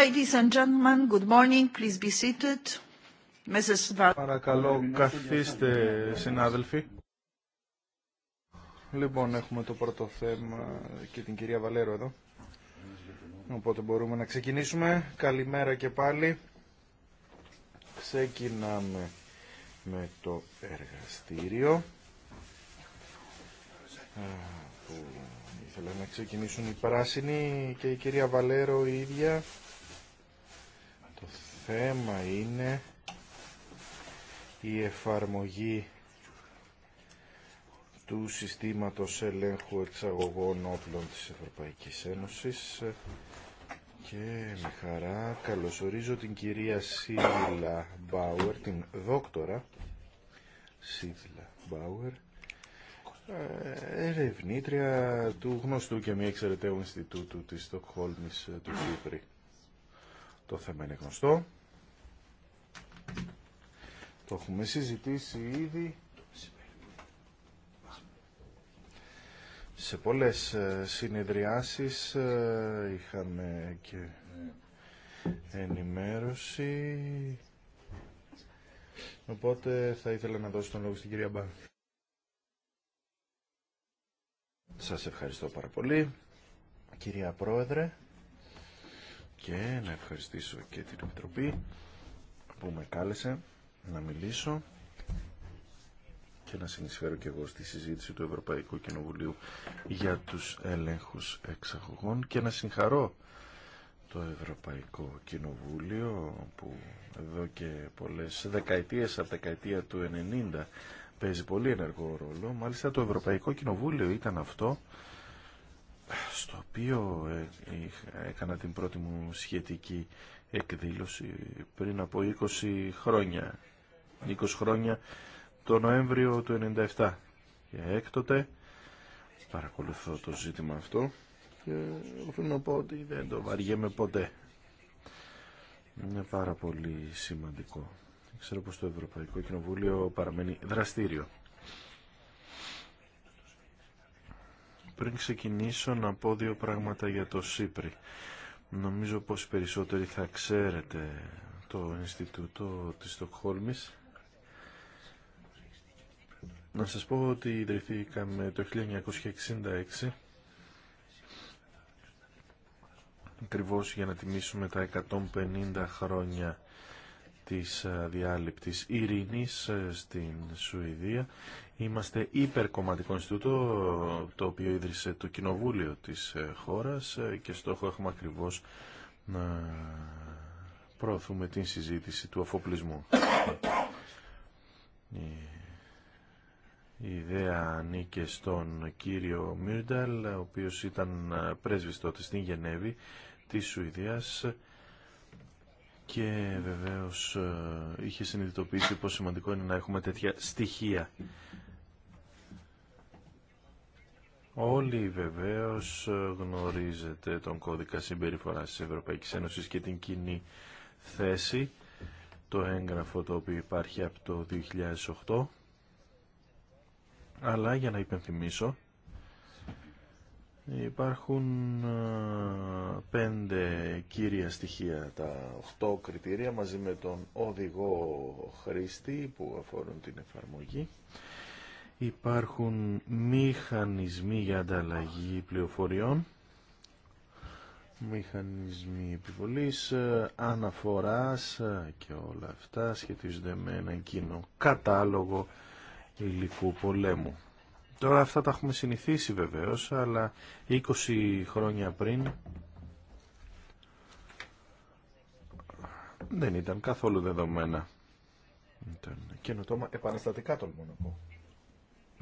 Ladies and gentlemen, good morning. Please be seated. Παρακαλώ, καθίστε, συνάδελφοι. Λοιπόν, έχουμε το πρώτο θέμα και την κυρία Βαλέρο εδώ. Οπότε μπορούμε να ξεκινήσουμε. Καλημέρα και πάλι. Ξεκινάμε με το εργαστήριο ήθελα να ξεκινήσουν οι πράσινοι και η κυρία Βαλέρο η ίδια θέμα είναι η εφαρμογή του συστήματος ελέγχου εξαγωγών όπλων της Ευρωπαϊκής Ένωσης και με χαρά καλωσορίζω την κυρία Σίδλα Μπάουερ, την δόκτορα Σίδλα Μπάουερ, ε, ερευνήτρια του γνωστού και μη εξαιρετέου Ινστιτούτου της Στοκχόλμης ε, του Κύπρη. Το θέμα είναι γνωστό. Το έχουμε συζητήσει ήδη σε πολλές ε, συνεδριάσεις. Ε, είχαμε και ενημέρωση. Οπότε θα ήθελα να δώσω τον λόγο στην κυρία Μπά. Σας ευχαριστώ πάρα πολύ. Κυρία Πρόεδρε, και να ευχαριστήσω και την Επιτροπή που με κάλεσε να μιλήσω και να συνεισφέρω και εγώ στη συζήτηση του Ευρωπαϊκού Κοινοβουλίου για τους έλεγχους εξαγωγών και να συγχαρώ το Ευρωπαϊκό Κοινοβούλιο που εδώ και πολλές δεκαετίες από δεκαετία του 90 παίζει πολύ ενεργό ρόλο. Μάλιστα το Ευρωπαϊκό Κοινοβούλιο ήταν αυτό στο οποίο ε, έκανα την πρώτη μου σχετική εκδήλωση πριν από 20 χρόνια. 20 χρόνια το Νοέμβριο του 97. Και έκτοτε παρακολουθώ το ζήτημα αυτό και οφείλω να πω ότι δεν το βαριέμαι ποτέ. Είναι πάρα πολύ σημαντικό. Ξέρω πως το Ευρωπαϊκό Κοινοβούλιο παραμένει δραστήριο. Πριν ξεκινήσω να πω δύο πράγματα για το ΣΥΠΡΙ. Νομίζω πως περισσότεροι θα ξέρετε το Ινστιτούτο της Στοκχόλμης. Να σας πω ότι ιδρυθήκαμε το 1966 ακριβώ για να τιμήσουμε τα 150 χρόνια της ε, διάληπτης ειρήνης ε, στην Σουηδία. Είμαστε υπερκομματικό Ινστιτούτο, το οποίο ίδρυσε το Κοινοβούλιο της ε, χώρας και στόχο έχουμε ακριβώς να προωθούμε την συζήτηση του αφοπλισμού. Η ιδέα ανήκε στον κύριο Μύρνταλ, ο οποίος ήταν πρέσβης τότε στην Γενέβη της Σουηδίας και βεβαίως ε, είχε συνειδητοποιήσει πόσο σημαντικό είναι να έχουμε τέτοια στοιχεία. Όλοι βεβαίως ε, γνωρίζετε τον κώδικα συμπεριφοράς της Ευρωπαϊκής Ένωσης και την κοινή θέση, το έγγραφο το οποίο υπάρχει από το 2008. Αλλά για να υπενθυμίσω Υπάρχουν ε, πέντε κύρια στοιχεία, τα οχτώ κριτήρια μαζί με τον οδηγό χρήστη που αφορούν την εφαρμογή. Υπάρχουν μηχανισμοί για ανταλλαγή πληροφοριών, μηχανισμοί επιβολής, ε, αναφοράς ε, και όλα αυτά σχετίζονται με έναν κοινό κατάλογο υλικού πολέμου. Τώρα αυτά τα έχουμε συνηθίσει βεβαίως, αλλά 20 χρόνια πριν δεν ήταν καθόλου δεδομένα. Ήταν καινοτόμα επαναστατικά τολμώ να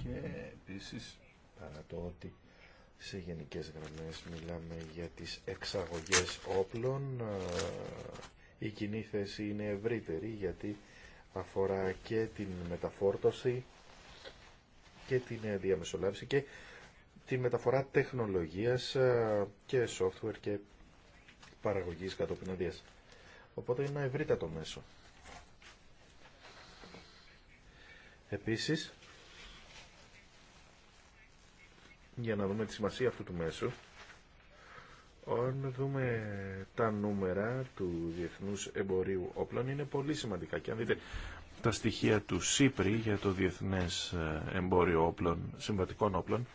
Και επίσης παρά το ότι σε γενικές γραμμές μιλάμε για τις εξαγωγές όπλων, ε, η κοινή θέση είναι ευρύτερη γιατί αφορά και την μεταφόρτωση και την ε, διαμεσολάβηση και τη μεταφορά τεχνολογίας ε, και software και παραγωγής κατόπιν αδείας. Οπότε είναι ευρύτατο μέσο. Επίσης, για να δούμε τη σημασία αυτού του μέσου, όταν δούμε τα νούμερα του Διεθνούς Εμπορίου Όπλων είναι πολύ σημαντικά και αν δείτε τα στοιχεία του ΣΥΠΡΙ για το διεθνές ε, εμπόριο όπλων, συμβατικών όπλων,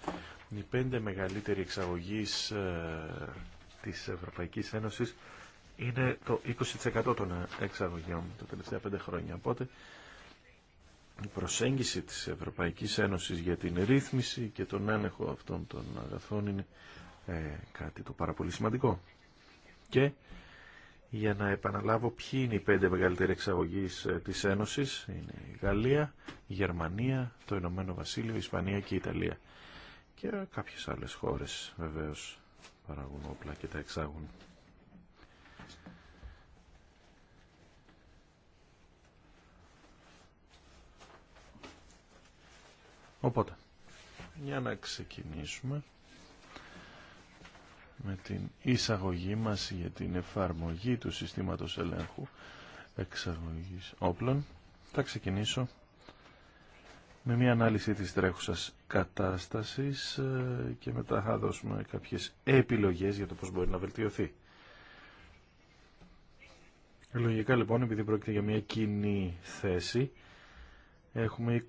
οι πέντε μεγαλύτεροι εξαγωγείς ε, της Ευρωπαϊκής Ένωσης είναι το 20% των εξαγωγιών τα τελευταία πέντε χρόνια. Οπότε η προσέγγιση της Ευρωπαϊκής Ένωσης για την ρύθμιση και τον έλεγχο αυτών των αγαθών είναι ε, κάτι το πάρα πολύ σημαντικό. Και για να επαναλάβω ποιοι είναι οι πέντε μεγαλύτεροι εξαγωγείς ε, της Ένωσης. Είναι η Γαλλία, η Γερμανία, το Ηνωμένο Βασίλειο, η Ισπανία και η Ιταλία. Και κάποιες άλλες χώρες βεβαίως παράγουν όπλα και τα εξάγουν. Οπότε, για να ξεκινήσουμε με την εισαγωγή μας για την εφαρμογή του συστήματος ελέγχου εξαγωγής όπλων. Θα ξεκινήσω με μια ανάλυση της τρέχουσας κατάστασης ε, και μετά θα δώσουμε κάποιες επιλογές για το πώς μπορεί να βελτιωθεί. Λογικά λοιπόν, επειδή πρόκειται για μια κοινή θέση, Έχουμε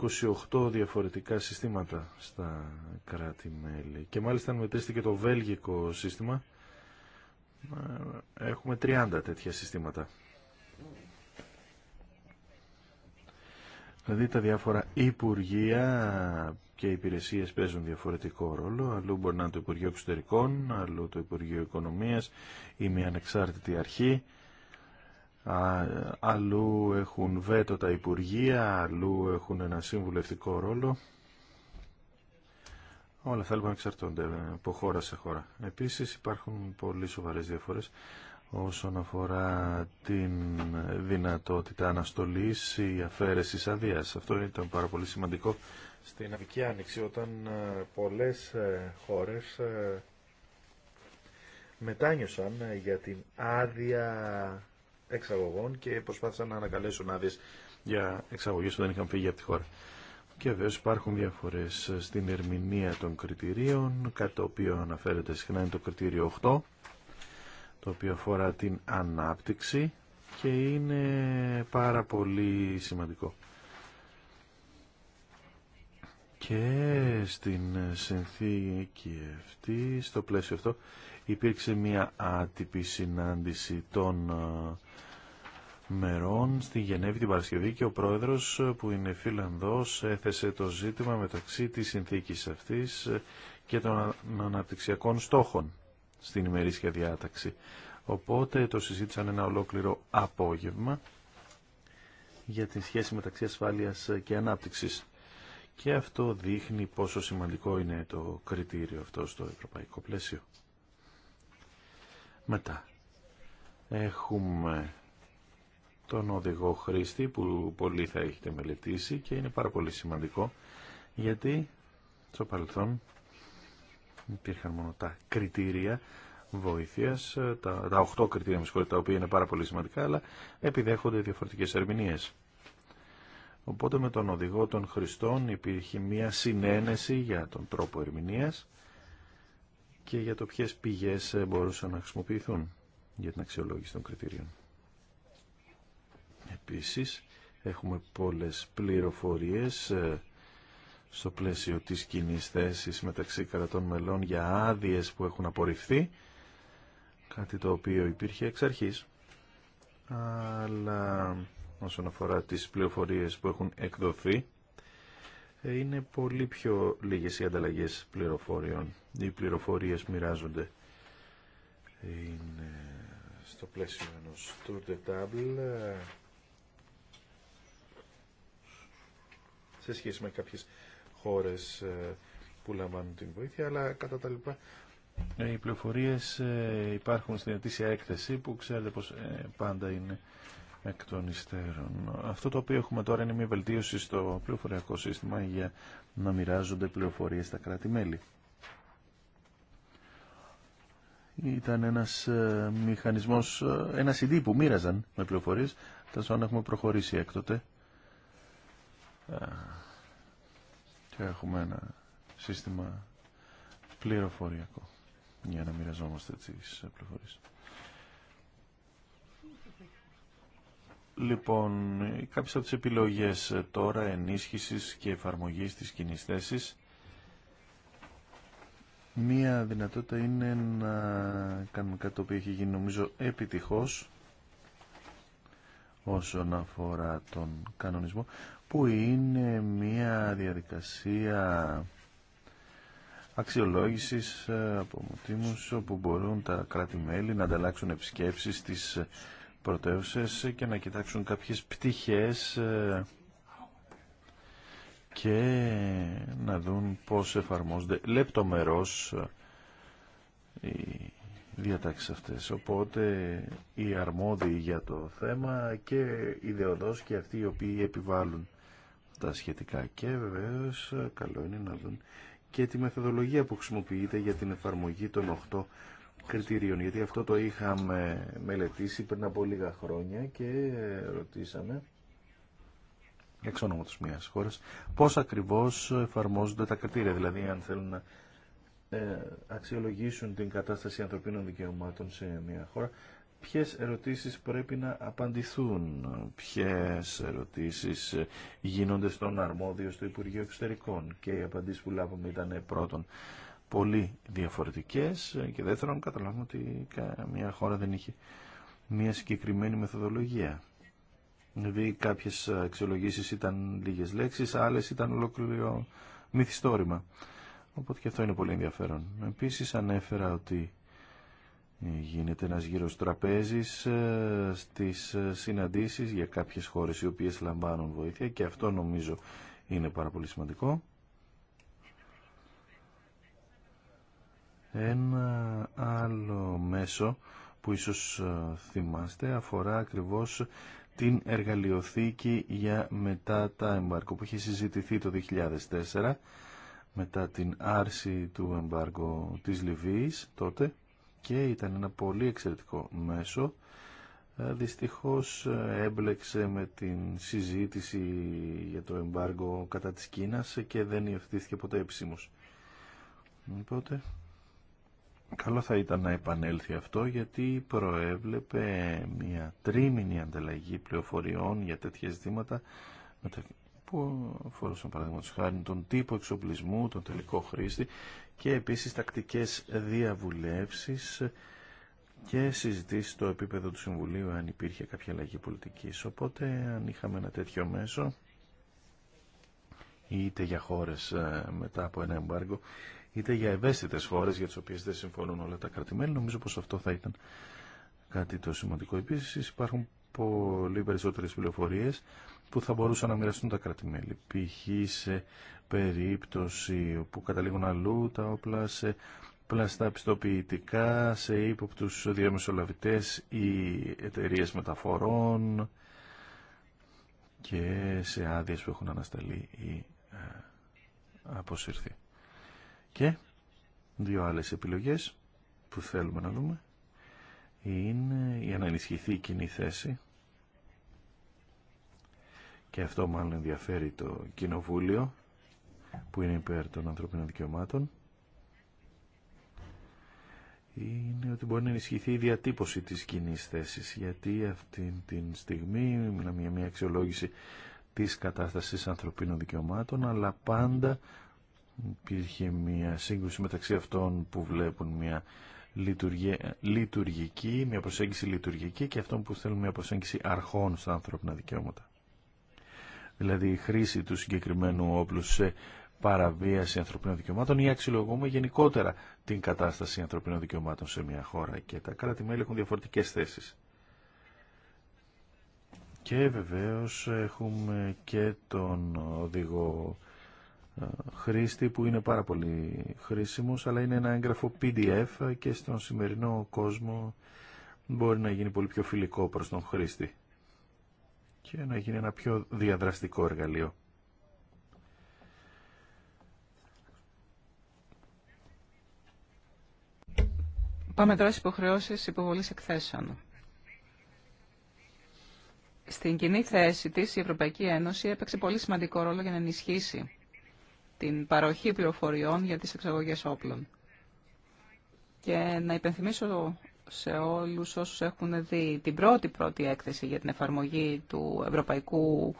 28 διαφορετικά συστήματα στα κράτη-μέλη. Και μάλιστα αν το βέλγικο σύστημα, ε, έχουμε 30 τέτοια συστήματα. Δηλαδή τα διάφορα υπουργεία και υπηρεσίες παίζουν διαφορετικό ρόλο. Αλλού μπορεί να είναι το Υπουργείο Εξωτερικών, αλλού το Υπουργείο Οικονομίας ή μια ανεξάρτητη αρχή αλλού έχουν βέτο τα Υπουργεία, αλλού έχουν ένα συμβουλευτικό ρόλο. Όλα θα λοιπόν εξαρτώνται από χώρα σε χώρα. Επίσης υπάρχουν πολύ σοβαρές διαφορές όσον αφορά την δυνατότητα αναστολής ή αφαίρεσης αδείας. Αυτό ήταν πάρα πολύ σημαντικό στην Αυγική Άνοιξη όταν ε, πολλές ε, χώρες ε, μετάνιωσαν για την άδεια εξαγωγών και προσπάθησαν να ανακαλέσουν άδειε για εξαγωγέ που δεν είχαν φύγει από τη χώρα. Και βέβαια υπάρχουν διαφορές στην ερμηνεία των κριτηρίων, κάτι το οποίο αναφέρεται συχνά είναι το κριτήριο 8, το οποίο αφορά την ανάπτυξη και είναι πάρα πολύ σημαντικό. Και στην συνθήκη αυτή, στο πλαίσιο αυτό, υπήρξε μια άτυπη συνάντηση των ε, μερών στη Γενέβη την Παρασκευή και ο πρόεδρος ε, που είναι Φιλανδός έθεσε το ζήτημα μεταξύ της συνθήκης αυτής ε, και των αναπτυξιακών στόχων στην ημερήσια διάταξη. Οπότε το συζήτησαν ένα ολόκληρο απόγευμα για τη σχέση μεταξύ ασφάλειας και ανάπτυξης. Και αυτό δείχνει πόσο σημαντικό είναι το κριτήριο αυτό στο ευρωπαϊκό πλαίσιο. Μετά έχουμε τον οδηγό χρήστη που πολλοί θα έχετε μελετήσει και είναι πάρα πολύ σημαντικό γιατί στο παρελθόν υπήρχαν μόνο τα κριτήρια βοήθειας, τα, τα 8 κριτήρια τα οποία είναι πάρα πολύ σημαντικά αλλά επιδέχονται διαφορετικές ερμηνείες. Οπότε με τον οδηγό των Χριστών υπήρχε μια συνένεση για τον τρόπο ερμηνείας και για το ποιε πηγές ε, μπορούσαν να χρησιμοποιηθούν για την αξιολόγηση των κριτηρίων. Επίση, έχουμε πολλές πληροφορίες ε, στο πλαίσιο της κοινή θέση μεταξύ κρατών μελών για άδειε που έχουν απορριφθεί, κάτι το οποίο υπήρχε εξ αρχής, αλλά όσον αφορά τις πληροφορίες που έχουν εκδοθεί, είναι πολύ πιο λίγες οι ανταλλαγές πληροφοριών. Οι πληροφορίες μοιράζονται. Είναι στο πλαίσιο ενός tour de table ε, σε σχέση με κάποιες χώρες ε, που λαμβάνουν την βοήθεια, αλλά κατά τα λοιπά ε, οι πληροφορίες υπάρχουν στην ετήσια έκθεση που ξέρετε πως πάντα είναι εκ Αυτό το οποίο έχουμε τώρα είναι μια βελτίωση στο πληροφοριακό σύστημα για να μοιράζονται πληροφορίες στα κράτη-μέλη. Ήταν ένας ε, μηχανισμός, ε, ένα CD που μοίραζαν με πληροφορίες, τα σαν έχουμε προχωρήσει έκτοτε. Ε, και έχουμε ένα σύστημα πληροφοριακό για να μοιραζόμαστε τις πληροφορίες. Λοιπόν, κάποιες από τις επιλογές ε, τώρα ενίσχυσης και εφαρμογής της κοινή θέση. Μία δυνατότητα είναι να κάνουμε κάτι το οποίο έχει γίνει νομίζω επιτυχώς όσον αφορά τον κανονισμό που είναι μία διαδικασία αξιολόγησης ε, από μοτίμους όπου μπορούν τα κράτη-μέλη να ανταλλάξουν επισκέψεις στις πρωτεύουσες και να κοιτάξουν κάποιες πτυχές ε, και να δουν πώς εφαρμόζονται λεπτομερώς ε, οι διατάξεις αυτές. Οπότε οι αρμόδιοι για το θέμα και οι και αυτοί οι οποίοι επιβάλλουν τα σχετικά. Και βεβαίως καλό είναι να δουν και τη μεθοδολογία που χρησιμοποιείται για την εφαρμογή των 8 κριτηρίων, γιατί αυτό το είχαμε μελετήσει πριν από λίγα χρόνια και ρωτήσαμε εξ ονόματος μιας χώρας πώς ακριβώς εφαρμόζονται τα κριτήρια, δηλαδή αν θέλουν να ε, αξιολογήσουν την κατάσταση ανθρωπίνων δικαιωμάτων σε μια χώρα, ποιες ερωτήσεις πρέπει να απαντηθούν, ποιες ερωτήσεις γίνονται στον αρμόδιο στο Υπουργείο Εξωτερικών και οι απαντήσεις που λάβαμε ήταν ε, πρώτον πολύ διαφορετικές και δεύτερον καταλάβουμε ότι μια χώρα δεν είχε μια συγκεκριμένη μεθοδολογία. Δηλαδή κάποιες αξιολογήσεις ήταν λίγες λέξεις, άλλες ήταν ολόκληρο μυθιστόρημα. Οπότε και αυτό είναι πολύ ενδιαφέρον. Επίσης ανέφερα ότι γίνεται ένας γύρος τραπέζης ε, στις ε, συναντήσεις για κάποιες χώρες οι οποίες λαμβάνουν βοήθεια και αυτό νομίζω είναι πάρα πολύ σημαντικό. Ένα άλλο μέσο που ίσως ε, θυμάστε αφορά ακριβώς την εργαλειοθήκη για μετά τα εμπάρκο που είχε συζητηθεί το 2004 μετά την άρση του εμπάρκο της Λιβύης τότε και ήταν ένα πολύ εξαιρετικό μέσο ε, δυστυχώς ε, έμπλεξε με την συζήτηση για το εμπάργο κατά της Κίνας και δεν υιοθετήθηκε ποτέ επισήμως. Οπότε Καλό θα ήταν να επανέλθει αυτό γιατί προέβλεπε μια τρίμηνη ανταλλαγή πληροφοριών για τέτοια ζητήματα που αφορούσαν παραδείγματο χάρη τον τύπο εξοπλισμού, τον τελικό χρήστη και επίσης τακτικές διαβουλεύσεις και συζητήσει στο επίπεδο του Συμβουλίου αν υπήρχε κάποια αλλαγή πολιτικής. Οπότε αν είχαμε ένα τέτοιο μέσο είτε για χώρες ε, μετά από ένα εμπάργκο, είτε για ευαίσθητες φορές για τις οποίες δεν συμφωνούν όλα τα κρατημέλη. Νομίζω πως αυτό θα ήταν κάτι το σημαντικό. Επίσης υπάρχουν πολύ περισσότερες πληροφορίες που θα μπορούσαν να μοιραστούν τα κρατημέλη. Π.χ. σε περίπτωση όπου καταλήγουν αλλού τα όπλα σε πλαστά πιστοποιητικά, σε ύποπτους διαμεσολαβητές ή εταιρείε μεταφορών και σε άδειες που έχουν ανασταλεί ή ε, αποσυρθεί. Και δύο άλλες επιλογές που θέλουμε να δούμε είναι για να ενισχυθεί η κοινή θέση και αυτό μάλλον ενδιαφέρει το Κοινοβούλιο που είναι υπέρ των ανθρωπίνων δικαιωμάτων είναι ότι μπορεί να ενισχυθεί η διατύπωση της κοινή θέση γιατί αυτή τη στιγμή μια, μια αξιολόγηση της κατάστασης ανθρωπίνων δικαιωμάτων αλλά πάντα υπήρχε μια σύγκρουση μεταξύ αυτών που βλέπουν μια λειτουργική, μια προσέγγιση λειτουργική και αυτών που θέλουν μια προσέγγιση αρχών στα ανθρώπινα δικαιώματα. Δηλαδή η χρήση του συγκεκριμένου όπλου σε παραβίαση ανθρωπίνων δικαιωμάτων ή αξιολογούμε γενικότερα την κατάσταση ανθρωπίνων δικαιωμάτων σε μια χώρα και τα κράτη-μέλη έχουν διαφορετικές θέσεις. Και βεβαίως έχουμε και τον οδηγό ε, χρήστη που είναι πάρα πολύ χρήσιμος αλλά είναι ένα έγγραφο PDF και στον σημερινό κόσμο μπορεί να γίνει πολύ πιο φιλικό προς τον χρήστη και να γίνει ένα πιο διαδραστικό εργαλείο. Πάμε τώρα στις υποχρεώσεις υποβολής εκθέσεων. Στην κοινή θέση της η Ευρωπαϊκή Ένωση έπαιξε πολύ σημαντικό ρόλο για να ενισχύσει την παροχή πληροφοριών για τις εξαγωγές όπλων. Και να υπενθυμίσω σε όλους όσους έχουν δει την πρώτη πρώτη έκθεση για την εφαρμογή του Ευρωπαϊκού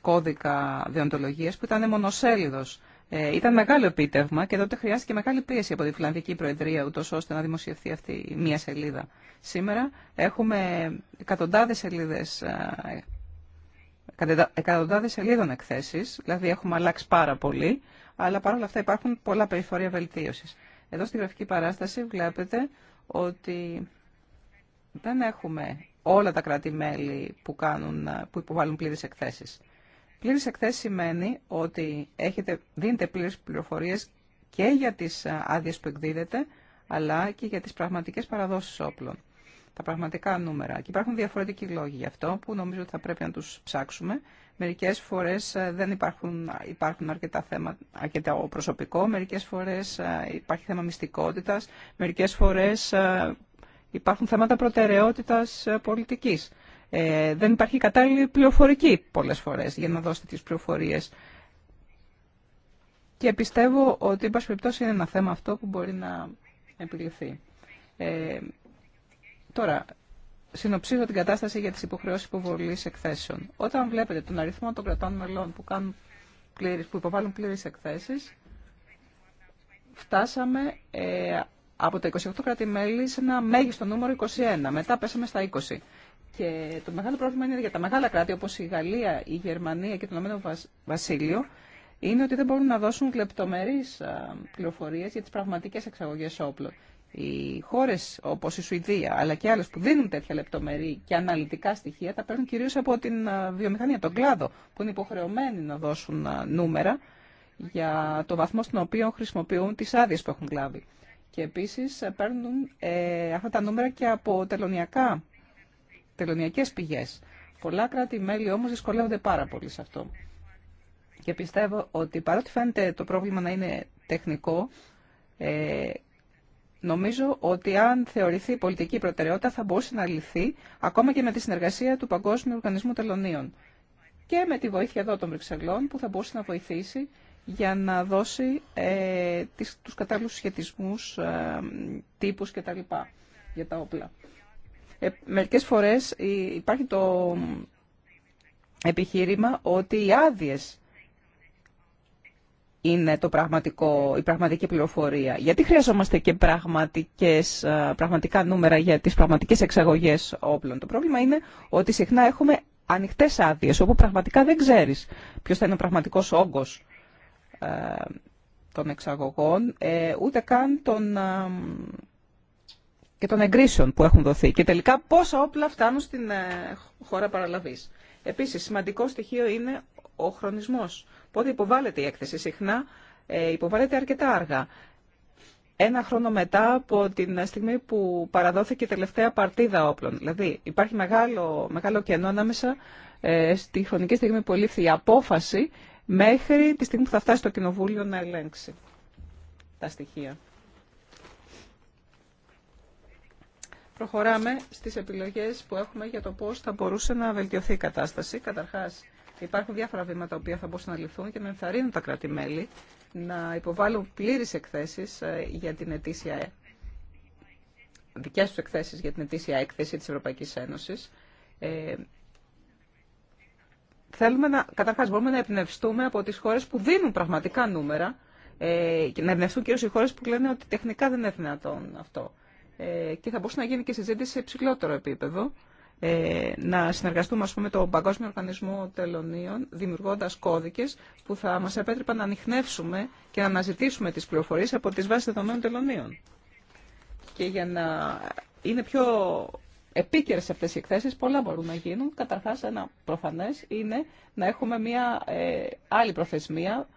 Κώδικα Διοντολογίας που ήταν μονοσέλιδος. Ε, ήταν μεγάλο επίτευγμα και τότε χρειάστηκε μεγάλη πίεση από τη Φιλανδική Προεδρία ούτως ώστε να δημοσιευθεί αυτή η μία σελίδα. Σήμερα έχουμε εκατοντάδες σελίδες ε, εκατοντάδες σελίδων εκθέσεις, δηλαδή έχουμε αλλάξει πάρα πολύ, αλλά παρόλα αυτά υπάρχουν πολλά περιφορία βελτίωσης. Εδώ στη γραφική παράσταση βλέπετε ότι δεν έχουμε όλα τα κράτη-μέλη που, κάνουν, που υποβάλλουν πλήρες εκθέσεις. Πλήρες εκθέσεις σημαίνει ότι έχετε, δίνετε πλήρες πληροφορίες και για τις ε, άδειες που εκδίδετε, αλλά και για τις πραγματικές παραδόσεις όπλων τα πραγματικά νούμερα. Και υπάρχουν διαφορετικοί λόγοι γι' αυτό που νομίζω ότι θα πρέπει να τους ψάξουμε. Μερικές φορές ε, δεν υπάρχουν, υπάρχουν αρκετά θέματα, αρκετά προσωπικό, μερικές φορές ε, υπάρχει θέμα μυστικότητας, μερικές φορές ε, υπάρχουν θέματα προτεραιότητας πολιτικής. Ε, δεν υπάρχει κατάλληλη πληροφορική πολλές φορές για να δώσετε τις πληροφορίες. Και πιστεύω ότι, εν πάση περιπτώσει, είναι ένα θέμα αυτό που μπορεί να επιληθεί. Ε, Τώρα, συνοψίζω την κατάσταση για τις υποχρεώσεις υποβολή εκθέσεων. Όταν βλέπετε τον αριθμό των κρατών μελών που, κάνουν πλήρες, που υποβάλλουν πλήρε εκθέσεις, φτάσαμε ε, από τα 28 κράτη-μέλη σε ένα μέγιστο νούμερο 21. Μετά πέσαμε στα 20. Και το μεγάλο πρόβλημα είναι για τα μεγάλα κράτη όπω η Γαλλία, η Γερμανία και το Ηνωμένο Βασίλειο είναι ότι δεν μπορούν να δώσουν λεπτομερεί πληροφορίε για τι πραγματικέ εξαγωγέ όπλων. Οι χώρε, όπω η Σουηδία αλλά και άλλες που δίνουν τέτοια λεπτομερή και αναλυτικά στοιχεία τα παίρνουν κυρίως από την ε, βιομηχανία, τον κλάδο που είναι υποχρεωμένοι να δώσουν ε, νούμερα για το βαθμό στον οποίο χρησιμοποιούν τις άδειε που έχουν λάβει. Και επίσης ε, παίρνουν ε, αυτά τα νούμερα και από τελωνιακά, τελωνιακές πηγές. Πολλά κράτη-μέλη όμω δυσκολεύονται πάρα πολύ σε αυτό. Και πιστεύω ότι παρότι φαίνεται το πρόβλημα να είναι τεχνικό, ε, Νομίζω ότι αν θεωρηθεί πολιτική προτεραιότητα θα μπορούσε να λυθεί ακόμα και με τη συνεργασία του Παγκόσμιου Οργανισμού Τελωνίων και με τη βοήθεια εδώ των Βρυξελών που θα μπορούσε να βοηθήσει για να δώσει ε, τις, τους κατάλληλους σχετισμούς, ε, τύπους κτλ. για τα όπλα. Ε, μερικές φορές υπάρχει το επιχείρημα ότι οι άδειες είναι το πραγματικό, η πραγματική πληροφορία. Γιατί χρειαζόμαστε και πραγματικές, ε, πραγματικά νούμερα για τις πραγματικές εξαγωγές όπλων. Το πρόβλημα είναι ότι συχνά έχουμε ανοιχτές άδειε, όπου πραγματικά δεν ξέρεις ποιος θα είναι ο πραγματικός όγκος ε, των εξαγωγών, ε, ούτε καν τον ε, και των εγκρίσεων που έχουν δοθεί. Και τελικά πόσα όπλα φτάνουν στην ε, χώρα παραλαβής. Επίσης, σημαντικό στοιχείο είναι ο χρονισμός Οπότε υποβάλλεται η έκθεση συχνά, ε, υποβάλλεται αρκετά αργά. Ένα χρόνο μετά από την στιγμή που παραδόθηκε η τελευταία παρτίδα όπλων. Δηλαδή υπάρχει μεγάλο, μεγάλο κενό ανάμεσα ε, στη χρονική στιγμή που ελήφθη η απόφαση μέχρι τη στιγμή που θα φτάσει το Κοινοβούλιο να ελέγξει τα στοιχεία. Προχωράμε στις επιλογές που έχουμε για το πώς θα μπορούσε να βελτιωθεί η κατάσταση. Καταρχάς, Υπάρχουν διάφορα βήματα που θα μπορούσαν να ληφθούν και να ενθαρρύνουν τα κράτη-μέλη να υποβάλουν πλήρε εκθέσει ε, για την ετήσια δικές εκθέσεις για την ετήσια έκθεση της Ευρωπαϊκής Ένωσης. Ε, θέλουμε να, καταρχάς μπορούμε να εμπνευστούμε από τις χώρες που δίνουν πραγματικά νούμερα ε, και να εμπνευστούν κυρίως οι χώρες που λένε ότι τεχνικά δεν είναι δυνατόν αυτό. Ε, και θα μπορούσε να γίνει και συζήτηση σε υψηλότερο επίπεδο ε, να συνεργαστούμε ας πούμε, με τον Παγκόσμιο Οργανισμό Τελωνίων, δημιουργώντα κώδικε που θα μα επέτρεπαν να ανοιχνεύσουμε και να αναζητήσουμε τι πληροφορίε από τι βάσει δεδομένων τελωνίων. Και για να είναι πιο επίκαιρε αυτέ οι εκθέσει, πολλά μπορούν να γίνουν. Καταρχά, ένα προφανέ είναι να έχουμε μια ε, άλλη προθεσμία,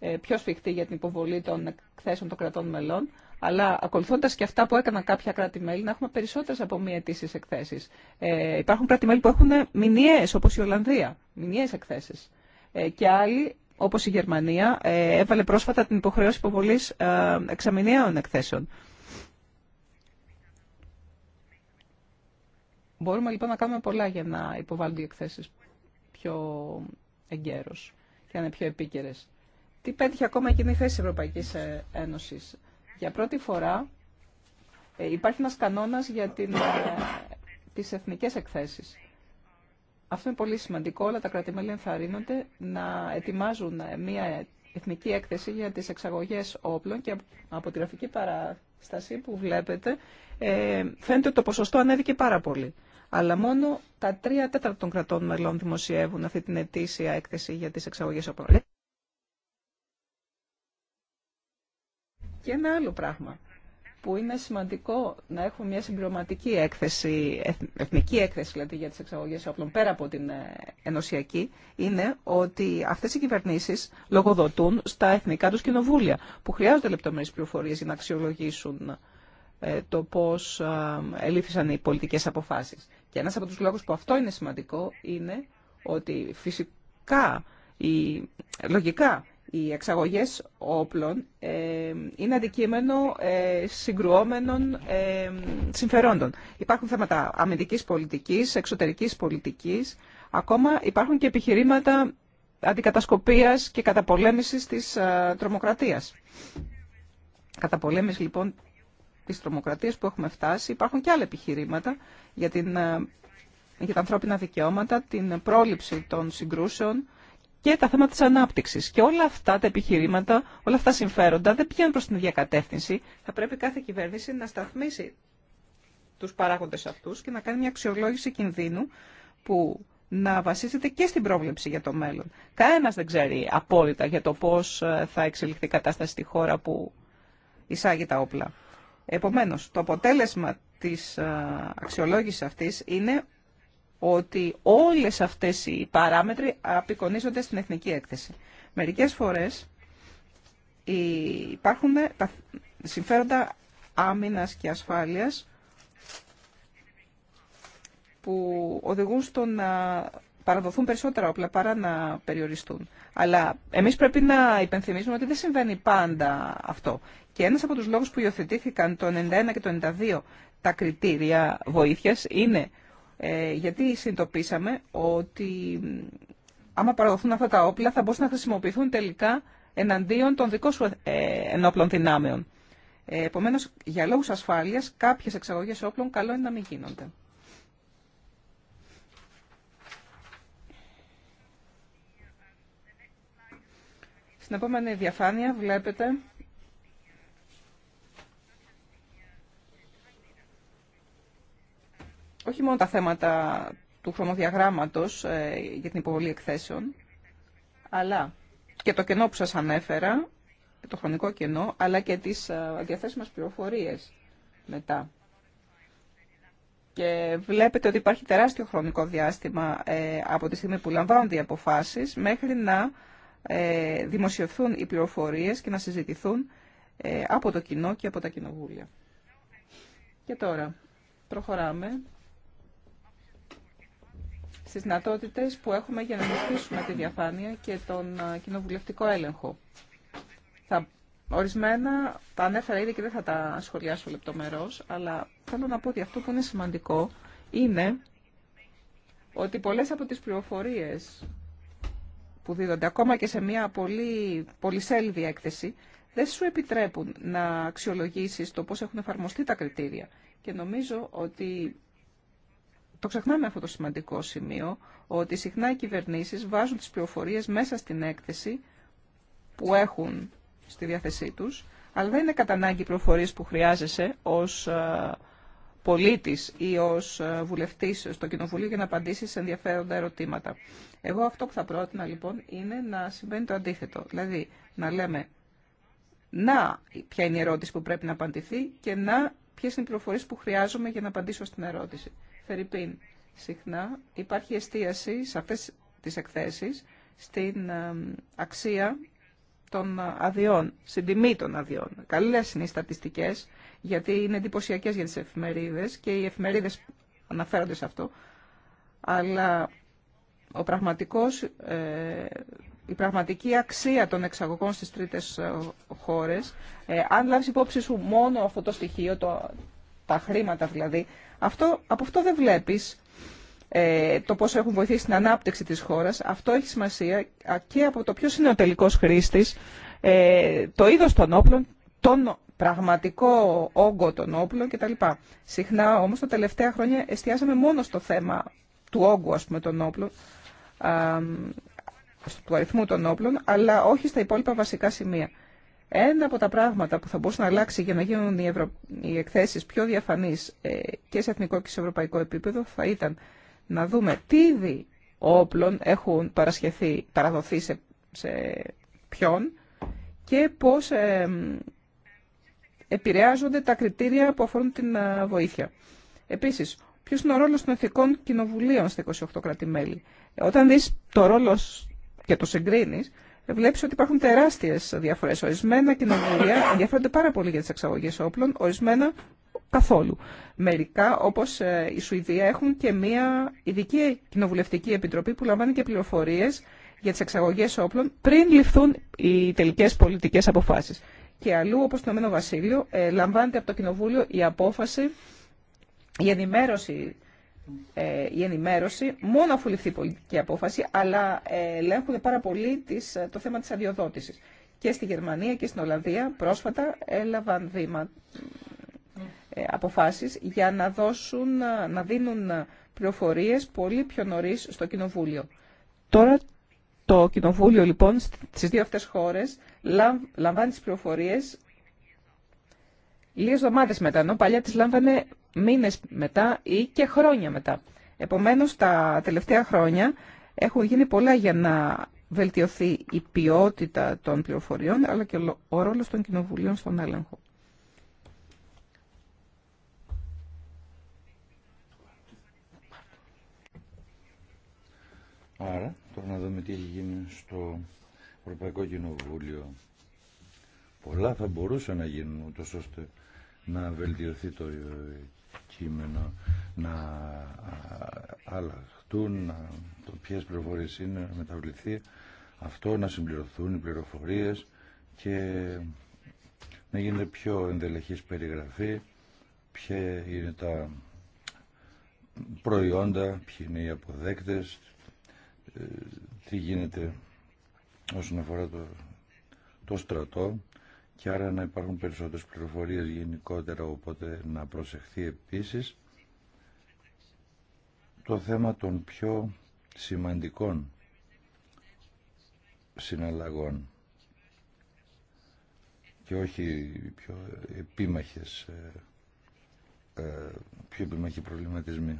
ε, πιο σφιχτή για την υποβολή των εκθέσεων των κρατών μελών, αλλά ακολουθώντα και αυτά που έκαναν κάποια κράτη-μέλη, να έχουμε περισσότερε από μία αιτήσει εκθέσει. Ε, υπάρχουν κράτη-μέλη που έχουν μηνιαίε, όπω η Ολλανδία, μηνιαίε εκθέσει. Ε, και άλλοι, όπω η Γερμανία, ε, έβαλε πρόσφατα την υποχρέωση υποβολή ε, εξαμηνιαίων εκθέσεων. Μπορούμε λοιπόν να κάνουμε πολλά για να υποβάλουν οι εκθέσει πιο εγκαίρω και να είναι πιο επίκαιρε. Τι πέτυχε ακόμα η θέση τη Ευρωπαϊκή ε, Ένωση για πρώτη φορά ε, υπάρχει ένας κανόνας για την, ε, τις εθνικές εκθέσεις. Αυτό είναι πολύ σημαντικό. Όλα τα κρατημέλη ενθαρρύνονται να ετοιμάζουν ε, μια εθνική έκθεση για τις εξαγωγές όπλων και από τη γραφική παραστασία που βλέπετε φαίνεται ότι το ποσοστό ανέβηκε πάρα πολύ. Αλλά μόνο τα τρία τέταρτα των κρατών μελών δημοσιεύουν αυτή την ετήσια έκθεση για τις εξαγωγές όπλων. Και ένα άλλο πράγμα που είναι σημαντικό να έχουμε μια συμπληρωματική έκθεση, εθνική έκθεση δηλαδή για τις εξαγωγές όπλων πέρα από την ε, ενωσιακή, είναι ότι αυτές οι κυβερνήσεις λογοδοτούν στα εθνικά τους κοινοβούλια, που χρειάζονται λεπτομέρειες πληροφορίες για να αξιολογήσουν ε, το πώς ε, ελήφθησαν οι πολιτικές αποφάσεις. Και ένας από τους λόγους που αυτό είναι σημαντικό είναι ότι φυσικά, η, λογικά, οι εξαγωγές όπλων ε, είναι αντικείμενο ε, συγκρουόμενων ε, συμφερόντων. Υπάρχουν θέματα αμυντικής πολιτικής, εξωτερικής πολιτικής, ακόμα υπάρχουν και επιχειρήματα αντικατασκοπίας και καταπολέμησης της τρομοκρατίας. Καταπολέμηση λοιπόν της τρομοκρατίας που έχουμε φτάσει, υπάρχουν και άλλα επιχειρήματα για, την, για τα ανθρώπινα δικαιώματα, την πρόληψη των συγκρούσεων, και τα θέματα της ανάπτυξης. Και όλα αυτά τα επιχειρήματα, όλα αυτά τα συμφέροντα δεν πηγαίνουν προς την ίδια Θα πρέπει κάθε κυβέρνηση να σταθμίσει τους παράγοντες αυτούς και να κάνει μια αξιολόγηση κινδύνου που να βασίζεται και στην πρόβλεψη για το μέλλον. Κανένα δεν ξέρει απόλυτα για το πώς ε, θα εξελιχθεί η κατάσταση στη χώρα που εισάγει τα όπλα. Επομένως, το αποτέλεσμα της ε, αξιολόγησης αυτής είναι ότι όλες αυτές οι παράμετροι απεικονίζονται στην εθνική έκθεση. Μερικές φορές υπάρχουν τα συμφέροντα άμυνας και ασφάλειας που οδηγούν στο να παραδοθούν περισσότερα όπλα παρά να περιοριστούν. Αλλά εμείς πρέπει να υπενθυμίσουμε ότι δεν συμβαίνει πάντα αυτό. Και ένας από τους λόγους που υιοθετήθηκαν το 1991 και το 1992 τα κριτήρια βοήθειας είναι ε, γιατί συνειδητοποίησαμε ότι άμα παραδοθούν αυτά τα όπλα θα μπορούσαν να χρησιμοποιηθούν τελικά εναντίον των δικών σου ε, ενόπλων δυνάμεων. Ε, Επομένω, για λόγου ασφάλεια, κάποιε εξαγωγέ όπλων καλό είναι να μην γίνονται. Στην επόμενη διαφάνεια βλέπετε όχι μόνο τα θέματα του χρονοδιαγράμματος ε, για την υποβολή εκθέσεων, αλλά και το κενό που σας ανέφερα, το χρονικό κενό, αλλά και τις ε, διαθέσιμες πληροφορίες μετά. Και βλέπετε ότι υπάρχει τεράστιο χρονικό διάστημα ε, από τη στιγμή που λαμβάνονται οι αποφάσεις μέχρι να ε, δημοσιευθούν οι πληροφορίες και να συζητηθούν από το κοινό και από τα κοινοβούλια. Και τώρα προχωράμε στις δυνατότητες που έχουμε για να ενισχύσουμε τη διαφάνεια και τον ε, κοινοβουλευτικό έλεγχο. Θα, ορισμένα τα ανέφερα ήδη και δεν θα τα σχολιάσω λεπτομερώς, αλλά θέλω να πω ότι αυτό που είναι σημαντικό είναι ότι πολλές από τις πληροφορίες που δίδονται ακόμα και σε μια πολύ πολυσέλιδη έκθεση δεν σου επιτρέπουν να αξιολογήσεις το πώς έχουν εφαρμοστεί τα κριτήρια. Και νομίζω ότι το ξεχνάμε αυτό το σημαντικό σημείο, ότι συχνά οι κυβερνήσεις βάζουν τις πληροφορίες μέσα στην έκθεση που έχουν στη διάθεσή τους, αλλά δεν είναι κατά ανάγκη οι πληροφορίες που χρειάζεσαι ως ε, πολίτης ή ως ε, βουλευτής στο Κοινοβουλίο για να απαντήσεις σε ενδιαφέροντα ερωτήματα. Εγώ αυτό που θα πρότεινα λοιπόν είναι να συμβαίνει το αντίθετο. Δηλαδή να λέμε να ποια είναι η ερώτηση που πρέπει να απαντηθεί και να ποιε είναι οι πληροφορίε που χρειάζομαι για να απαντήσω στην ερώτηση. Φερρυπίν, συχνά υπάρχει εστίαση σε αυτές τις εκθέσεις στην ε, αξία των αδειών, στην τιμή των αδειών. Καλές είναι οι στατιστικές, γιατί είναι εντυπωσιακέ για τις εφημερίδες και οι εφημερίδες αναφέρονται σε αυτό, αλλά ο πραγματικός, ε, η πραγματική αξία των εξαγωγών στις τρίτες ε, χώρες, αν λάβεις υπόψη σου μόνο αυτό το στοιχείο, τα χρήματα δηλαδή, αυτό, από αυτό δεν βλέπεις ε, το πόσο έχουν βοηθήσει την ανάπτυξη της χώρας. Αυτό έχει σημασία και από το ποιος είναι ο τελικός χρήστης, ε, το είδος των όπλων, τον πραγματικό όγκο των όπλων κτλ. Συχνά όμως τα τελευταία χρόνια εστιάσαμε μόνο στο θέμα του όγκου ας πούμε, των όπλων, α, του αριθμού των όπλων, αλλά όχι στα υπόλοιπα βασικά σημεία. Ένα από τα πράγματα που θα μπορούσε να αλλάξει για να γίνουν οι, ευρω... εκθέσεις πιο διαφανείς ε, και σε εθνικό και σε ευρωπαϊκό επίπεδο θα ήταν να δούμε τι είδη όπλων έχουν παραδοθεί σε, ποιον και πώς ε, επηρεάζονται τα κριτήρια που αφορούν την ε, βοήθεια. Επίσης, ποιο είναι ο ρόλος των εθνικών κοινοβουλίων στα 28 κράτη-μέλη. Όταν δει το ρόλο και το συγκρίνει. Βλέπει ότι υπάρχουν τεράστιε διαφορέ. Ορισμένα κοινοβουλία ενδιαφέρονται πάρα πολύ για τι εξαγωγέ όπλων, ορισμένα καθόλου. Μερικά, όπως ε, η Σουηδία, έχουν και μια ειδική κοινοβουλευτική επιτροπή που λαμβάνει και πληροφορίες για τις εξαγωγές όπλων πριν ληφθούν οι τελικές πολιτικές αποφάσεις. Και αλλού, όπω το Ηνωμένο Βασίλειο, ε, λαμβάνεται από το Κοινοβούλιο η απόφαση, η ενημέρωση ε, η ενημέρωση μόνο αφού ληφθεί πολιτική απόφαση, αλλά ε, ελέγχουν πάρα πολύ ε, το θέμα της αδειοδότησης. Και στη Γερμανία και στην Ολλανδία πρόσφατα έλαβαν βήμα αποφάσεις για να, δώσουν, να δίνουν πληροφορίες πολύ πιο νωρίς στο Κοινοβούλιο. Τώρα το Κοινοβούλιο λοιπόν στις δύο αυτές χώρες λαμβάνει τις πληροφορίες λίγες εβδομάδες μετά, ενώ παλιά τις λάμβανε μήνες μετά ή και χρόνια μετά. Επομένως, τα τελευταία χρόνια έχουν γίνει πολλά για να βελτιωθεί η ποιότητα των πληροφοριών, αλλά και ο ρόλος των κοινοβουλίων στον έλεγχο. Άρα, τώρα να δούμε τι έχει γίνει στο Ευρωπαϊκό Κοινοβούλιο. Πολλά θα μπορούσαν να γίνουν, ούτως ώστε να βελτιωθεί το κείμενο να αλλάχτούν, να, ποιε πληροφορίε είναι, να μεταβληθεί αυτό, να συμπληρωθούν οι πληροφορίες και να γίνεται πιο ενδελεχής περιγραφή, ποια είναι τα προϊόντα, ποιοι είναι οι αποδέκτες, ε, τι γίνεται όσον αφορά το, το στρατό και άρα να υπάρχουν περισσότερες πληροφορίες γενικότερα οπότε να προσεχθεί επίσης το θέμα των πιο σημαντικών συναλλαγών και όχι πιο επίμαχες ε, ε, πιο επίμαχοι προβληματισμοί.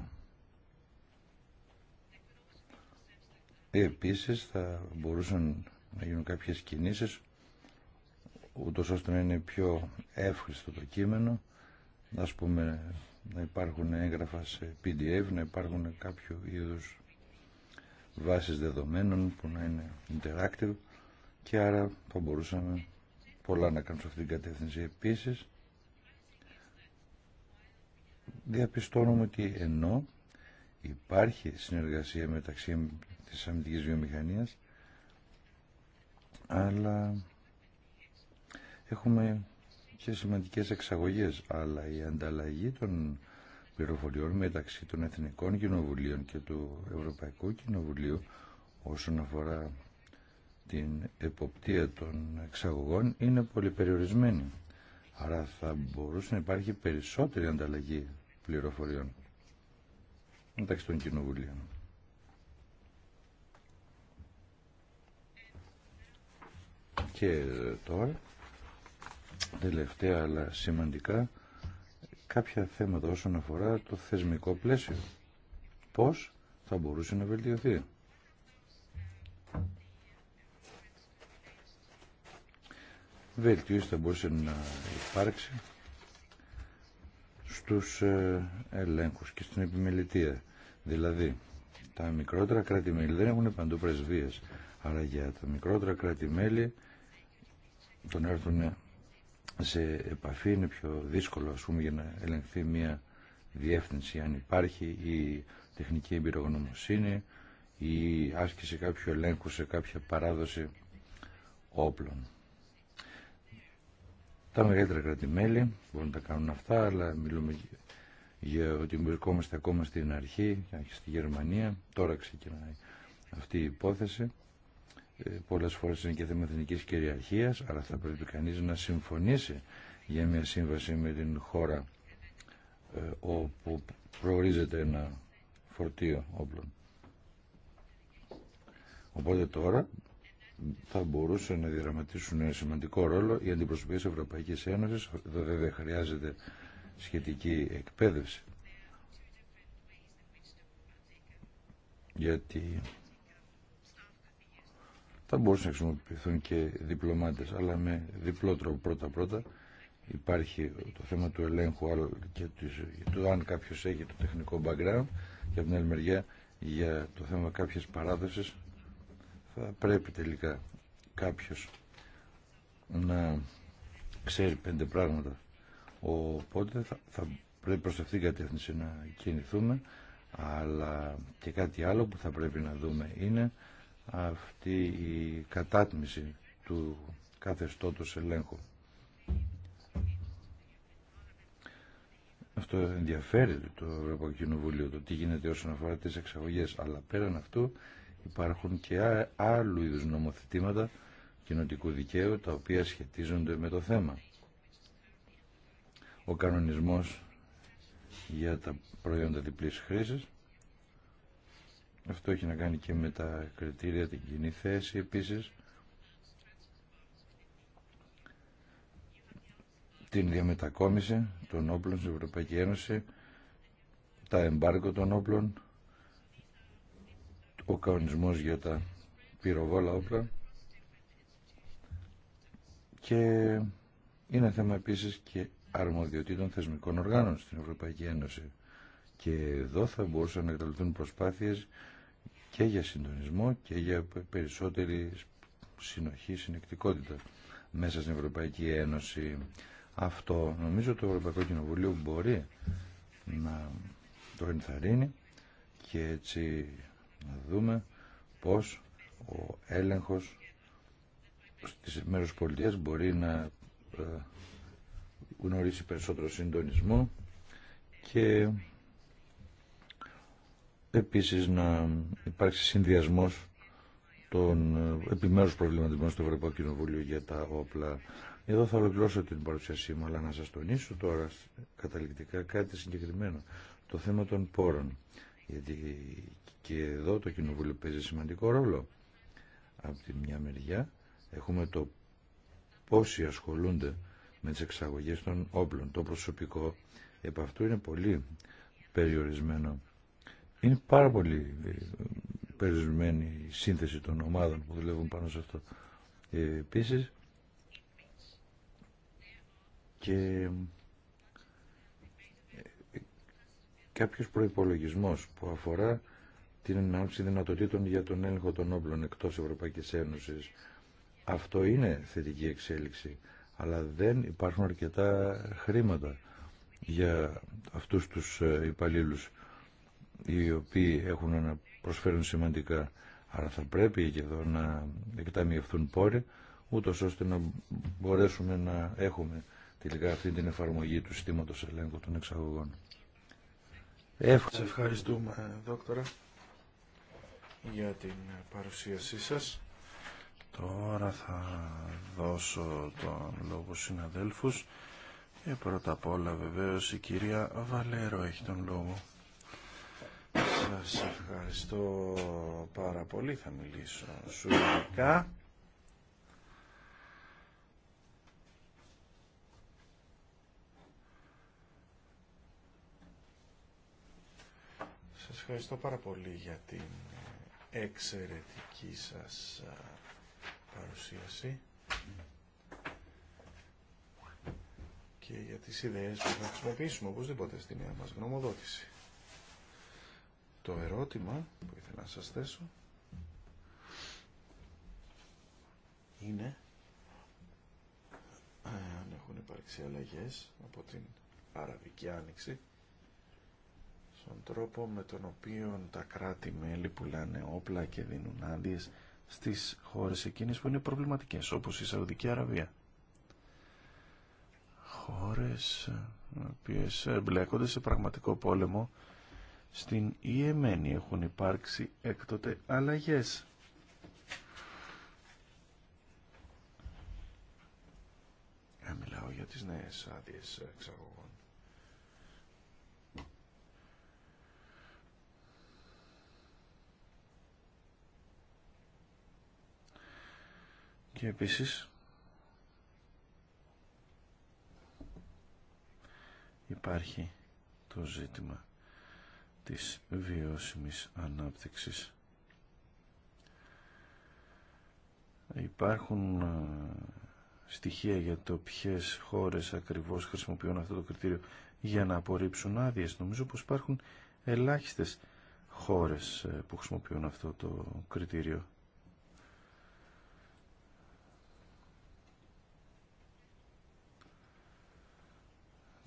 Επίσης θα μπορούσαν να γίνουν κάποιες κινήσεις ούτως ώστε να είναι πιο εύχριστο το κείμενο ας πούμε να υπάρχουν έγγραφα σε PDF να υπάρχουν κάποιο είδους βάσεις δεδομένων που να είναι interactive και άρα θα μπορούσαμε πολλά να κάνουμε σε αυτήν την κατεύθυνση επίσης διαπιστώνουμε ότι ενώ υπάρχει συνεργασία μεταξύ της αμυντικής βιομηχανίας αλλά έχουμε και σημαντικές εξαγωγές, αλλά η ανταλλαγή των πληροφοριών μεταξύ των Εθνικών Κοινοβουλίων και του Ευρωπαϊκού Κοινοβουλίου όσον αφορά την εποπτεία των εξαγωγών είναι πολύ περιορισμένη. Άρα θα μπορούσε να υπάρχει περισσότερη ανταλλαγή πληροφοριών μεταξύ των κοινοβουλίων. Και τώρα τελευταία αλλά σημαντικά κάποια θέματα όσον αφορά το θεσμικό πλαίσιο. Πώς θα μπορούσε να βελτιωθεί. Βελτιώσει θα μπορούσε να υπάρξει στους ε, ελέγχους και στην επιμελητία. Δηλαδή, τα μικρότερα κράτη-μέλη δεν έχουν παντού πρεσβείες. Άρα για τα μικρότερα κράτη-μέλη τον έρθουν σε επαφή είναι πιο δύσκολο ας πούμε για να ελεγχθεί μια διεύθυνση αν υπάρχει η τεχνική εμπειρογνωμοσύνη ή άσκηση κάποιου ελέγχου σε κάποια παράδοση όπλων. Τα μεγαλύτερα κρατημέλη μπορούν να τα κάνουν αυτά, αλλά μιλούμε για ότι βρισκόμαστε ακόμα στην αρχή, στη Γερμανία, τώρα ξεκινάει αυτή η υπόθεση. Ε, πολλές φορές είναι και θέμα εθνικής κυριαρχίας, αλλά θα πρέπει κανείς να συμφωνήσει για μια σύμβαση με την χώρα ε, όπου προορίζεται ένα φορτίο όπλων. Οπότε τώρα θα μπορούσε να διαδραματίσουν ένα σημαντικό ρόλο οι αντιπροσωπείες της Ευρωπαϊκής Ένωσης, βέβαια χρειάζεται σχετική εκπαίδευση. Γιατί θα μπορούσαν να χρησιμοποιηθούν και διπλωμάτες, αλλά με διπλό τρόπο πρώτα-πρώτα. Υπάρχει το θέμα του ελέγχου και του αν κάποιος έχει το τεχνικό background και από την άλλη μεριά για το θέμα κάποιες παράδοσες θα πρέπει τελικά κάποιος να ξέρει πέντε πράγματα. Οπότε θα, θα πρέπει προς αυτήν την κατεύθυνση να κινηθούμε αλλά και κάτι άλλο που θα πρέπει να δούμε είναι αυτή η κατάτμιση του καθεστώτος ελέγχου. Αυτό ενδιαφέρει το Ευρωπαϊκό Κοινοβούλιο, το τι γίνεται όσον αφορά τις εξαγωγές, αλλά πέραν αυτού υπάρχουν και άλλου είδους νομοθετήματα κοινοτικού δικαίου, τα οποία σχετίζονται με το θέμα. Ο κανονισμός για τα προϊόντα διπλής χρήσης, αυτό έχει να κάνει και με τα κριτήρια, την κοινή θέση επίσης. Την διαμετακόμιση των όπλων στην Ευρωπαϊκή Ένωση, τα εμπάρκο των όπλων, ο καονισμός για τα πυροβόλα όπλα και είναι θέμα επίσης και αρμοδιοτήτων θεσμικών οργάνων στην Ευρωπαϊκή Ένωση. Και εδώ θα μπορούσαν να εκτελεθούν προσπάθειες και για συντονισμό και για περισσότερη συνοχή, συνεκτικότητα μέσα στην Ευρωπαϊκή Ένωση. Αυτό νομίζω το Ευρωπαϊκό Κοινοβουλίο μπορεί να το ενθαρρύνει και έτσι να δούμε πώς ο έλεγχος στις μέρους πολιτείας μπορεί να ε, γνωρίσει περισσότερο συντονισμό και επίσης να υπάρξει συνδυασμός των ε, επιμέρους προβληματισμών στο Ευρωπαϊκό Κοινοβούλιο για τα όπλα. Εδώ θα ολοκληρώσω την παρουσίασή μου, αλλά να σας τονίσω τώρα καταληκτικά κάτι συγκεκριμένο. Το θέμα των πόρων. Γιατί και εδώ το Κοινοβούλιο παίζει σημαντικό ρόλο. Από τη μια μεριά έχουμε το πόσοι ασχολούνται με τις εξαγωγές των όπλων. Το προσωπικό επ' αυτού είναι πολύ περιορισμένο. Είναι πάρα πολύ ε, περιορισμένη η σύνθεση των ομάδων που δουλεύουν πάνω σε αυτό. Ε, επίσης, και ε, κάποιος προϋπολογισμός που αφορά την ανάπτυξη δυνατοτήτων για τον έλεγχο των όπλων εκτός Ευρωπαϊκής Ένωσης. Αυτό είναι θετική εξέλιξη, αλλά δεν υπάρχουν αρκετά χρήματα για αυτούς τους υπαλλήλους οι οποίοι έχουν να προσφέρουν σημαντικά. Άρα θα πρέπει και εδώ να εκταμιευτούν πόροι, ούτω ώστε να μπορέσουμε να έχουμε τελικά αυτή την εφαρμογή του συστήματος ελέγχου των εξαγωγών. Σας ευχαριστούμε, δόκτωρα, για την παρουσίασή σας. Τώρα θα δώσω τον λόγο συναδέλφους και ε, πρώτα απ' όλα βεβαίως η κυρία Βαλέρο έχει τον λόγο. Σας ευχαριστώ πάρα πολύ. Θα μιλήσω σου ειδικά. Σας ευχαριστώ πάρα πολύ για την εξαιρετική σας παρουσίαση και για τις ιδέες που θα χρησιμοποιήσουμε οπωσδήποτε στη νέα μας γνωμοδότηση το ερώτημα που ήθελα να σας θέσω είναι ε, αν έχουν υπάρξει αλλαγές από την Αραβική Άνοιξη στον τρόπο με τον οποίο τα κράτη-μέλη πουλάνε όπλα και δίνουν άδειε στις χώρες εκείνες που είναι προβληματικές όπως η Σαουδική Αραβία χώρες ε, οι οποίες εμπλέκονται σε πραγματικό πόλεμο στην Ιεμένη. Έχουν υπάρξει έκτοτε αλλαγές. Να ε, μιλάω για τις νέες άδειες εξαγωγών. Και επίσης υπάρχει το ζήτημα της βιώσιμης ανάπτυξης. Υπάρχουν ε, στοιχεία για το ποιες χώρες ακριβώς χρησιμοποιούν αυτό το κριτήριο για να απορρίψουν άδειε. Νομίζω πως υπάρχουν ελάχιστες χώρες ε, που χρησιμοποιούν αυτό το κριτήριο.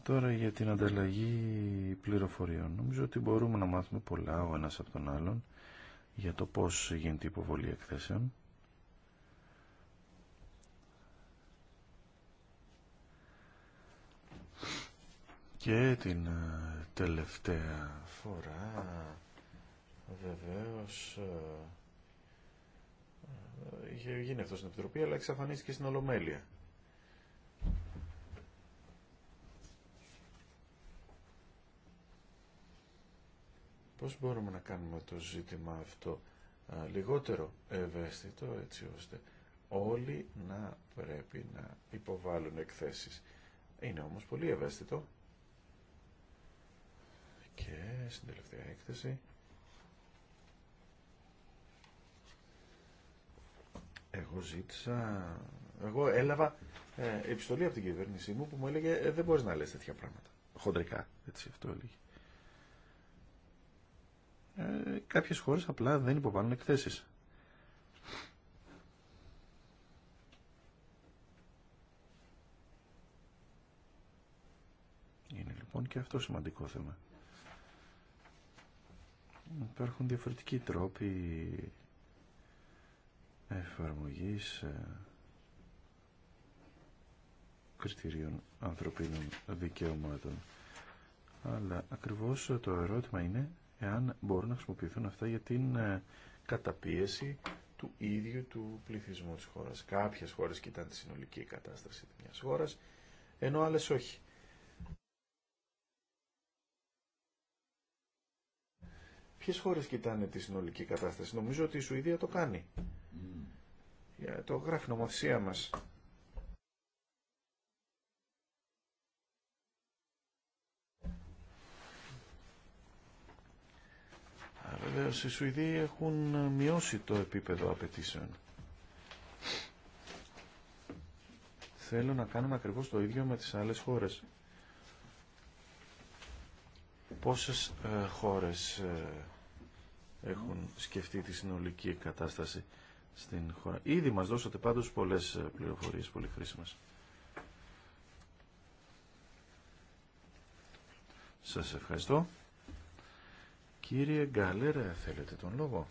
Τώρα για την ανταλλαγή πληροφοριών. Νομίζω ότι μπορούμε να μάθουμε πολλά ο ένας από τον άλλον για το πώς γίνεται η υποβολή εκθέσεων. Και την ε, τελευταία φορά βεβαίως ε, ε, είχε γίνει αυτό στην Επιτροπή αλλά εξαφανίστηκε στην Ολομέλεια. Πώς μπορούμε να κάνουμε το ζήτημα αυτό λιγότερο ευαίσθητο έτσι ώστε όλοι να πρέπει να υποβάλουν εκθέσεις. Είναι όμως πολύ ευαίσθητο. Και στην τελευταία έκθεση εγώ ζήτησα εγώ έλαβα ε, επιστολή από την κυβέρνησή μου που μου έλεγε ε, δεν μπορείς να λες τέτοια πράγματα. Χοντρικά, έτσι αυτό έλεγε. Ε, κάποιες χώρες απλά δεν υποβάλλουν εκθέσεις. Είναι λοιπόν και αυτό σημαντικό θέμα. Υπάρχουν διαφορετικοί τρόποι εφαρμογής ε, κριτηρίων ανθρωπίνων δικαιωμάτων. Αλλά ακριβώς το ερώτημα είναι εάν μπορούν να χρησιμοποιηθούν αυτά για την ε, καταπίεση του ίδιου του πληθυσμού της χώρας. Κάποιες χώρες κοιτάνε τη συνολική κατάσταση μιας χώρας, ενώ άλλες όχι. Ποιες χώρες κοιτάνε τη συνολική κατάσταση. Νομίζω ότι η Σουηδία το κάνει. Mm. Το γράφει νομοθεσία μας Βέβαια οι Σουηδοί έχουν μειώσει το επίπεδο απαιτήσεων. Θέλω να κάνουμε ακριβώς το ίδιο με τις άλλες χώρες. Πόσες ε, χώρες ε, έχουν σκεφτεί τη συνολική κατάσταση στην χώρα. Ήδη μας δώσατε πάντως πολλές ε, πληροφορίες, πολύ χρήσιμες. Σας ευχαριστώ. Κύριε Γκάλερ, ε, θέλετε τον λόγο.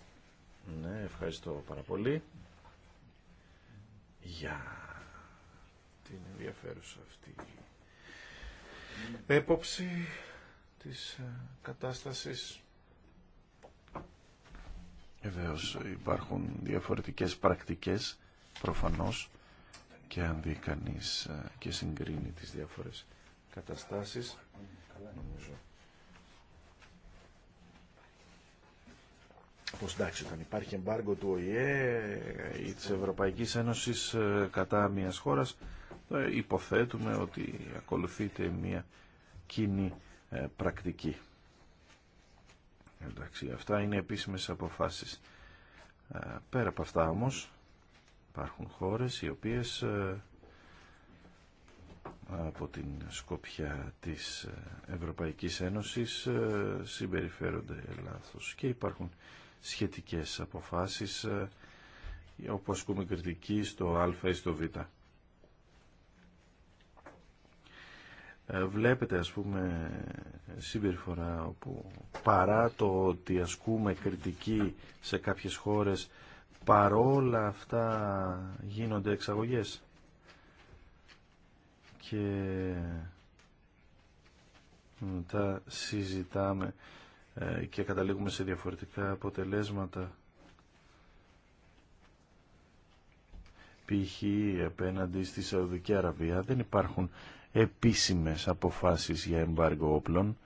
Ναι, ευχαριστώ πάρα πολύ για την ενδιαφέρουσα αυτή έποψη της ε, κατάστασης. Βέβαιως, υπάρχουν διαφορετικές πρακτικές προφανώς και αν δει κανείς ε, και συγκρίνει τις διάφορες καταστάσεις νομίζω πως εντάξει όταν υπάρχει εμπάργκο του ΟΗΕ ή της Ευρωπαϊκής Ένωσης ε, κατά μιας χώρας ε, υποθέτουμε ότι ακολουθείται μια κοινή ε, πρακτική. Εντάξει, αυτά είναι επίσημες αποφάσεις. Πέρα από αυτά όμως υπάρχουν χώρες οι οποίες από την σκοπιά της Ευρωπαϊκής Ένωσης συμπεριφέρονται λάθος και υπάρχουν σχετικές αποφάσεις ε, όπου ασκούμε κριτική στο α ή στο β. Ε, βλέπετε ας πούμε συμπεριφορά όπου παρά το ότι ασκούμε κριτική σε κάποιες χώρες παρόλα αυτά γίνονται εξαγωγές και ε, τα συζητάμε ε, και καταλήγουμε σε διαφορετικά αποτελέσματα. Π.χ. απέναντι στη Σαουδική Αραβία δεν υπάρχουν επίσημες αποφάσεις για εμπάργο όπλων.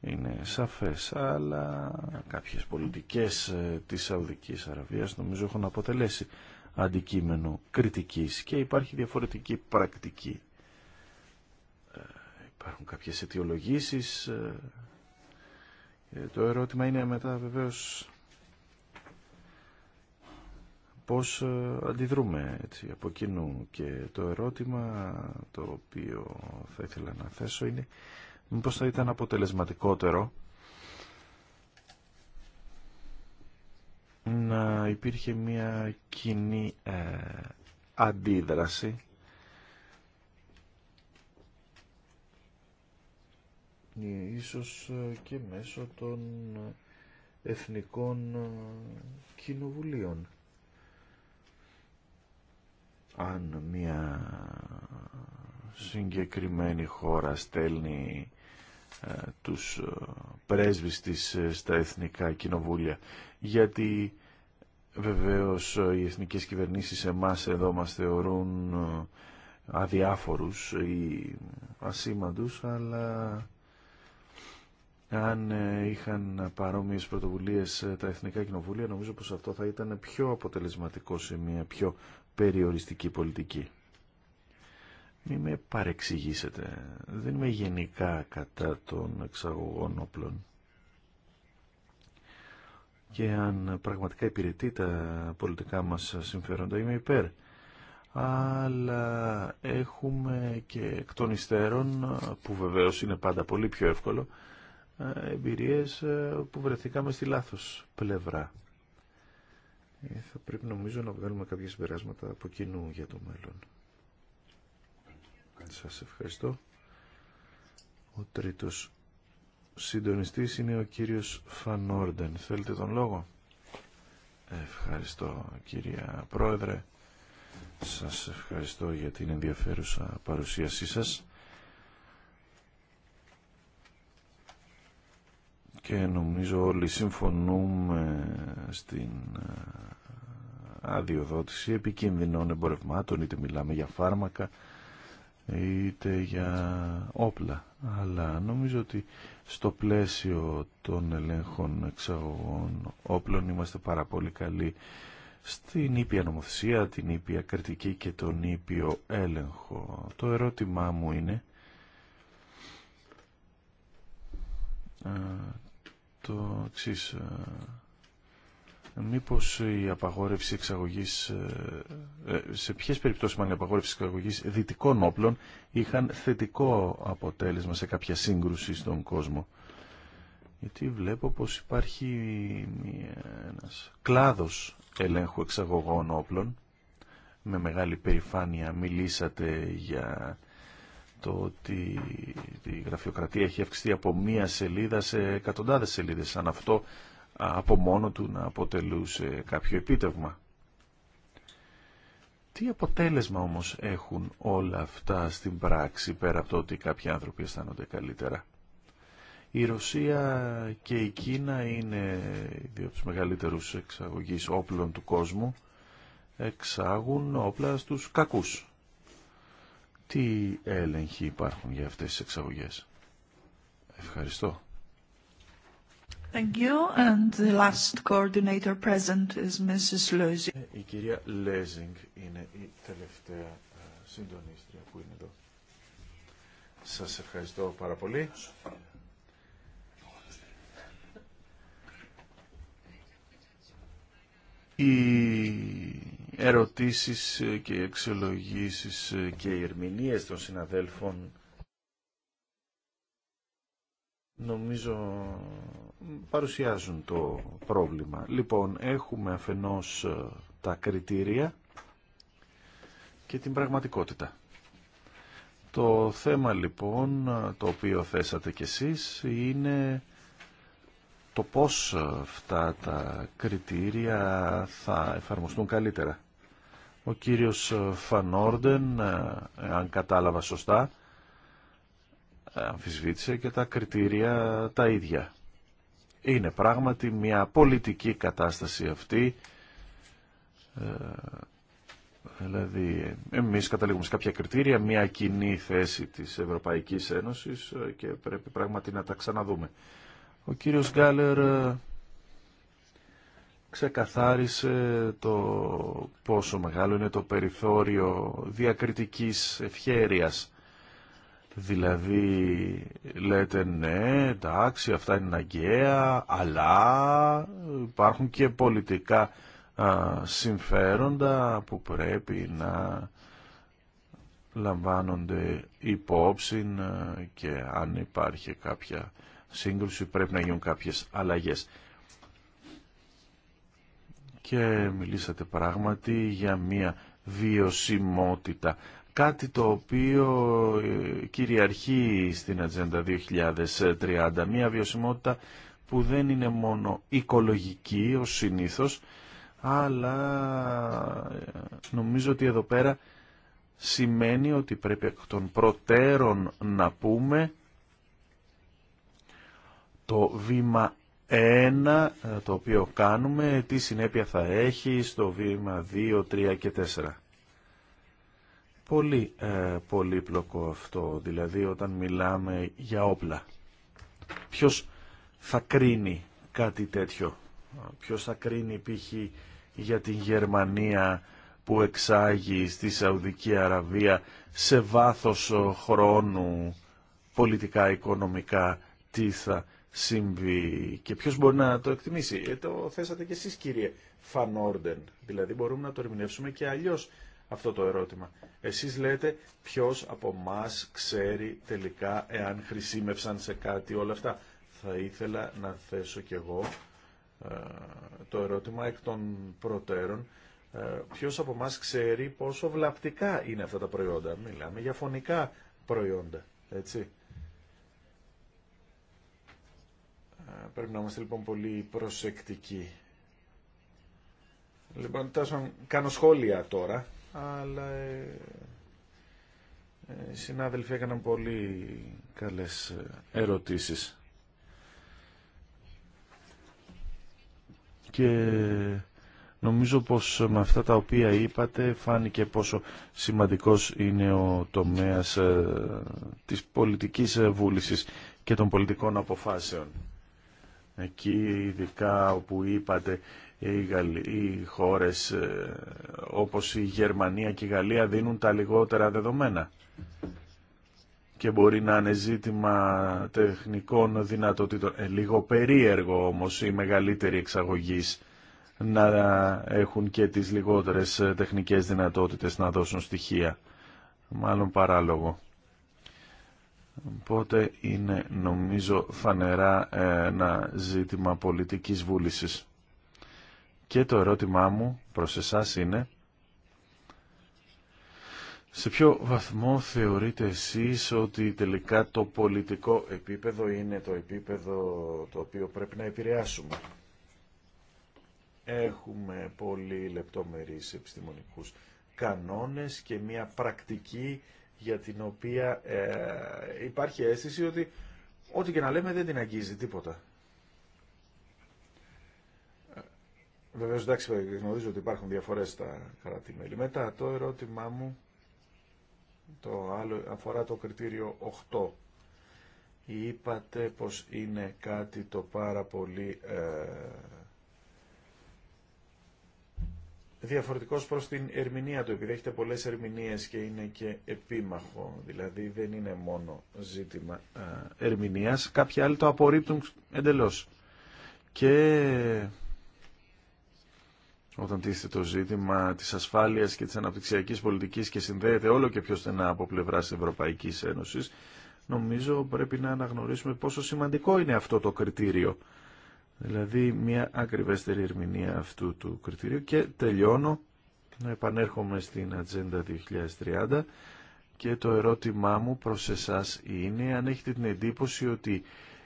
Είναι σαφές, αλλά κάποιες πολιτικές ε, της Σαουδικής Αραβίας νομίζω έχουν αποτελέσει αντικείμενο κριτικής και υπάρχει διαφορετική πρακτική. Ε, υπάρχουν κάποιες αιτιολογήσεις ε, το ερώτημα είναι μετά βεβαίως πώς ε, αντιδρούμε έτσι, από κοινού και το ερώτημα το οποίο θα ήθελα να θέσω είναι μήπως θα ήταν αποτελεσματικότερο να υπήρχε μια κοινή ε, αντίδραση Ναι, ίσως ε, και μέσω των ε, εθνικών ε, κοινοβουλίων. Αν μια συγκεκριμένη χώρα στέλνει τους πρέσβεις της στα εθνικά κοινοβούλια γιατί βεβαίως οι εθνικές κυβερνήσεις εμάς εδώ μας θεωρούν αδιάφορους ή ασήμαντους αλλά αν ε, είχαν παρόμοιες πρωτοβουλίες ε, τα Εθνικά Κοινοβούλια, νομίζω πως αυτό θα ήταν πιο αποτελεσματικό σε μια πιο περιοριστική πολιτική. Μην με παρεξηγήσετε. Δεν είμαι γενικά κατά των εξαγωγών όπλων. Και αν πραγματικά υπηρετεί τα πολιτικά μας συμφέροντα, είμαι υπέρ. Αλλά έχουμε και εκ των υστέρων, που βεβαίως είναι πάντα πολύ πιο εύκολο, ε, εμπειρίες ε, που βρεθήκαμε στη λάθος πλευρά. Ε, θα πρέπει νομίζω να βγάλουμε κάποια συμπεράσματα από κοινού για το μέλλον. Σας ευχαριστώ. Ο τρίτος συντονιστής είναι ο κύριος Φανόρντεν. Θέλετε τον λόγο. Ευχαριστώ κυρία Πρόεδρε. Σας ευχαριστώ για την ενδιαφέρουσα παρουσίασή σας. και νομίζω όλοι συμφωνούμε στην ε, αδειοδότηση επικίνδυνων εμπορευμάτων, είτε μιλάμε για φάρμακα, είτε για όπλα. Αλλά νομίζω ότι στο πλαίσιο των ελέγχων εξαγωγών όπλων είμαστε πάρα πολύ καλοί στην ήπια νομοθεσία, την ήπια κριτική και τον ήπιο έλεγχο. Το ερώτημά μου είναι ε, το εξή. Ε, μήπως η απαγόρευση εξαγωγής, ε, ε, σε ποιες περιπτώσεις μάλλον η απαγόρευση εξαγωγής δυτικών όπλων είχαν θετικό αποτέλεσμα σε κάποια σύγκρουση στον κόσμο. Γιατί βλέπω πως υπάρχει ένας κλάδος ελέγχου εξαγωγών όπλων. Με μεγάλη περηφάνεια μιλήσατε για το ότι η γραφειοκρατία έχει αυξηθεί από μία σελίδα σε εκατοντάδες σελίδες, σαν αυτό από μόνο του να αποτελούσε κάποιο επίτευγμα. Τι αποτέλεσμα όμως έχουν όλα αυτά στην πράξη, πέρα από το ότι κάποιοι άνθρωποι αισθάνονται καλύτερα. Η Ρωσία και η Κίνα είναι δύο από τους μεγαλύτερους εξαγωγείς όπλων του κόσμου. Εξάγουν όπλα στους κακούς τι έλεγχοι υπάρχουν για αυτές τις εξαγωγές. Ευχαριστώ. Thank you. And the last coordinator present is Mrs. Ε, η κυρία Λέζινγκ είναι η τελευταία ε, συντονίστρια που είναι εδώ. Σας ευχαριστώ πάρα πολύ. Η ερωτήσεις ε, και οι ε, και οι των συναδέλφων νομίζω παρουσιάζουν το πρόβλημα. Λοιπόν, έχουμε αφενός ε, τα κριτήρια και την πραγματικότητα. Το θέμα λοιπόν το οποίο θέσατε κι εσείς είναι το πώς αυτά τα κριτήρια θα εφαρμοστούν καλύτερα ο κύριος ε, Φανόρντεν, ε, ε, αν κατάλαβα σωστά, αμφισβήτησε και τα κριτήρια τα ίδια. Είναι πράγματι μια πολιτική κατάσταση αυτή, δηλαδή εμείς καταλήγουμε σε κάποια κριτήρια, μια κοινή θέση της Ευρωπαϊκής Ένωσης και πρέπει πράγματι να τα ξαναδούμε. Ο κύριος Γκάλερ ξεκαθάρισε το πόσο μεγάλο είναι το περιθώριο διακριτικής ευχέρειας. Δηλαδή λέτε ναι, εντάξει, αυτά είναι αγκαία, αλλά υπάρχουν και πολιτικά συμφέροντα που πρέπει να λαμβάνονται υπόψη και αν υπάρχει κάποια σύγκρουση πρέπει να γίνουν κάποιες αλλαγές και μιλήσατε πράγματι για μια βιωσιμότητα. Κάτι το οποίο ε, κυριαρχεί στην Ατζέντα 2030. Μια βιωσιμότητα που δεν είναι μόνο οικολογική ο συνήθως, αλλά ε, νομίζω ότι εδώ πέρα σημαίνει ότι πρέπει από των προτέρων να πούμε το βήμα ένα ε, το οποίο κάνουμε, τι συνέπεια θα έχει στο βήμα 2, 3 και 4. Πολύ ε, πολύπλοκο αυτό, δηλαδή όταν μιλάμε για όπλα. Ποιος θα κρίνει κάτι τέτοιο, ποιος θα κρίνει π.χ. για την Γερμανία που εξάγει στη Σαουδική Αραβία σε βάθος χρόνου πολιτικά, οικονομικά, τι θα συμβεί και ποιος μπορεί να το εκτιμήσει. Ε, το θέσατε και εσείς κύριε Φανόρντεν. Δηλαδή μπορούμε να το ερμηνεύσουμε και αλλιώς αυτό το ερώτημα. Εσείς λέτε ποιος από εμά ξέρει τελικά εάν χρησιμεύσαν σε κάτι όλα αυτά. Θα ήθελα να θέσω κι εγώ ε, το ερώτημα εκ των προτέρων. Ε, ποιος από εμά ξέρει πόσο βλαπτικά είναι αυτά τα προϊόντα. Μιλάμε για φωνικά προϊόντα. Έτσι. Πρέπει να είμαστε λοιπόν πολύ προσεκτικοί. Λοιπόν, κάνω σχόλια τώρα, αλλά ε, ε, οι συνάδελφοι έκαναν πολύ καλές ε, ερωτήσεις. Και νομίζω πως με αυτά τα οποία είπατε φάνηκε πόσο σημαντικός είναι ο τομέας της πολιτικής βούλησης και των πολιτικών αποφάσεων. Εκεί ειδικά όπου είπατε οι χώρες ε, όπως η Γερμανία και η Γαλλία δίνουν τα λιγότερα δεδομένα και μπορεί να είναι ζήτημα τεχνικών δυνατοτήτων. Ε, λίγο περίεργο όμως οι μεγαλύτεροι εξαγωγείς να έχουν και τις λιγότερες τεχνικές δυνατότητες να δώσουν στοιχεία. Μάλλον παράλογο. Οπότε είναι νομίζω φανερά ένα ζήτημα πολιτικής βούλησης. Και το ερώτημά μου προς εσάς είναι σε ποιο βαθμό θεωρείτε εσείς ότι τελικά το πολιτικό επίπεδο είναι το επίπεδο το οποίο πρέπει να επηρεάσουμε. Έχουμε πολύ λεπτομερείς επιστημονικούς κανόνες και μια πρακτική για την οποία ε, υπάρχει αίσθηση ότι ό,τι και να λέμε δεν την αγγίζει τίποτα. Ε, Βεβαίω, εντάξει, γνωρίζω ότι υπάρχουν διαφορέ στα κράτη-μέλη. Μετά το ερώτημά μου το άλλο αφορά το κριτήριο 8. Είπατε πως είναι κάτι το πάρα πολύ ε, διαφορετικός προς την ερμηνεία του, επειδή έχετε πολλές ερμηνείες και είναι και επίμαχο, δηλαδή δεν είναι μόνο ζήτημα ερμηνείας, κάποιοι άλλοι το απορρίπτουν εντελώς. Και όταν τίθεται το ζήτημα της ασφάλειας και της αναπτυξιακής πολιτικής και συνδέεται όλο και πιο στενά από πλευρά της Ευρωπαϊκής Ένωσης, νομίζω πρέπει να αναγνωρίσουμε πόσο σημαντικό είναι αυτό το κριτήριο Δηλαδή μια ακριβέστερη ερμηνεία αυτού του κριτηρίου και τελειώνω να επανέρχομαι στην Ατζέντα 2030 και το ερώτημά μου προς εσάς είναι αν έχετε την εντύπωση ότι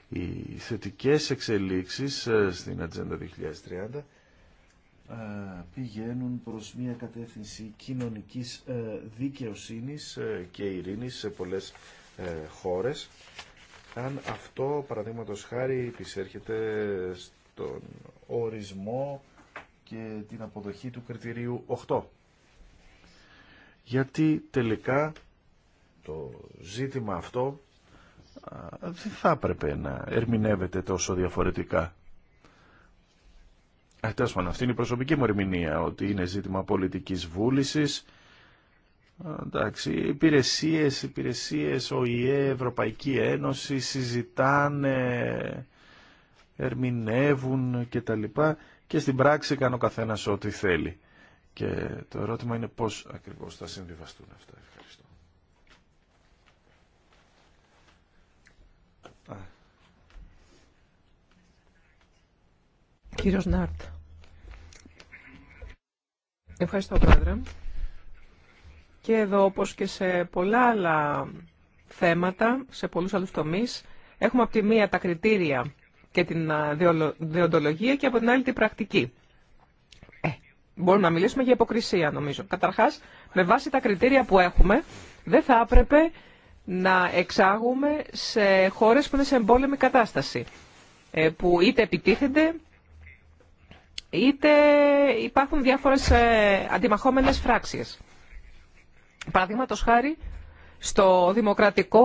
οι θετικές εξελίξεις ε, στην Ατζέντα 2030 ε, πηγαίνουν προς μια κατεύθυνση κοινωνικής ε, δικαιοσύνης και ειρήνης σε πολλές χώρες αν αυτό παραδείγματο χάρη επισέρχεται στον ορισμό και την αποδοχή του κριτηρίου 8. Γιατί τελικά το ζήτημα αυτό δεν θα έπρεπε να ερμηνεύεται τόσο διαφορετικά. αυτή είναι η προσωπική μου ερμηνεία, ότι είναι ζήτημα πολιτικής βούλησης Εντάξει, υπηρεσίες, υπηρεσίες, ΟΗΕ, Ευρωπαϊκή Ένωση συζητάνε, ερμηνεύουν κτλ. Και στην πράξη κάνει ο καθένας ό,τι θέλει. Και το ερώτημα είναι πώς ακριβώς θα συμβιβαστούν αυτά. Ευχαριστώ. Κύριος Νάρτ. Ευχαριστώ, Πρόεδρε. Και εδώ, όπως και σε πολλά άλλα θέματα, σε πολλούς άλλους τομείς, έχουμε από τη μία τα κριτήρια και την διοντολογία και από την άλλη την πρακτική. Ε, μπορούμε να μιλήσουμε για υποκρισία, νομίζω. Καταρχάς, με βάση τα κριτήρια που έχουμε, δεν θα έπρεπε να εξάγουμε σε χώρες που είναι σε εμπόλεμη κατάσταση, ε, που είτε επιτίθενται, είτε υπάρχουν διάφορες ε, αντιμαχόμενες φράξεις. Παραδείγματο χάρη στο δημοκρατικό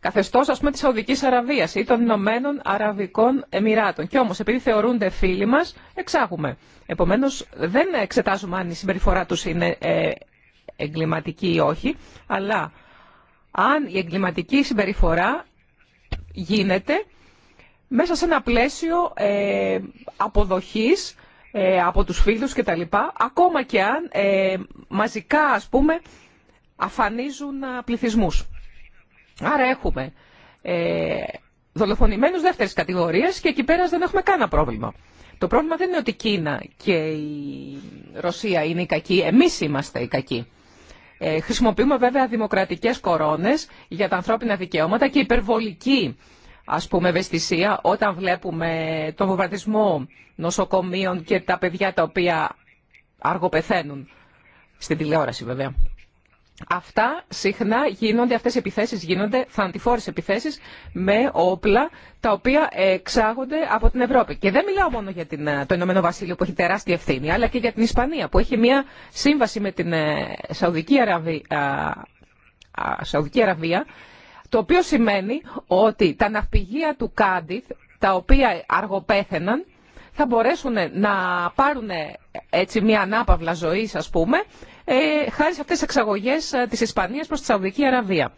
καθεστώ α πούμε τη Σαουδική Αραβία ή των Ηνωμένων Αραβικών Εμμυράτων. Και όμω επειδή θεωρούνται φίλοι μα, εξάγουμε. Επομένω δεν εξετάζουμε αν η συμπεριφορά του είναι ε, εγκληματική ή όχι, αλλά αν η εγκληματική συμπεριφορά γίνεται μέσα σε ένα πλαίσιο ε, αποδοχής ε, από τους φίλους λοιπά, Ακόμα και αν ε, μαζικά, ας πούμε, αφανίζουν πληθυσμούς. Άρα έχουμε ε, δολοφονημένους δεύτερης κατηγορίας και εκεί πέρα δεν έχουμε κανένα πρόβλημα. Το πρόβλημα δεν είναι ότι η Κίνα και η Ρωσία είναι οι κακοί, εμείς είμαστε οι κακοί. Ε, χρησιμοποιούμε βέβαια δημοκρατικές κορώνες για τα ανθρώπινα δικαιώματα και υπερβολική ας πούμε, ευαισθησία όταν βλέπουμε τον βομβαρδισμό νοσοκομείων και τα παιδιά τα οποία αργοπεθαίνουν. Στην τηλεόραση βέβαια. Αυτά συχνά γίνονται, αυτές οι επιθέσεις γίνονται, θανατηφόρες επιθέσεις με όπλα τα οποία εξάγονται από την Ευρώπη. Και δεν μιλάω μόνο για την, ε, το Ηνωμένο Βασίλειο που έχει τεράστια ευθύνη, αλλά και για την Ισπανία που έχει μια σύμβαση με την ε, Σαουδική Αραβία, ε, Σαουδική Αραβία το οποίο σημαίνει ότι τα ναυπηγεία του Κάντιθ, τα οποία αργοπέθαιναν, θα μπορέσουν να πάρουν ε, έτσι μια ανάπαυλα ζωή, ας πούμε, ε, χάρη σε αυτές τις εξαγωγές ε, της Ισπανίας προς τη Σαουδική Αραβία.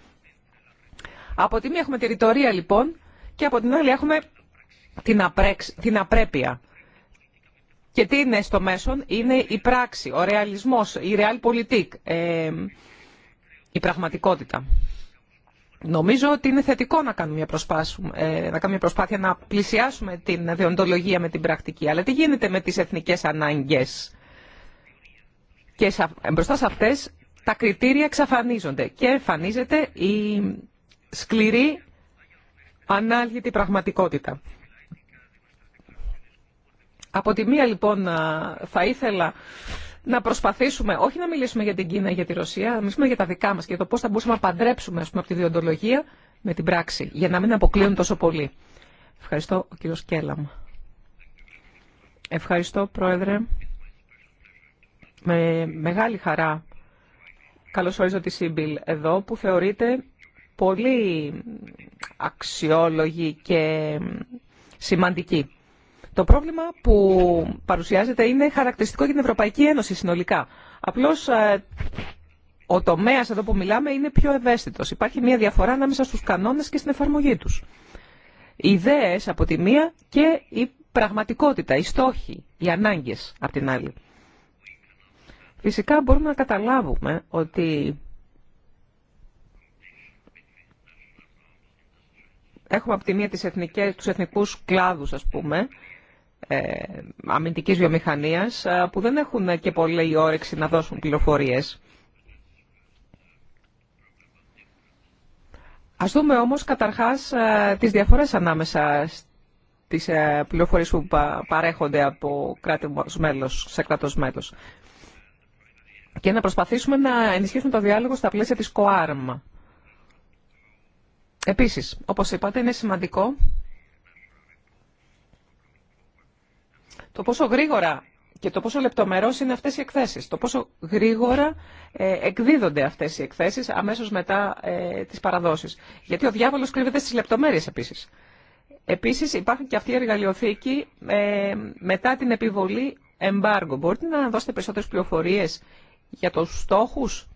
Από τη μία έχουμε τη ρητορία λοιπόν και από την άλλη έχουμε την, απρέξ, την απρέπεια. Και τι είναι στο μέσον, είναι η πράξη, ο ρεαλισμός, η realpolitik, η πραγματικότητα. Νομίζω ότι είναι θετικό να κάνουμε, μια ε, να κάνουμε προσπάθεια να πλησιάσουμε την διοντολογία με την πρακτική. Αλλά τι γίνεται με τις εθνικές ανάγκες. Και μπροστά σε αυτές τα κριτήρια εξαφανίζονται και εμφανίζεται η σκληρή ανάλγητη πραγματικότητα. Από τη μία λοιπόν θα ήθελα να προσπαθήσουμε όχι να μιλήσουμε για την Κίνα ή για τη Ρωσία, να μιλήσουμε για τα δικά μα και για το πώ θα μπορούσαμε να παντρέψουμε πούμε, από τη διοντολογία με την πράξη, για να μην αποκλείουν τόσο πολύ. Ευχαριστώ, ο κύριο Κέλαμ. Ευχαριστώ, Πρόεδρε. Με μεγάλη χαρά καλωσορίζω τη Σίμπιλ εδώ, που θεωρείται πολύ αξιόλογη και σημαντική. Το πρόβλημα που παρουσιάζεται είναι χαρακτηριστικό για την Ευρωπαϊκή Ένωση συνολικά. Απλώς ε, ο τομέας εδώ που μιλάμε είναι πιο ευαίσθητος. Υπάρχει μια διαφορά ανάμεσα στους κανόνες και στην εφαρμογή τους. Οι ιδέες από τη μία και η πραγματικότητα, οι στόχοι, οι ανάγκες από την άλλη. Φυσικά μπορούμε να καταλάβουμε ότι έχουμε από τη μία τις εθνικές, τους εθνικούς κλάδους, ας πούμε, ε, αμυντικής βιομηχανίας ε, που δεν έχουν και πολλή όρεξη να δώσουν πληροφορίες. Ας δούμε όμως καταρχάς ε, τις διαφορές ανάμεσα τις πληροφορίες που παρέχονται από κράτος μέλος σε κράτος μέλος. Και να προσπαθήσουμε να ενισχύσουμε το διάλογο στα πλαίσια της ΚΟΑΡΜ. Επίσης, όπως είπατε, είναι σημαντικό το πόσο γρήγορα και το πόσο λεπτομερώς είναι αυτές οι εκθέσεις, το πόσο γρήγορα ε, εκδίδονται αυτές οι εκθέσεις αμέσως μετά ε, τις παραδόσεις. Γιατί ο διάβολος κρύβεται στις λεπτομέρειες επίσης. Επίσης υπάρχει και αυτή η εργαλειοθήκη ε, μετά την επιβολή εμπάργου. Μπορείτε να δώσετε περισσότερες πληροφορίες για τους στόχους.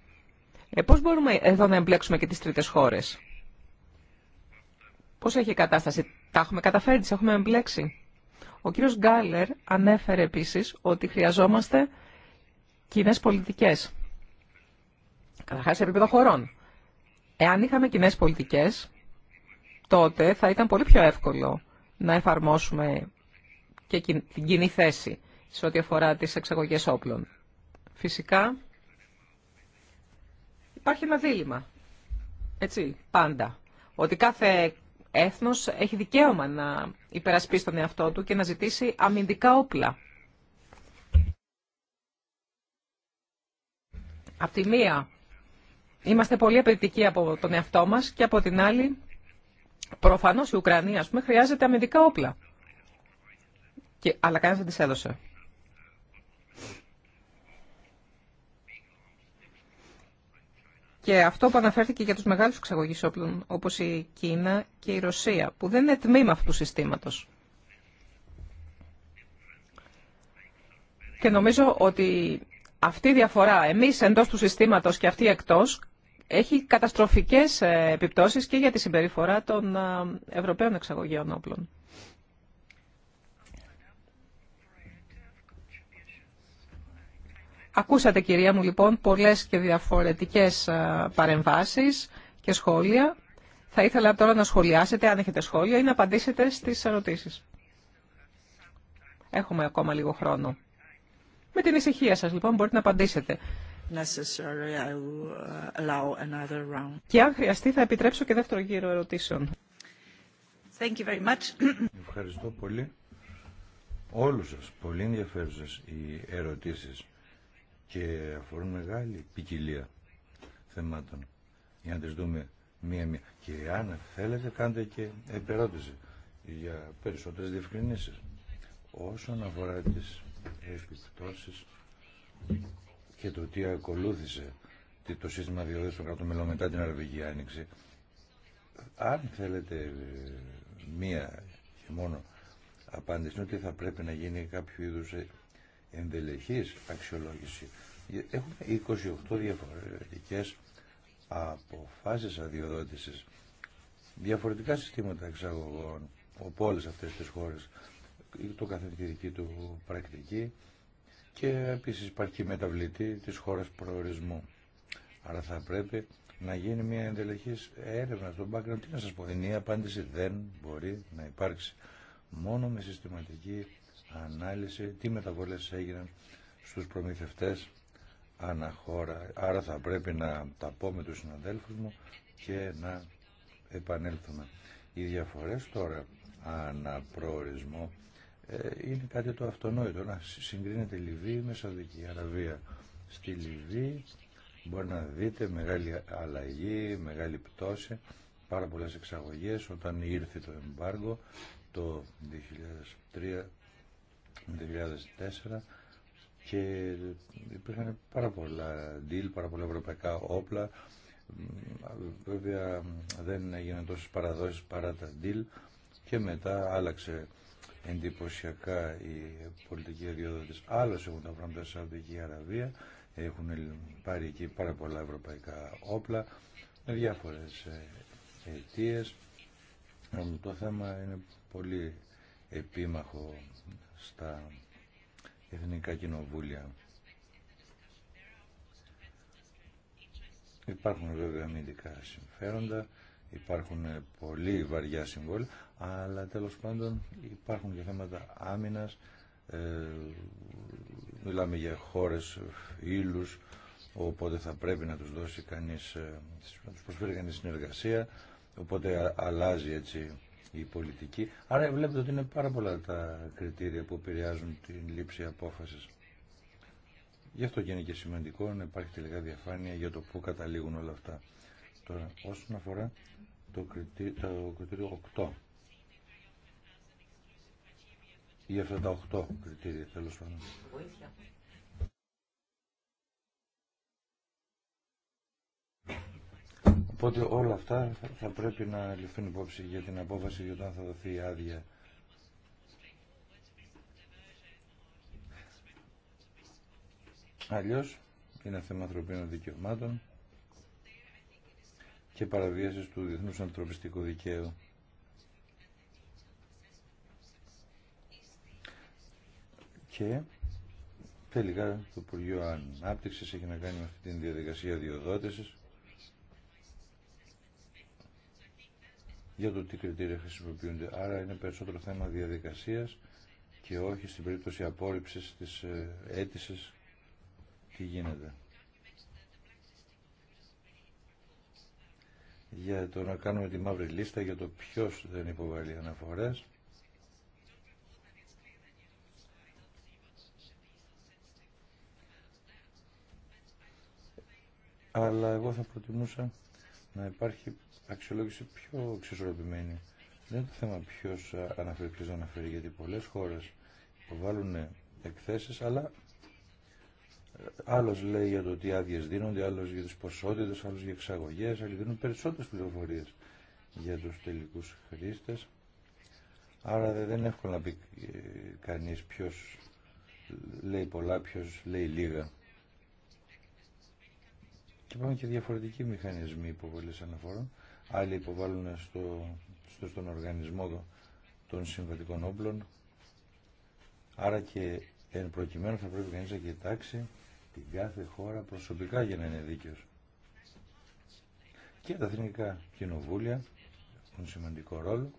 Ε, πώς μπορούμε εδώ να εμπλέξουμε και τις τρίτες χώρες. Πώς έχει η κατάσταση. Τα έχουμε καταφέρει, τις έχουμε εμπλέξει. Ο κύριος Γκάλερ ανέφερε επίσης ότι χρειαζόμαστε κοινέ πολιτικές. Καταρχάς σε επίπεδο χωρών. Εάν είχαμε κοινέ πολιτικές, τότε θα ήταν πολύ πιο εύκολο να εφαρμόσουμε και την κοινή θέση σε ό,τι αφορά τις εξαγωγές όπλων. Φυσικά, υπάρχει ένα δίλημα. Έτσι, πάντα. Ότι κάθε έθνος έχει δικαίωμα να υπερασπίσει τον εαυτό του και να ζητήσει αμυντικά όπλα. Απ' τη μία, είμαστε πολύ απαιτητικοί από τον εαυτό μας και από την άλλη, προφανώς η Ουκρανία, ας πούμε, χρειάζεται αμυντικά όπλα. Και, αλλά κανένας δεν τις έδωσε. Και αυτό που αναφέρθηκε για τους μεγάλους εξαγωγείς όπλων, όπως η Κίνα και η Ρωσία, που δεν είναι τμήμα αυτού του συστήματος. Και νομίζω ότι αυτή η διαφορά, εμείς εντός του συστήματος και αυτή εκτός, έχει καταστροφικές ε, επιπτώσεις και για τη συμπεριφορά των ε, Ευρωπαίων εξαγωγείων όπλων. Ακούσατε κυρία μου λοιπόν πολλές και διαφορετικές παρεμβάσεις και σχόλια. Θα ήθελα τώρα να σχολιάσετε αν έχετε σχόλια ή να απαντήσετε στις ερωτήσεις. Έχουμε ακόμα λίγο χρόνο. Με την ησυχία σας λοιπόν μπορείτε να απαντήσετε. Uh, και αν χρειαστεί θα επιτρέψω και δεύτερο γύρο ερωτήσεων. Thank you very much. Ευχαριστώ πολύ. Όλους σας πολύ ενδιαφέρουσες οι ερωτήσεις και αφορούν μεγάλη ποικιλία θεμάτων για να τις δούμε μία-μία. Και αν θέλετε κάντε και επερώτηση για περισσότερες διευκρινήσεις όσον αφορά τις επιπτώσεις και το τι ακολούθησε το σύστημα διοδές των κρατών μετά την Αραβική Άνοιξη. Αν θέλετε ε, μία και μόνο απάντηση ότι θα πρέπει να γίνει κάποιο είδους ε, εντελεχής αξιολόγηση. Έχουμε 28 διαφορετικές αποφάσεις αδειοδότησης, διαφορετικά συστήματα εξαγωγών από όλες αυτές τις χώρες, το δική του πρακτική και επίσης υπάρχει μεταβλητή της χώρας προορισμού. Άρα θα πρέπει να γίνει μια εντελεχής έρευνα στον background. Τι να σας πω, η απάντηση δεν μπορεί να υπάρξει. Μόνο με συστηματική ανάλυση τι μεταβολές έγιναν στους προμηθευτές αναχώρα. Άρα θα πρέπει να τα πω με τους συναδέλφους μου και να επανέλθουμε. Οι διαφορές τώρα αναπροορισμό ε, είναι κάτι το αυτονόητο να συγκρίνεται Λιβύη με Σαουδική Αραβία. Στη Λιβύη μπορεί να δείτε μεγάλη αλλαγή, μεγάλη πτώση, πάρα πολλές εξαγωγές όταν ήρθε το εμπάργο το 2003 2004 και υπήρχαν πάρα πολλά deal, πάρα πολλά ευρωπαϊκά όπλα. Βέβαια δεν έγιναν τόσες παραδόσεις παρά τα deal και μετά άλλαξε εντυπωσιακά η πολιτική αδειοδότηση. Άλλως έχουν τα πράγματα στη Σαουδική Αραβία, έχουν πάρει εκεί πάρα πολλά ευρωπαϊκά όπλα με διάφορες ε, αιτίες. Το θέμα είναι πολύ επίμαχο στα εθνικά κοινοβούλια. Υπάρχουν βέβαια αμυντικά συμφέροντα, υπάρχουν πολύ βαριά συμβόλαια, αλλά τέλος πάντων υπάρχουν και θέματα άμυνας, ε, μιλάμε για χώρες ήλους, οπότε θα πρέπει να τους δώσει κανείς, ε, να τους προσφέρει κανείς συνεργασία, οπότε αλλάζει έτσι η πολιτική. Άρα βλέπετε ότι είναι πάρα πολλά τα κριτήρια που επηρεάζουν την λήψη απόφασης. Γι' αυτό και είναι και σημαντικό να υπάρχει τελικά διαφάνεια για το πού καταλήγουν όλα αυτά. Τώρα, όσον αφορά το κριτήριο, 8 ή αυτά τα 8 κριτήρια τέλος πάντων. Οπότε όλα αυτά θα πρέπει να ληφθούν υπόψη για την απόφαση για όταν θα δοθεί η άδεια. Αλλιώς είναι θέμα ανθρωπίνων δικαιωμάτων και παραβίασης του διεθνούς ανθρωπιστικού δικαίου. Και τελικά το Υπουργείο Ανάπτυξης έχει να κάνει με αυτή τη διαδικασία διοδότησης για το τι κριτήρια χρησιμοποιούνται. Άρα είναι περισσότερο θέμα διαδικασίας και όχι στην περίπτωση απόρριψης της ε, αίτηση τι γίνεται. Για το να κάνουμε τη μαύρη λίστα για το ποιος δεν υποβαλεί αναφορές. Αλλά εγώ θα προτιμούσα να υπάρχει αξιολόγηση πιο εξισορροπημένη. Δεν είναι το θέμα ποιο ε, αναφέρει, ποιο αναφέρει, γιατί πολλέ χώρε υποβάλλουν ε, εκθέσει, αλλά ε, άλλο λέει για το τι άδειε δίνονται, άλλο για τι ποσότητε, άλλο για εξαγωγέ, άλλοι δίνουν περισσότερε πληροφορίε για του τελικού χρήστε. Άρα δεν είναι εύκολο να πει κανεί ποιο λέει πολλά, ποιο λέει λίγα. Και υπάρχουν και διαφορετικοί μηχανισμοί υποβολή αναφορών άλλοι υποβάλλουν στο, στον οργανισμό των συμβατικών όπλων. Άρα και εν προκειμένου θα πρέπει κανείς να κοιτάξει την κάθε χώρα προσωπικά για να είναι δίκαιος. Και τα εθνικά κοινοβούλια έχουν σημαντικό ρόλο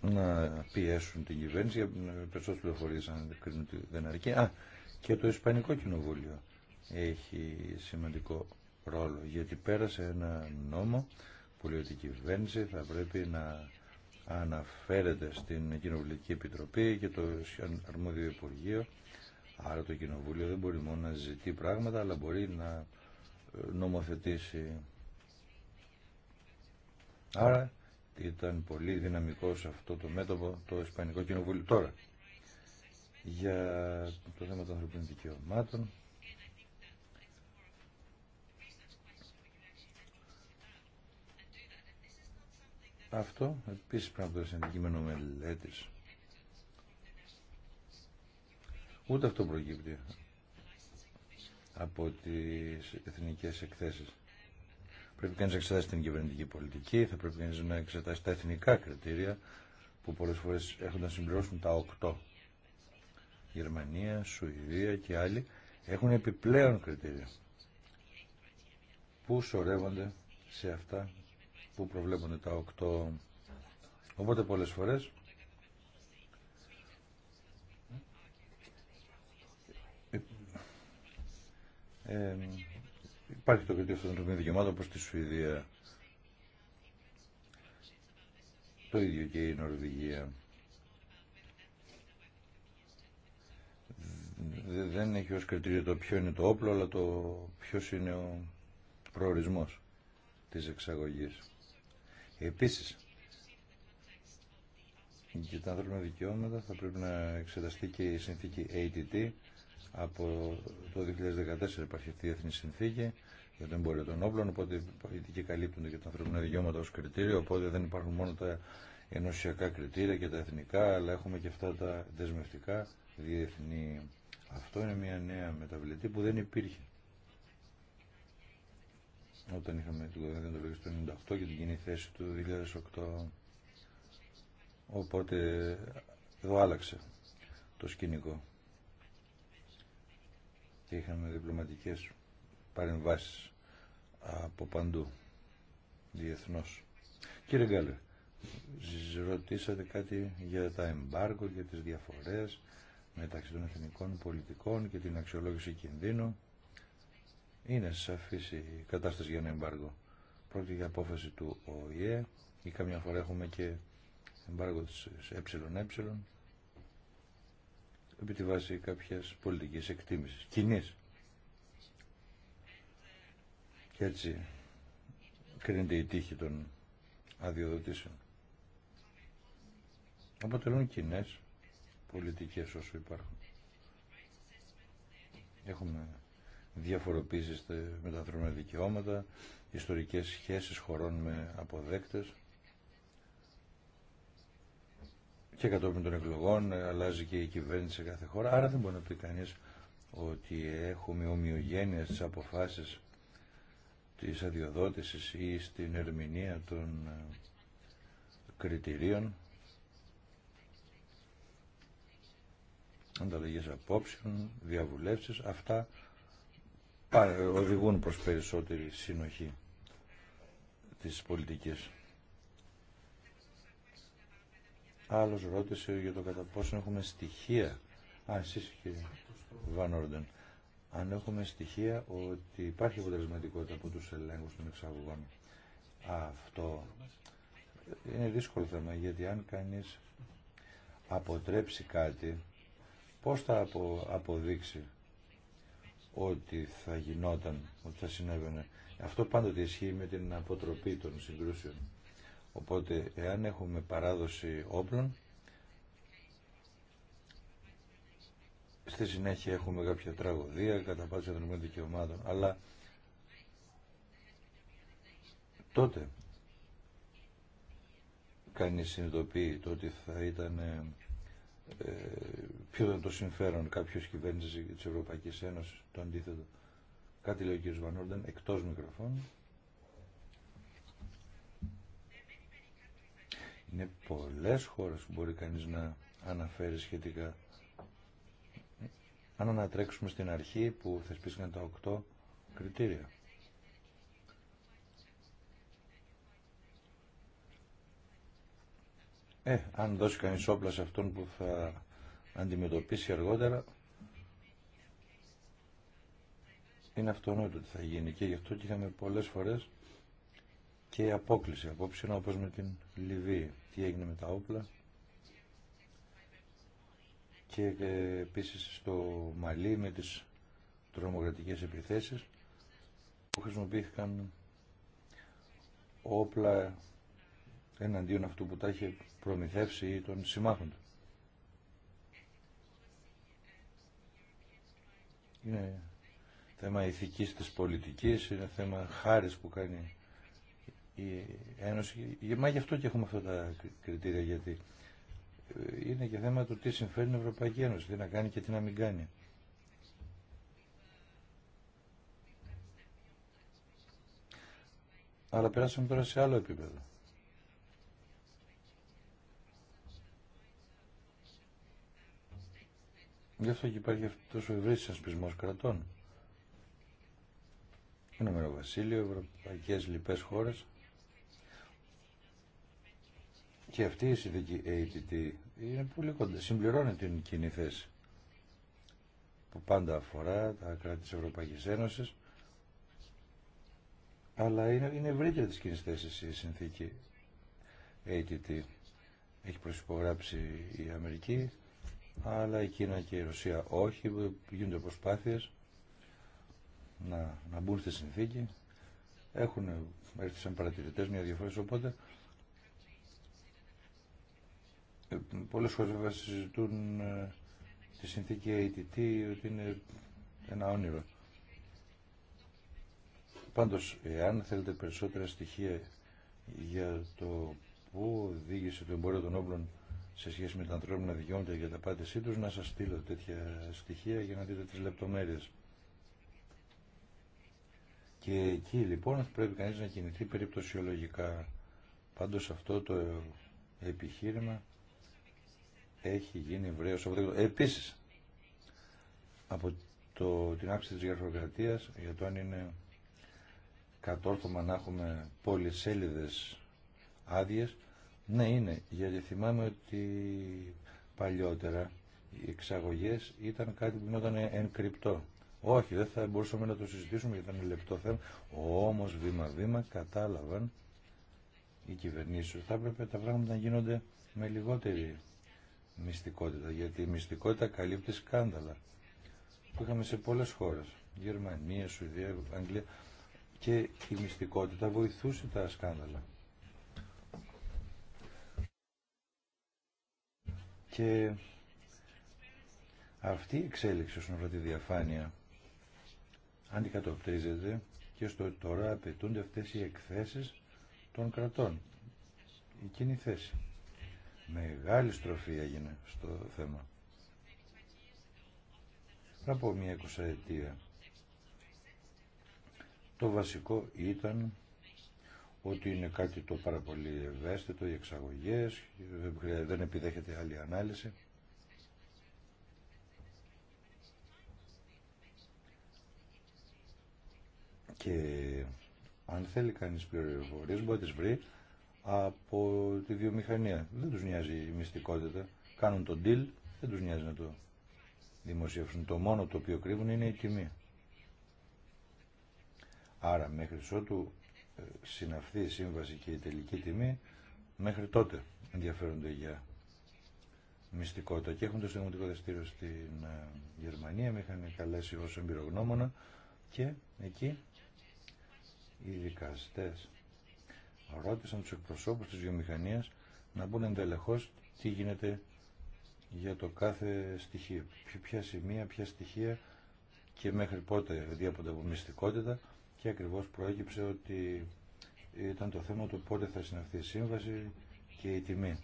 να πιέσουν την κυβέρνηση για ε, περισσότερες πληροφορίες αν κρίνουν ότι δεν αρκεί. Α, και το Ισπανικό Κοινοβούλιο έχει σημαντικό ρόλο. Γιατί πέρασε ένα νόμο που λέει ότι η κυβέρνηση θα πρέπει να αναφέρεται στην Κοινοβουλική Επιτροπή και το Αρμόδιο Υπουργείο. Άρα το Κοινοβούλιο δεν μπορεί μόνο να ζητεί πράγματα, αλλά μπορεί να ε, νομοθετήσει. Άρα ήταν πολύ δυναμικό σε αυτό το μέτωπο το Ισπανικό Κοινοβούλιο τώρα. Για το θέμα των ανθρωπίνων δικαιωμάτων, Αυτό επίσης πρέπει να το αντικείμενο μελέτης. Ούτε αυτό προκύπτει από τις εθνικές εκθέσεις. Πρέπει κανείς να εξετάσει την κυβερνητική πολιτική, θα πρέπει κανείς να εξετάσει τα εθνικά κριτήρια που πολλές φορές έχουν να συμπληρώσουν τα οκτώ. Γερμανία, Σουηδία και άλλοι έχουν επιπλέον κριτήρια που σωρεύονται σε αυτά που προβλέπουν τα οκτώ. Οπότε πολλές φορές ε, υπάρχει το κριτήριο αυτών των δικαιωμάτων όπως στη Σουηδία. Το ίδιο και η Νορβηγία. Δεν έχει ως κριτήριο το ποιο είναι το όπλο, αλλά το ποιος είναι ο προορισμός της εξαγωγής. Επίσης, για τα ανθρώπινα δικαιώματα θα πρέπει να εξεταστεί και η συνθήκη ATT. Από το 2014 υπάρχει αυτή η Εθνή Συνθήκη για το εμπόριο των όπλων, οπότε οι πολιτικοί καλύπτονται και τα ανθρώπινα δικαιώματα ως κριτήριο, οπότε δεν υπάρχουν μόνο τα ενωσιακά κριτήρια και τα εθνικά, αλλά έχουμε και αυτά τα δεσμευτικά διεθνή. Αυτό είναι μια νέα μεταβλητή που δεν υπήρχε όταν είχαμε το 1998 και την κοινή θέση του 2008 οπότε εδώ άλλαξε το σκηνικό και είχαμε διπλωματικές παρεμβάσεις από παντού διεθνώς. Κύριε Γκάλε, ρωτήσατε κάτι για τα εμπάργκο για τις διαφορές μεταξύ των εθνικών πολιτικών και την αξιολόγηση κινδύνου. Είναι σαφής η κατάσταση για ένα εμπάργο. Πρόκειται για απόφαση του ΟΗΕ ή καμιά φορά έχουμε και εμπάργο τη ΕΕ επί τη βάση κάποιας πολιτική εκτίμησης, κοινή. Και έτσι κρίνεται η τύχη των αδειοδοτήσεων. Αποτελούν κοινέ πολιτικές όσο υπάρχουν. Έχουμε με τα ανθρώπινα δικαιώματα, ιστορικές σχέσεις χωρών με αποδέκτες και κατόπιν των εκλογών αλλάζει και η κυβέρνηση σε κάθε χώρα. Άρα δεν μπορεί να πει κανείς ότι έχουμε ομοιογένεια στις αποφάσεις της αδειοδότησης ή στην ερμηνεία των ε, κριτηρίων ανταλλαγές απόψεων, διαβουλεύσεις, αυτά οδηγούν προς περισσότερη συνοχή της πολιτικής. Άλλος ρώτησε για το κατά πόσο έχουμε στοιχεία. Α, εσείς κύριε Αν έχουμε στοιχεία ότι υπάρχει αποτελεσματικότητα από τους ελέγχους των εξαγωγών. Αυτό είναι δύσκολο θέμα γιατί αν κανείς αποτρέψει κάτι, πώς θα αποδείξει ότι θα γινόταν, ότι θα συνέβαινε. Αυτό πάντοτε ισχύει με την αποτροπή των συγκρούσεων. Οπότε, εάν έχουμε παράδοση όπλων, στη συνέχεια έχουμε κάποια τραγωδία κατά πάση των δικαιωμάτων, αλλά τότε κανείς συνειδητοποιεί το ότι θα ήταν ποιο ήταν το συμφέρον κάποιο κυβέρνηση τη Ευρωπαϊκή Ένωση, το αντίθετο. Κάτι λέει ο κ. Βανόρντεν εκτό μικροφώνου. Είναι πολλέ χώρες που μπορεί κανείς να αναφέρει σχετικά. Αν ανατρέξουμε στην αρχή που θεσπίστηκαν τα οκτώ κριτήρια. Ε, αν δώσει κανεί όπλα σε αυτόν που θα αντιμετωπίσει αργότερα, είναι αυτονόητο ότι θα γίνει και γι' αυτό και είχαμε πολλές φορές και απόκληση απόψε, όπως με την Λιβύη. Τι έγινε με τα όπλα και ε, επίση στο Μαλί με τις τρομοκρατικές επιθέσεις που χρησιμοποιήθηκαν όπλα εναντίον αυτού που τα είχε προμηθεύσει ή των συμμάχων του. Είναι θέμα ηθικής της πολιτικής, είναι θέμα χάρης που κάνει η Ένωση. Μα γι' αυτό και έχουμε αυτά τα κριτήρια, γιατί ε, είναι και θέμα του τι συμφέρει η Ευρωπαϊκή Ένωση, τι να κάνει και τι να μην κάνει. Αλλά περάσαμε τώρα σε άλλο επίπεδο. Γι' αυτό και υπάρχει αυτό ο σαν συνασπισμό κρατών. Ηνωμένο Βασίλειο, Ευρωπαϊκέ λοιπέ χώρε. Και αυτή η συνθήκη ATT είναι πολύ κοντά. Συμπληρώνει την κοινή θέση που πάντα αφορά τα κράτη τη Ευρωπαϊκή Ένωση, αλλά είναι, είναι ευρύτερη τη κοινή θέση η συνθήκη ATT. Έχει προσυπογράψει η Αμερική, αλλά η Κίνα και η Ρωσία όχι, γίνονται προσπάθειες να, να μπουν στη συνθήκη. Έχουν έρθει σαν παρατηρητές μια διαφορά οπότε ε, πολλές χώρε βέβαια συζητούν ε, τη συνθήκη ATT ότι είναι ένα όνειρο. Πάντως, εάν θέλετε περισσότερα στοιχεία για το πού οδήγησε το εμπόριο των όπλων σε σχέση με τα ανθρώπινα δικαιώματα για τα πάτησή του να σας στείλω τέτοια στοιχεία για να δείτε τις λεπτομέρειες. Και εκεί λοιπόν πρέπει κανείς να κινηθεί περιπτωσιολογικά. Πάντως αυτό το επιχείρημα έχει γίνει βρέως. Επίσης, από το, την άξιση της γραφειοκρατίας, για το αν είναι κατόρθωμα να έχουμε πολυσέλιδες άδειες, ναι, είναι, γιατί θυμάμαι ότι παλιότερα οι εξαγωγές ήταν κάτι που γινόταν εν κρυπτό. Όχι, δεν θα μπορούσαμε να το συζητήσουμε γιατί ήταν λεπτό θέμα. Όμως βήμα-βήμα κατάλαβαν οι κυβερνήσει ότι θα έπρεπε τα πράγματα να γίνονται με λιγότερη μυστικότητα. Γιατί η μυστικότητα καλύπτει σκάνδαλα που είχαμε σε πολλές χώρες. Γερμανία, Σουηδία, Αγγλία. Και η μυστικότητα βοηθούσε τα σκάνδαλα. Και αυτή η εξέλιξη όσον αφορά τη διαφάνεια αντικατοπτρίζεται και στο τώρα απαιτούνται αυτές οι εκθέσεις των κρατών. Η κοινή θέση. Μεγάλη στροφή έγινε στο θέμα. από μία εικοσαετία το βασικό ήταν ότι είναι κάτι το πάρα πολύ ευαίσθητο, οι εξαγωγές, δεν επιδέχεται άλλη ανάλυση. Και αν θέλει κανείς πληροφορίες μπορεί να τις βρει από τη βιομηχανία. Δεν τους νοιάζει η μυστικότητα. Κάνουν το deal, δεν τους νοιάζει να το δημοσιεύσουν. Το μόνο το οποίο κρύβουν είναι η τιμή. Άρα μέχρι ότου συναυθεί η σύμβαση και η τελική τιμή, μέχρι τότε ενδιαφέρονται για μυστικότητα. Και έχουν το Συνταγματικό Δεστήριο στην ε, Γερμανία, με είχαν καλέσει ως εμπειρογνώμονα και εκεί οι δικαστές ρώτησαν τους εκπροσώπους της γεωμηχανίας να μπουν εντελεχώς τι γίνεται για το κάθε στοιχείο. Ποια σημεία, ποια στοιχεία και μέχρι πότε διέπονται από μυστικότητα και ακριβώς προέκυψε ότι ήταν το θέμα του πότε θα συνανθεί η σύμβαση και η τιμή.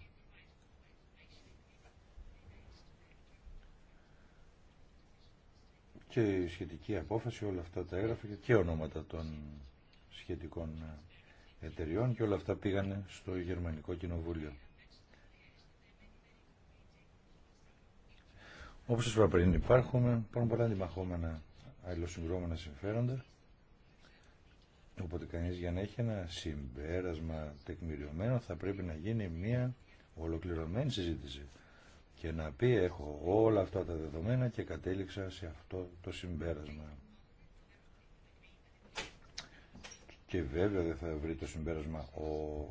Και η σχετική απόφαση, όλα αυτά τα έγραφε και ονόματα των σχετικών εταιριών και όλα αυτά πήγανε στο Γερμανικό Κοινοβούλιο. Όπως σας είπα πριν, υπάρχουμε, υπάρχουν πολλά αντιμαχόμενα αλληλοσυγκρόμενα συμφέροντα. Οπότε κανείς για να έχει ένα συμπέρασμα τεκμηριωμένο θα πρέπει να γίνει μια ολοκληρωμένη συζήτηση και να πει έχω όλα αυτά τα δεδομένα και κατέληξα σε αυτό το συμπέρασμα. Και βέβαια δεν θα βρει το συμπέρασμα ο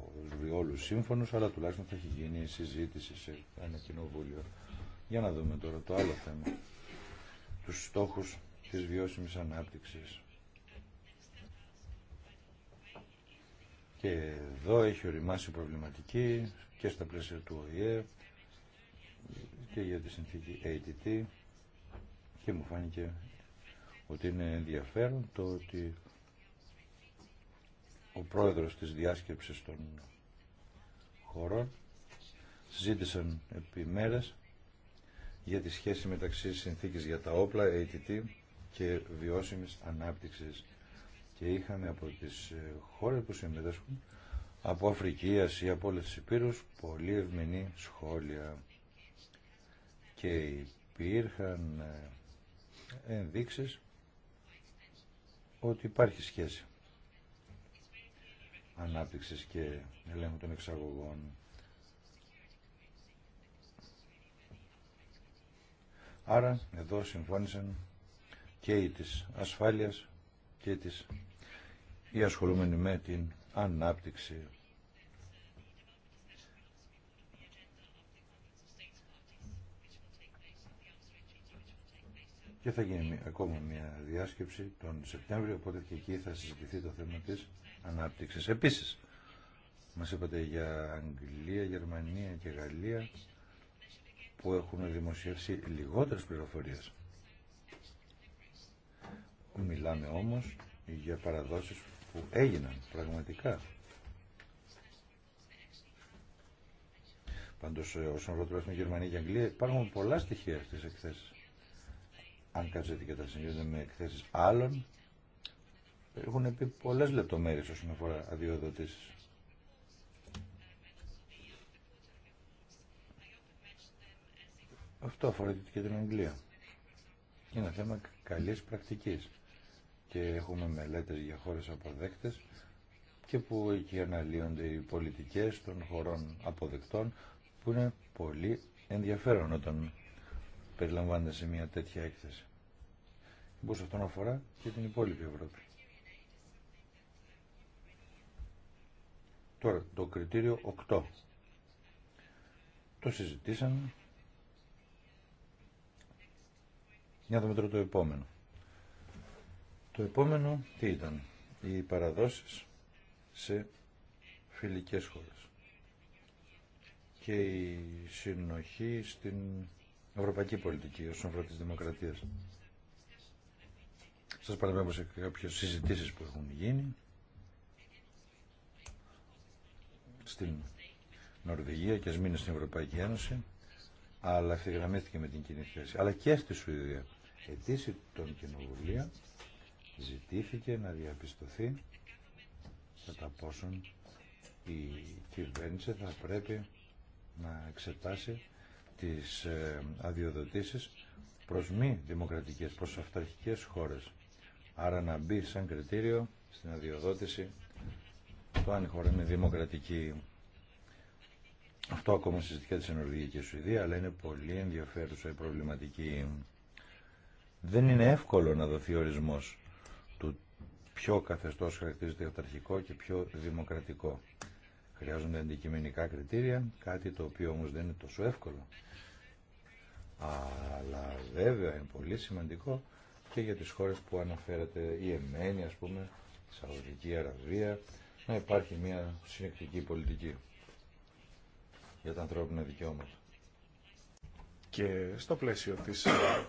όλους σύμφωνος, αλλά τουλάχιστον θα έχει γίνει συζήτηση σε ένα κοινοβούλιο. Για να δούμε τώρα το άλλο θέμα. Τους στόχους της βιώσιμης ανάπτυξης. Και εδώ έχει οριμάσει προβληματική και στα πλαίσια του ΟΗΕ και για τη συνθήκη ATT και μου φάνηκε ότι είναι ενδιαφέρον το ότι ο πρόεδρος της διάσκεψης των χωρών συζήτησαν επί μέρες για τη σχέση μεταξύ συνθήκης για τα όπλα, ATT και βιώσιμης ανάπτυξης και είχαμε από τις ε, χώρες που συμμετέσχουν από Αφρική, Ασία, από όλες τις Υπήρους πολύ ευμενή σχόλια και υπήρχαν ε, ενδείξεις ότι υπάρχει σχέση ανάπτυξης και ελέγχου των εξαγωγών. Άρα εδώ συμφώνησαν και οι της ασφάλειας και της οι ασχολούμενοι με την ανάπτυξη. Και θα γίνει ακόμα μια διάσκεψη τον Σεπτέμβριο, οπότε και εκεί θα συζητηθεί το θέμα της ανάπτυξης. Επίσης, μας είπατε για Αγγλία, Γερμανία και Γαλλία που έχουν δημοσιεύσει λιγότερες πληροφορίες. Μιλάμε όμως για παραδόσεις που έγιναν πραγματικά. Πάντως ε, όσον αφορά τουλάχιστον Γερμανία και Αγγλία υπάρχουν πολλά στοιχεία στι εκθέσει. Αν κάτσετε και τα με εκθέσεις άλλων, έχουν πει πολλέ λεπτομέρειες όσον αφορά αδειοδοτήσει. Αυτό αφορά και την Αγγλία. Είναι θέμα καλή πρακτική και έχουμε μελέτες για χώρες αποδέκτες και που εκεί αναλύονται οι πολιτικές των χωρών αποδεκτών που είναι πολύ ενδιαφέρον όταν περιλαμβάνεται σε μια τέτοια έκθεση. αυτό αυτόν αφορά και την υπόλοιπη Ευρώπη. Τώρα, το κριτήριο 8. Το συζητήσαμε. Για να δούμε το επόμενο. Το επόμενο τι ήταν, οι παραδόσεις σε φιλικές χώρες και η συνοχή στην ευρωπαϊκή πολιτική όσον αφορά της δημοκρατίας. Σας παραμένω σε κάποιες συζητήσεις που έχουν γίνει στην Νορβηγία και ας μείνει στην Ευρωπαϊκή Ένωση αλλά ευθυγραμμίστηκε με την κοινή θέση. Αλλά και στη Σουηδία. ετήσει των κοινοβουλίων ζητήθηκε να διαπιστωθεί κατά πόσον η κυβέρνηση θα πρέπει να εξετάσει τις ε, αδειοδοτήσεις προς μη δημοκρατικές, προς αυταρχικές χώρες. Άρα να μπει σαν κριτήριο στην αδειοδότηση το αν η χώρα είναι δημοκρατική. Αυτό ακόμα συζητήκεται σε Νορβηγία και Σουηδία, αλλά είναι πολύ ενδιαφέρουσα η προβληματική. Δεν είναι εύκολο να δοθεί ορισμός ποιο καθεστώς χαρακτηρίζεται αυταρχικό και πιο δημοκρατικό. Χρειάζονται αντικειμενικά κριτήρια, κάτι το οποίο όμως δεν είναι τόσο εύκολο. Αλλά βέβαια είναι πολύ σημαντικό και για τις χώρες που αναφέρατε η Εμένη, ας πούμε, η Σαουδική Αραβία, να υπάρχει μια συνεκτική πολιτική για τα ανθρώπινα δικαιώματα. Και στο πλαίσιο της ε,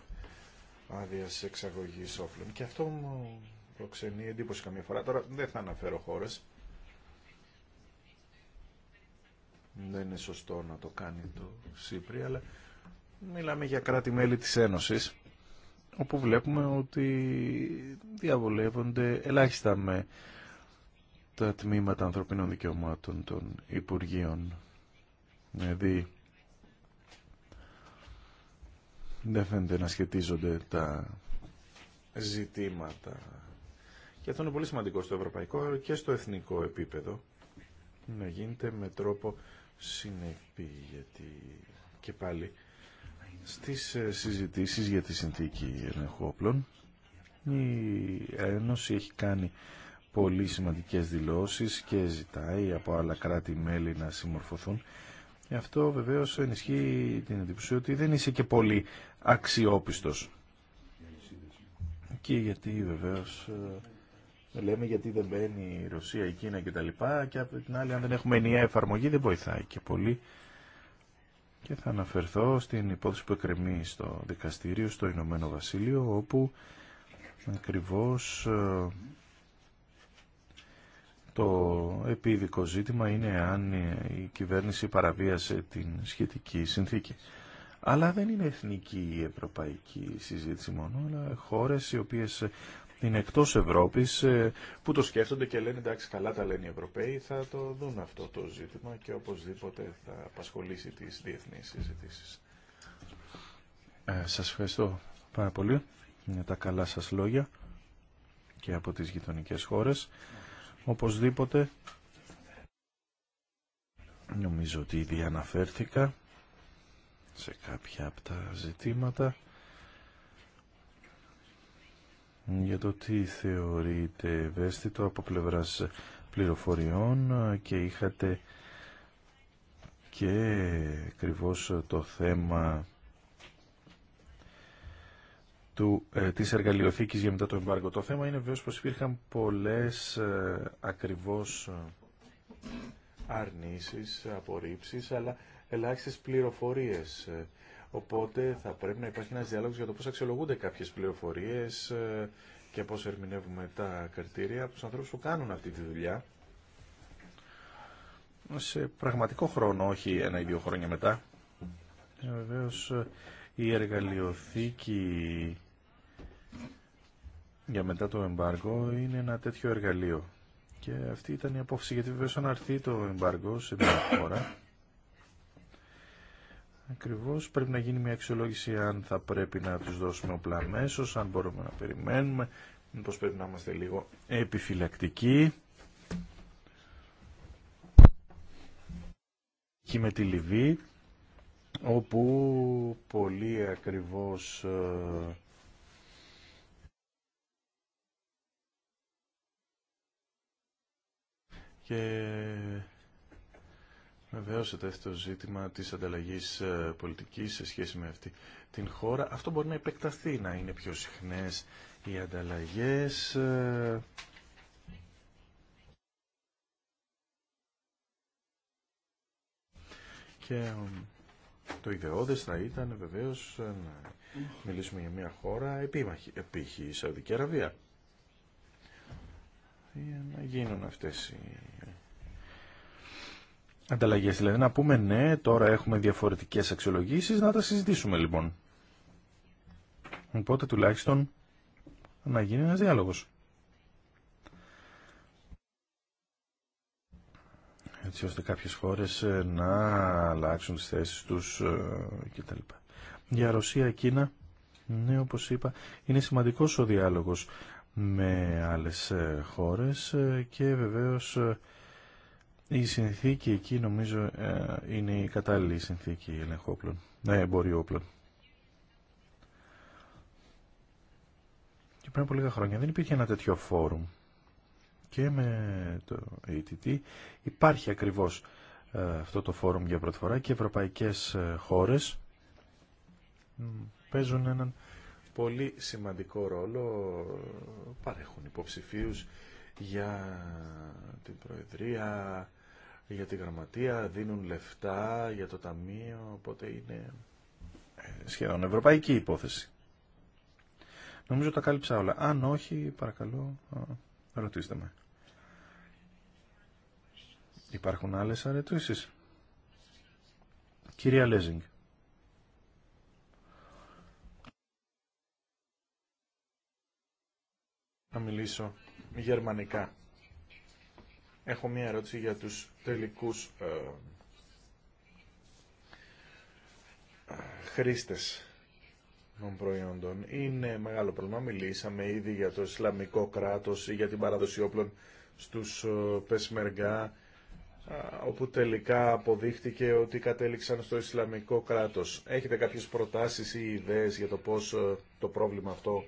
άδεια εξαγωγής όφλων Και αυτό προξενή εντύπωση καμία φορά. Τώρα δεν θα αναφέρω χώρες. Δεν είναι σωστό να το κάνει το ΣΥΠΡΙ, αλλά μιλάμε για κράτη-μέλη της Ένωσης, όπου βλέπουμε ότι διαβολεύονται ελάχιστα με τα τμήματα ανθρωπίνων δικαιωμάτων των Υπουργείων. Δηλαδή, δεν φαίνεται να σχετίζονται τα ζητήματα και αυτό είναι πολύ σημαντικό στο ευρωπαϊκό και στο εθνικό επίπεδο να γίνεται με τρόπο συνεπή γιατί και πάλι στις ε, συζητήσεις για τη συνθήκη όπλων η Ένωση έχει κάνει πολύ σημαντικές δηλώσεις και ζητάει από άλλα κράτη-μέλη να συμμορφωθούν. αυτό βεβαίως ενισχύει την εντύπωση ότι δεν είσαι και πολύ αξιόπιστος. Και γιατί βεβαίως ε, λέμε γιατί δεν μπαίνει η Ρωσία, η Κίνα κτλ. Και από την άλλη αν δεν έχουμε ενιαία εφαρμογή δεν βοηθάει και πολύ. Και θα αναφερθώ στην υπόθεση που εκκρεμεί στο δικαστήριο στο Ηνωμένο Βασίλειο όπου ακριβώς ε, το επίδικο ζήτημα είναι αν η κυβέρνηση παραβίασε την σχετική συνθήκη. Αλλά δεν είναι εθνική η ευρωπαϊκή συζήτηση μόνο, αλλά χώρες οι οποίες είναι εκτός Ευρώπης ε, που το σκέφτονται και λένε εντάξει καλά τα λένε οι Ευρωπαίοι θα το δουν αυτό το ζήτημα και οπωσδήποτε θα απασχολήσει τις διεθνείς συζητήσεις. Ε, σας ευχαριστώ πάρα πολύ για τα καλά σας λόγια και από τις γειτονικέ χώρες. Οπωσδήποτε νομίζω ότι ήδη αναφέρθηκα σε κάποια από τα ζητήματα για το τι θεωρείτε ευαίσθητο από πλευράς πληροφοριών και είχατε και ακριβώ το θέμα του, ε, της εργαλειοθήκης για μετά το εμπάργκο. Το θέμα είναι βέβαιως πως υπήρχαν πολλές ε, ακριβώς ε, αρνήσεις, απορρίψεις, αλλά ελάχιστες πληροφορίες. Ε, Οπότε θα πρέπει να υπάρχει ένα διάλογο για το πώς αξιολογούνται κάποιες πληροφορίε ε, και πώς ερμηνεύουμε τα καρτήρια από του ανθρώπου που κάνουν αυτή τη δουλειά σε πραγματικό χρόνο, όχι ένα ή δύο χρόνια μετά. Ε, βεβαίω ε, η εργαλειοθήκη για μετά το εμπάργο είναι ένα τέτοιο εργαλείο. Και αυτή ήταν η απόφαση, γιατί βεβαίω αν αρθεί το εμπάργο σε μια χώρα, Ακριβώς πρέπει να γίνει μια αξιολόγηση αν θα πρέπει να τους δώσουμε όπλα αν μπορούμε να περιμένουμε, μήπως πρέπει να είμαστε λίγο επιφυλακτικοί. Και με τη Λιβύη, όπου πολύ ακριβώς ε, και Βεβαίω το ζήτημα της ανταλλαγής ε, πολιτικής σε σχέση με αυτή την χώρα. Αυτό μπορεί να επεκταθεί, να είναι πιο συχνές οι ανταλλαγές. Ε. Και το ιδεώδες θα ήταν βεβαίως ε, να μιλήσουμε για μια χώρα επίμαχη, επίχει η Σαουδική Αραβία. Για να γίνουν αυτές οι Ανταλλαγές δηλαδή. Να πούμε ναι, τώρα έχουμε διαφορετικές αξιολογήσεις, να τα συζητήσουμε λοιπόν. Οπότε τουλάχιστον να γίνει ένας διάλογος. έτσι ώστε κάποιες χώρες ε, να αλλάξουν τις θέσεις τους ε, κτλ. Για Ρωσία, Κίνα, ναι όπως είπα, είναι σημαντικός ο διάλογος με άλλες ε, χώρες και βεβαίως η συνθήκη εκεί νομίζω ε, είναι η κατάλληλη συνθήκη ελεγχόπλων, ναι, εμπορίου όπλων. Και πριν από λίγα χρόνια δεν υπήρχε ένα τέτοιο φόρουμ και με το ATT ε υπάρχει ακριβώς ε, αυτό το φόρουμ για πρώτη φορά και οι ευρωπαϊκές χώρες παίζουν έναν πολύ σημαντικό ρόλο, παρέχουν υποψηφίους για την Προεδρία, για τη γραμματεία, δίνουν λεφτά για το ταμείο, οπότε είναι ε, σχεδόν ευρωπαϊκή υπόθεση. Νομίζω τα κάλυψα όλα. Αν όχι, παρακαλώ, ρωτήστε με. Υπάρχουν άλλες αρετήσεις. Κυρία Λέζινγκ. Θα μιλήσω γερμανικά. Έχω μία ερώτηση για τους τελικούς ε, χρήστες των προϊόντων. Είναι μεγάλο πρόβλημα. Μιλήσαμε ήδη για το Ισλαμικό κράτος, για την παράδοση όπλων στους ε, Πεσμεργά, ε, όπου τελικά αποδείχτηκε ότι κατέληξαν στο Ισλαμικό κράτος. Έχετε κάποιες προτάσεις ή ιδέες για το πώς ε, το πρόβλημα αυτό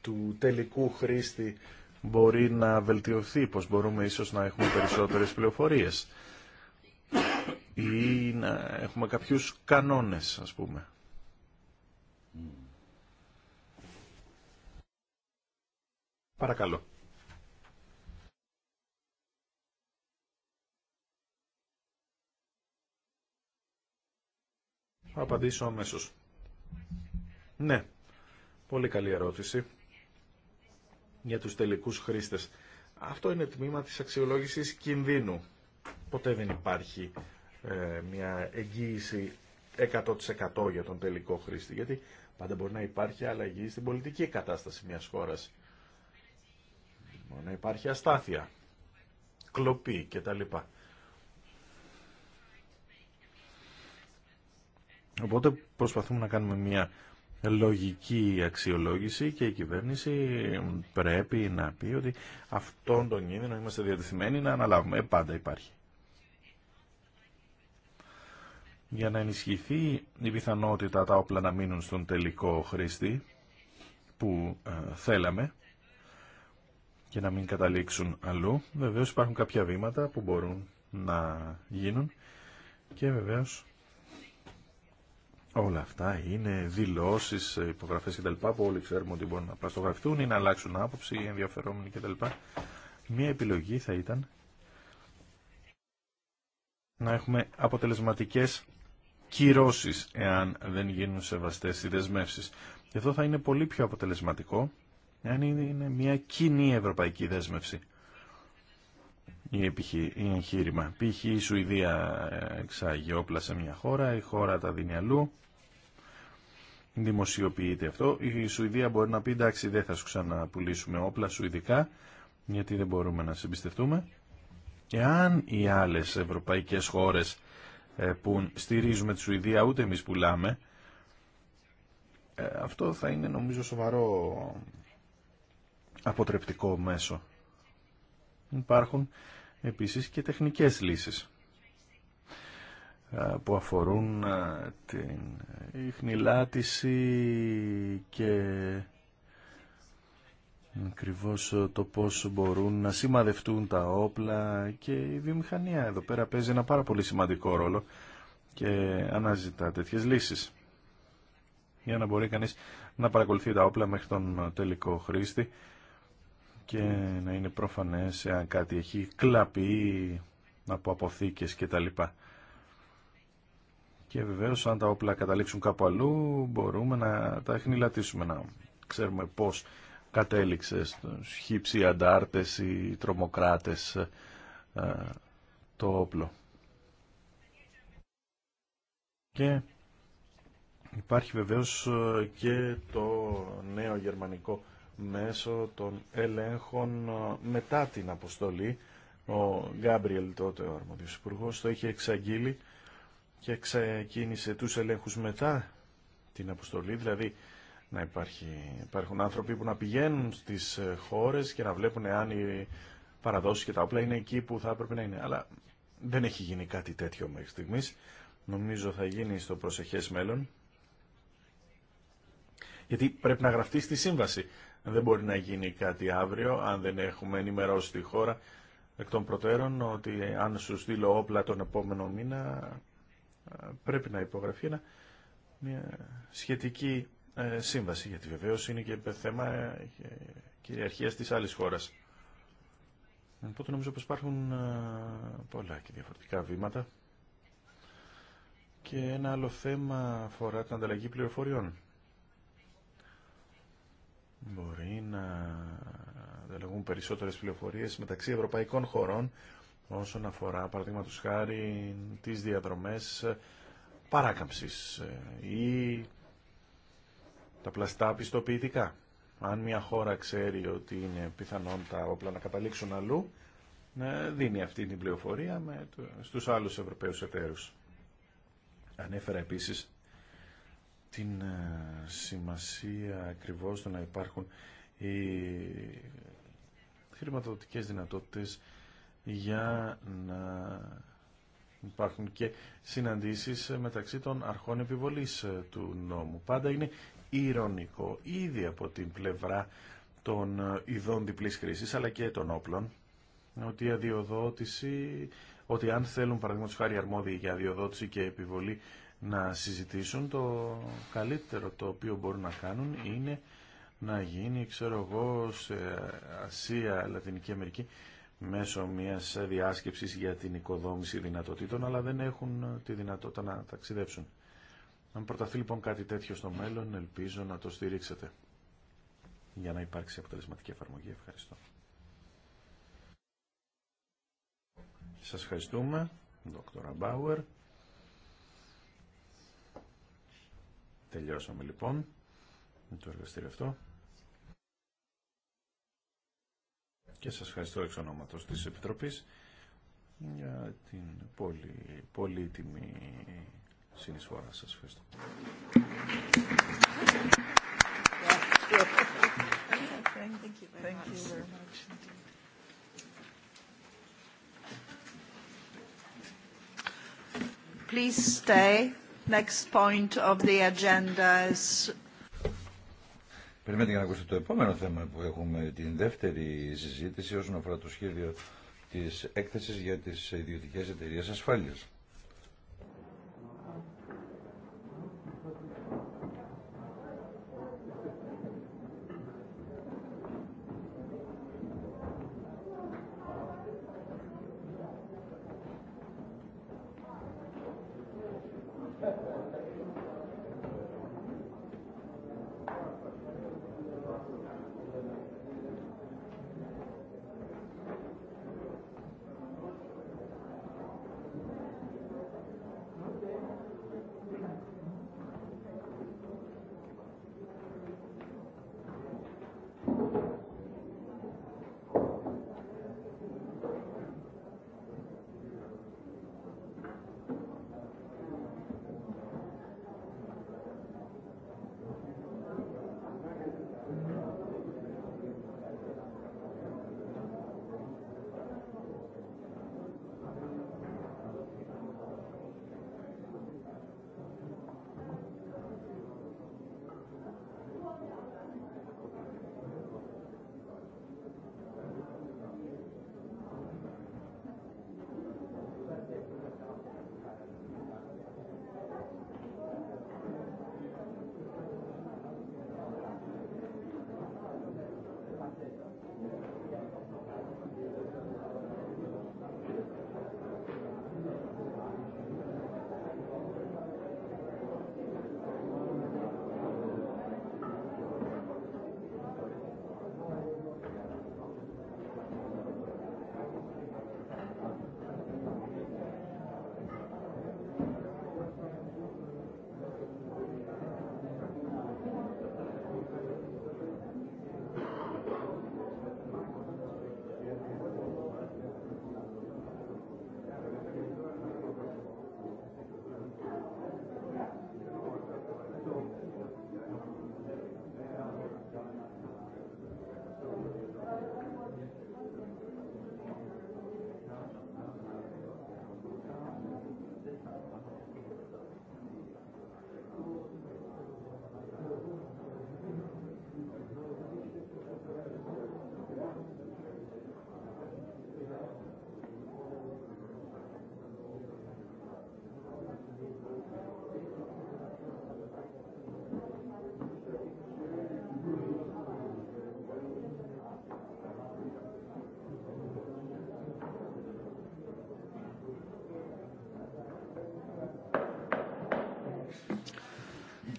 του τελικού χρήστη μπορεί να βελτιωθεί, πως μπορούμε ίσως να έχουμε περισσότερες πληροφορίες ή να έχουμε κάποιους κανόνες, ας πούμε. Παρακαλώ. Θα απαντήσω αμέσως. Ναι, πολύ καλή ερώτηση για τους τελικούς χρήστες. Αυτό είναι τμήμα της αξιολόγησης κινδύνου. Ποτέ δεν υπάρχει ε, μια εγγύηση 100% για τον τελικό χρήστη, γιατί πάντα μπορεί να υπάρχει αλλαγή στην πολιτική κατάσταση μιας χώρας. Μπορεί να υπάρχει αστάθεια, κλοπή κτλ. Οπότε προσπαθούμε να κάνουμε μια λογική αξιολόγηση και η κυβέρνηση πρέπει να πει ότι αυτόν τον κίνδυνο είμαστε διατεθειμένοι να αναλάβουμε. Ε, πάντα υπάρχει. Για να ενισχυθεί η πιθανότητα τα όπλα να μείνουν στον τελικό χρήστη που ε, θέλαμε και να μην καταλήξουν αλλού, βεβαίως υπάρχουν κάποια βήματα που μπορούν να γίνουν και βεβαίως Όλα αυτά είναι δηλώσει, υπογραφές κτλ. που όλοι ξέρουμε ότι μπορούν να πλαστογραφηθούν ή να αλλάξουν άποψη, ενδιαφερόμενοι κτλ. Μία επιλογή θα ήταν να έχουμε αποτελεσματικές κυρώσεις εάν δεν γίνουν σεβαστές οι δεσμεύσεις. Και αυτό θα είναι πολύ πιο αποτελεσματικό εάν είναι μια κοινή γινουν σεβαστες οι δεσμευσει και αυτο θα ειναι πολυ δέσμευση η εγχείρημα. Π.χ. η Σουηδία ε, εξάγει όπλα σε μια χώρα, η χώρα τα δίνει αλλού. Δημοσιοποιείται αυτό. Η Σουηδία μπορεί να πει εντάξει δεν θα σου ξαναπουλήσουμε όπλα σουηδικά γιατί δεν μπορούμε να συμπιστευτούμε. Εάν οι άλλες ευρωπαϊκές χώρες ε, που στηρίζουμε τη Σουηδία ούτε εμείς πουλάμε ε, αυτό θα είναι νομίζω σοβαρό αποτρεπτικό μέσο. Υπάρχουν επίσης και τεχνικές λύσεις ε, που αφορούν ε, την χνηλάτιση και Ακριβώ ε, το πώς μπορούν να σημαδευτούν τα όπλα και η βιομηχανία εδώ πέρα παίζει ένα πάρα πολύ σημαντικό ρόλο και αναζητά τέτοιες λύσεις για να μπορεί κανείς να παρακολουθεί τα όπλα μέχρι τον τελικό χρήστη και να είναι προφανές εάν κάτι έχει κλαπεί από αποθήκες λοιπά. Και βεβαίως αν τα όπλα καταλήξουν κάπου αλλού μπορούμε να τα χνηλατήσουμε, να ξέρουμε πώς κατέληξε στους χύψη αντάρτες ή τρομοκράτες ε, το όπλο. Και υπάρχει βεβαίως ε, και το νέο γερμανικό μέσω των ελέγχων ε, μετά την αποστολή. Ο Γκάμπριελ τότε ο αρμοδιος υπουργός το είχε εξαγγείλει και ξεκίνησε τους ελέγχους μετά την αποστολή, δηλαδή να υπάρχει, υπάρχουν άνθρωποι που να πηγαίνουν στις ε, χώρες και να βλέπουν αν οι παραδόσεις και τα όπλα είναι εκεί που θα έπρεπε να είναι. Αλλά δεν έχει γίνει κάτι τέτοιο μέχρι στιγμής. Νομίζω θα γίνει στο προσεχές μέλλον. Γιατί πρέπει να γραφτεί στη σύμβαση δεν μπορεί να γίνει κάτι αύριο αν δεν έχουμε ενημερώσει τη χώρα εκ των προτέρων ότι αν σου στείλω όπλα τον επόμενο μήνα πρέπει να υπογραφεί μια σχετική ε, σύμβαση γιατί βεβαίω είναι και θέμα ε, κυριαρχίας της άλλης χώρας. Οπότε νομίζω πως υπάρχουν ε, πολλά και διαφορετικά βήματα. Και ένα άλλο θέμα αφορά την ανταλλαγή πληροφοριών μπορεί να δελεγούν περισσότερες πληροφορίες μεταξύ ευρωπαϊκών χωρών όσον αφορά παραδείγματο χάρη τις διαδρομές παράκαμψης ε, ή τα πλαστά πιστοποιητικά. Αν μια χώρα ξέρει ότι είναι πιθανόν τα όπλα να καταλήξουν αλλού, ε, δίνει αυτή την πληροφορία με, στους άλλους Ευρωπαίους εταίρους. Ανέφερα επίσης την ε, σημασία ακριβώς του να υπάρχουν οι χρηματοδοτικές δυνατότητες για να υπάρχουν και συναντήσεις μεταξύ των αρχών επιβολής ε, του νόμου. Πάντα είναι ηρωνικό ήδη από την πλευρά των ε, ειδών διπλής χρήσης αλλά και των όπλων ότι η αδειοδότηση, ότι αν θέλουν παραδείγματος χάρη αρμόδιοι για αδειοδότηση και επιβολή να συζητήσουν, το καλύτερο το οποίο μπορούν να κάνουν είναι να γίνει, ξέρω εγώ, σε Ασία, Λατινική Αμερική, μέσω μιας διάσκεψης για την οικοδόμηση δυνατοτήτων, αλλά δεν έχουν τη δυνατότητα να ταξιδέψουν. Αν προταθεί λοιπόν κάτι τέτοιο στο μέλλον, ελπίζω να το στηρίξετε για να υπάρξει αποτελεσματική εφαρμογή. Ευχαριστώ. Σας ευχαριστούμε, Δόκτωρα Μπάουερ. Τελειώσαμε λοιπόν με το εργαστήριο αυτό. Και σας ευχαριστώ εξ ονόματος της Επιτροπής για την πολύ, πολύτιμη συνεισφορά σας. Ευχαριστώ. Please stay. Next point of the agenda is... Περιμένετε για να ακούσετε το επόμενο θέμα που έχουμε την δεύτερη συζήτηση όσον αφορά το σχέδιο της έκθεσης για τις ιδιωτικές εταιρείες ασφάλειας.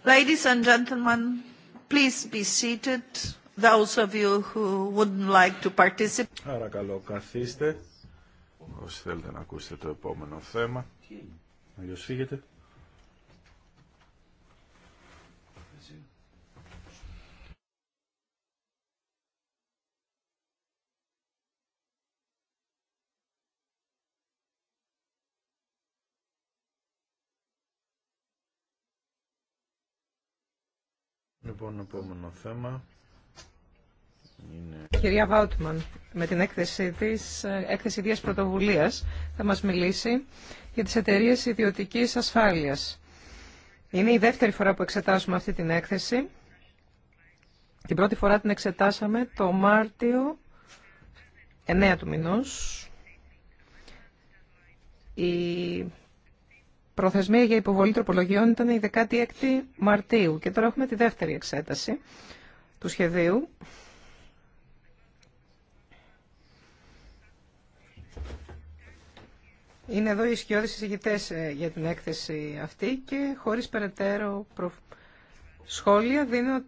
Ladies and gentlemen, please be seated. Those of you who wouldn't like to participate. Παρακαλώ καθίστε. Όσοι θέλετε να ακούσετε το επόμενο θέμα. Αλλιώς φύγετε. επόμενο θέμα. Κυρία Βάουτμαν, με την έκθεση της έκθεση Δίας Πρωτοβουλίας θα μας μιλήσει για τις εταιρείε ιδιωτικής ασφάλειας. Είναι η δεύτερη φορά που εξετάσουμε αυτή την έκθεση. Την πρώτη φορά την εξετάσαμε το Μάρτιο 9 του μηνός. Η προθεσμία για υποβολή τροπολογιών ήταν η 16η Μαρτίου και τώρα έχουμε τη δεύτερη εξέταση του σχεδίου. Είναι εδώ οι ισχυώδεις συζητητές ε, για την έκθεση αυτή και χωρίς περαιτέρω σχόλια δίνω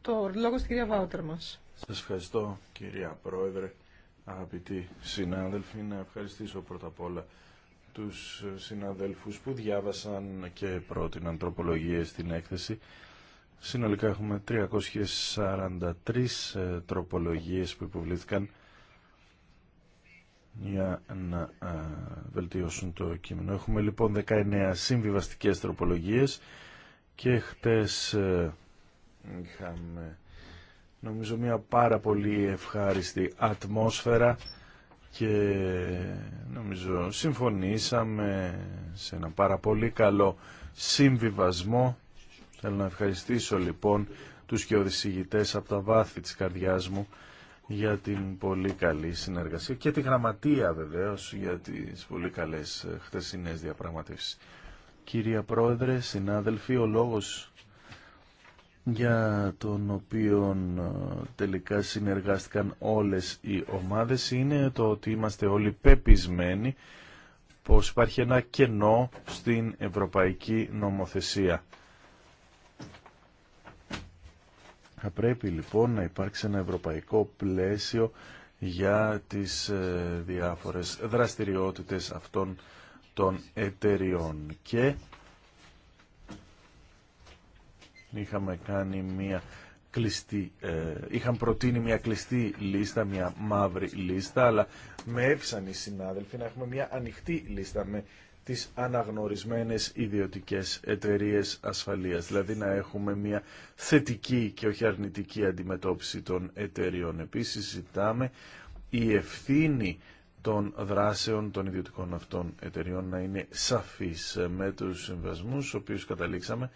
το λόγο στην κυρία Βάουτερ μας. Σας ευχαριστώ κυρία Πρόεδρε, αγαπητοί συνάδελφοι, να ευχαριστήσω πρώτα απ' όλα τους συναδέλφους που διάβασαν και πρότειναν τροπολογίες στην έκθεση. Συνολικά έχουμε 343 ε, τροπολογίες που υποβλήθηκαν για να ε, βελτιώσουν το κείμενο. Έχουμε λοιπόν 19 συμβιβαστικές τροπολογίες και χτες ε, είχαμε νομίζω μια πάρα πολύ ευχάριστη ατμόσφαιρα και νομίζω συμφωνήσαμε σε ένα πάρα πολύ καλό συμβιβασμό. Θέλω να ευχαριστήσω λοιπόν τους και οδησηγητές από τα βάθη της καρδιάς μου για την πολύ καλή συνεργασία και τη γραμματεία βεβαίως για τις πολύ καλές χτεσινές διαπραγματεύσεις. Κυρία Πρόεδρε, συνάδελφοι, ο λόγος για τον οποίο ε, τελικά συνεργάστηκαν όλες οι ομάδες είναι το ότι είμαστε όλοι πεπισμένοι πως υπάρχει ένα κενό στην ευρωπαϊκή νομοθεσία. Θα πρέπει λοιπόν να υπάρξει ένα ευρωπαϊκό πλαίσιο για τις ε, διάφορες δραστηριότητες αυτών των εταιριών και είχαμε κάνει μια κλειστή, ε, είχαν προτείνει μια κλειστή λίστα, μια μαύρη λίστα, αλλά με έψαν οι συνάδελφοι να έχουμε μια ανοιχτή λίστα με τις αναγνωρισμένες ιδιωτικές εταιρείες ασφαλείας. Δηλαδή να έχουμε μια θετική και όχι αρνητική αντιμετώπιση των εταιρείων. Επίσης ζητάμε η ευθύνη των δράσεων των ιδιωτικών αυτών εταιρείων να είναι σαφής ε, με τους συμβασμούς, ο οποίους καταλήξαμε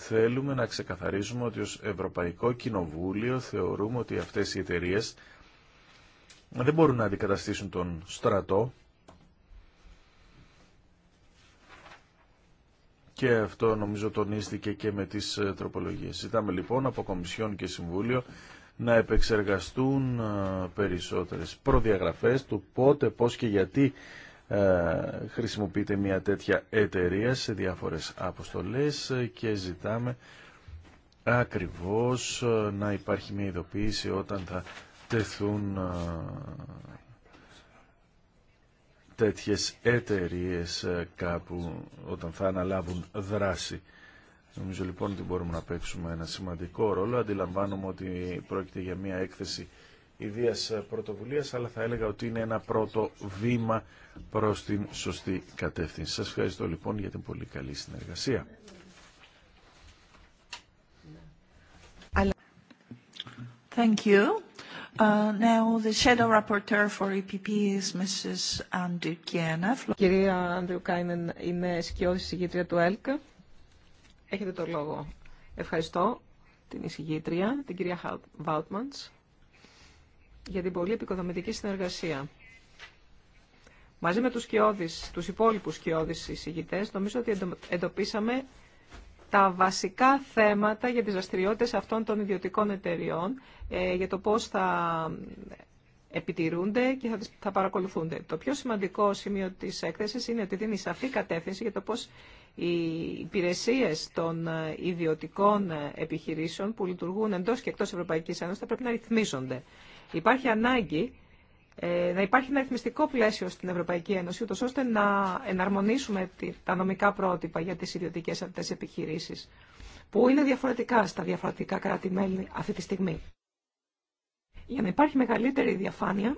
θέλουμε να ξεκαθαρίσουμε ότι ως Ευρωπαϊκό Κοινοβούλιο θεωρούμε ότι αυτές οι εταιρείε δεν μπορούν να αντικαταστήσουν τον στρατό και αυτό νομίζω τονίστηκε και με τις ε, τροπολογίες. Ζητάμε λοιπόν από Κομισιόν και Συμβούλιο να επεξεργαστούν ε, περισσότερες προδιαγραφές του πότε, πώς και γιατί ε, χρησιμοποιείται μια τέτοια εταιρεία σε διάφορες αποστολές και ζητάμε ακριβώς ε, να υπάρχει μια ειδοποίηση όταν θα τεθούν ε, τέτοιες εταιρείε κάπου όταν θα αναλάβουν δράση. Νομίζω λοιπόν ότι μπορούμε να παίξουμε ένα σημαντικό ρόλο. Αντιλαμβάνομαι ότι πρόκειται για μια έκθεση ιδίας ε, πρωτοβουλίας, αλλά θα έλεγα ότι είναι ένα πρώτο βήμα προς την σωστή κατεύθυνση. Σας ευχαριστώ λοιπόν για την πολύ καλή συνεργασία. Thank you. Uh, now the shadow rapporteur for EPP is Mrs. Κυρία Ανδρουκάινεν, Κάινεν είναι σκιώδης εισηγήτρια του ΕΛΚ. Έχετε το λόγο. Ευχαριστώ την εισηγήτρια, την κυρία Βάουτμαντς για την πολύ επικοδομητική συνεργασία. Μαζί με τους, σκιώδεις, τους υπόλοιπους σκιώδεις εισηγητές, νομίζω ότι εντοπίσαμε τα βασικά θέματα για τις δραστηριότητε αυτών των ιδιωτικών εταιριών, ε, για το πώς θα επιτηρούνται και θα, θα παρακολουθούνται. Το πιο σημαντικό σημείο της έκθεσης είναι ότι δίνει σαφή κατεύθυνση για το πώς οι υπηρεσίες των ε, ιδιωτικών ε, επιχειρήσεων που λειτουργούν εντός και εκτός Ευρωπαϊκής Ένωσης θα πρέπει να ρυθμίζονται. Υπάρχει ανάγκη ε, να υπάρχει ένα ρυθμιστικό πλαίσιο στην Ευρωπαϊκή Ένωση, ούτως ώστε να εναρμονίσουμε τα νομικά πρότυπα για τις ιδιωτικέ αυτές επιχειρήσεις, που είναι διαφορετικά στα διαφορετικά κράτη-μέλη αυτή τη στιγμή. Για να υπάρχει μεγαλύτερη διαφάνεια,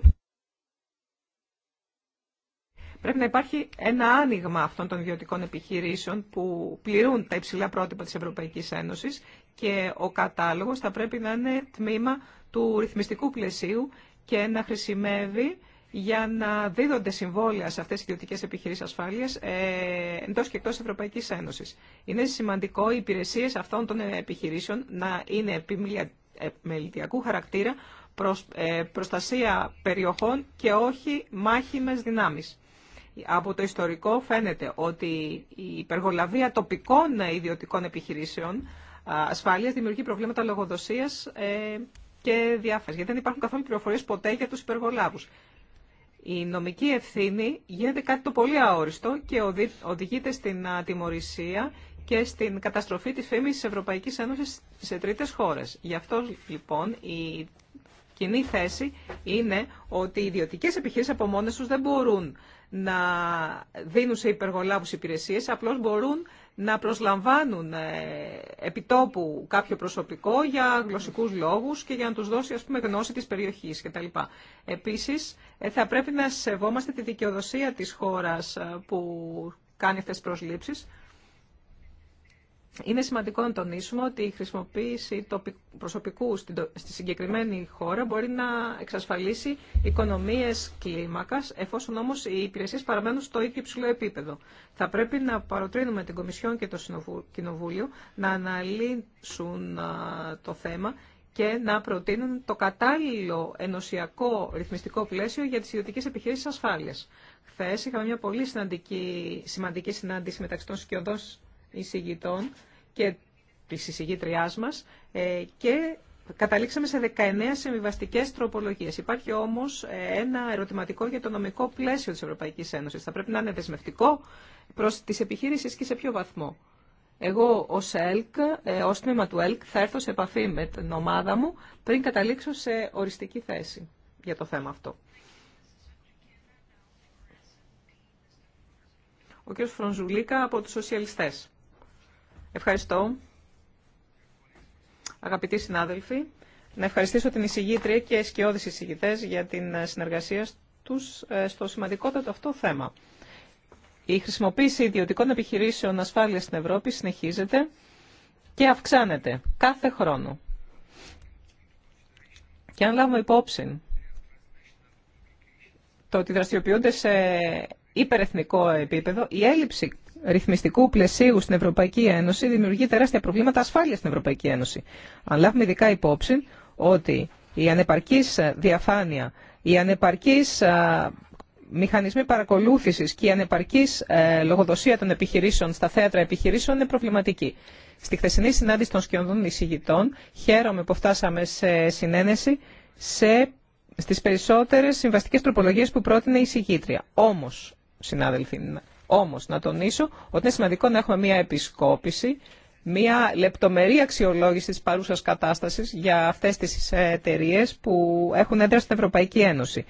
πρέπει να υπάρχει ένα άνοιγμα αυτών των ιδιωτικών επιχειρήσεων που πληρούν τα υψηλά πρότυπα της Ευρωπαϊκής Ένωσης και ο κατάλογος θα πρέπει να είναι τμήμα του ρυθμιστικού πλαισίου και να χρησιμεύει για να δίδονται συμβόλαια σε αυτές τις ιδιωτικέ επιχειρήσεις ασφάλειας ε, εντός και εκτός Ευρωπαϊκής Ένωσης. Είναι σημαντικό οι υπηρεσίες αυτών των ε, επιχειρήσεων να είναι επιμελητιακού ε, χαρακτήρα προς, ε, προστασία περιοχών και όχι μάχημες δυνάμεις. Από το ιστορικό φαίνεται ότι η υπεργολαβία τοπικών ε, ιδιωτικών επιχειρήσεων Ασφάλεια δημιουργεί προβλήματα λογοδοσίας ε, και διάφαση. Γιατί δεν υπάρχουν καθόλου πληροφορίε ποτέ για τους υπεργολάβους. Η νομική ευθύνη γίνεται κάτι το πολύ αόριστο και οδηγείται στην ατιμορρησία και στην καταστροφή της φήμης της Ευρωπαϊκής Ένωσης σε τρίτες χώρες. Γι' αυτό λοιπόν η κοινή θέση είναι ότι οι ιδιωτικές επιχειρήσεις από μόνες τους δεν μπορούν να δίνουν σε υπεργολάβους υπηρεσίες, απλώς μπορούν να προσλαμβάνουν ε, επιτόπου κάποιο προσωπικό για γλωσσικούς λόγους και για να τους δώσει ας γνώση της περιοχής κτλ. Επίσης, ε, θα πρέπει να σεβόμαστε τη δικαιοδοσία της χώρας ε, που κάνει αυτές τις προσλήψεις, είναι σημαντικό να τονίσουμε ότι η χρησιμοποίηση προσωπικού στη συγκεκριμένη χώρα μπορεί να εξασφαλίσει οικονομίες κλίμακας, εφόσον όμως οι υπηρεσίες παραμένουν στο ίδιο υψηλό επίπεδο. Θα πρέπει να παροτρύνουμε την Κομισιόν και το Κοινοβούλιο να αναλύσουν το θέμα και να προτείνουν το κατάλληλο ενωσιακό ρυθμιστικό πλαίσιο για τις ιδιωτικές επιχειρήσεις ασφάλειας. Χθε είχαμε μια πολύ σημαντική συνάντηση μεταξύ των σκιωδών εισηγητών και της εισηγήτριάς μας ε, και καταλήξαμε σε 19 συμβιβαστικέ τροπολογίε. Υπάρχει όμως ε, ένα ερωτηματικό για το νομικό πλαίσιο της Ευρωπαϊκής Ένωσης. Θα πρέπει να είναι δεσμευτικό προς τις επιχείρησεις και σε ποιο βαθμό. Εγώ ως ΕΛΚ, ε, ως τμήμα του ΕΛΚ, θα έρθω σε επαφή με την ομάδα μου πριν καταλήξω σε οριστική θέση για το θέμα αυτό. Ο κ. Φρονζουλίκα από τους Σοσιαλιστές. Ευχαριστώ. Αγαπητοί συνάδελφοι, να ευχαριστήσω την εισηγήτρια και σκιώδεις εισηγητέ για την συνεργασία τους ε, στο σημαντικότατο αυτό θέμα. Η χρησιμοποίηση ιδιωτικών επιχειρήσεων ασφάλειας στην Ευρώπη συνεχίζεται και αυξάνεται κάθε χρόνο. Και αν λάβουμε υπόψη το ότι δραστηριοποιούνται σε υπερεθνικό επίπεδο, η έλλειψη ρυθμιστικού πλαισίου στην Ευρωπαϊκή Ένωση δημιουργεί τεράστια προβλήματα ασφάλεια στην Ευρωπαϊκή Ένωση. Αν λάβουμε ειδικά υπόψη ότι η ανεπαρκή διαφάνεια, η ανεπαρκή μηχανισμοί παρακολούθηση και η ανεπαρκή ε, λογοδοσία των επιχειρήσεων στα θέατρα επιχειρήσεων είναι προβληματική. Στη χθεσινή συνάντηση των σκιωδών εισηγητών χαίρομαι που φτάσαμε σε συνένεση σε, στις περισσότερες συμβαστικές τροπολογίες που πρότεινε η εισηγήτρια. Όμως, συνάδελφοι, όμως, να τονίσω ότι είναι σημαντικό να έχουμε μία επισκόπηση, μία λεπτομερή αξιολόγηση της παρούσας κατάστασης για αυτές τις ε, εταιρείε που έχουν έντρα στην Ευρωπαϊκή Ένωση.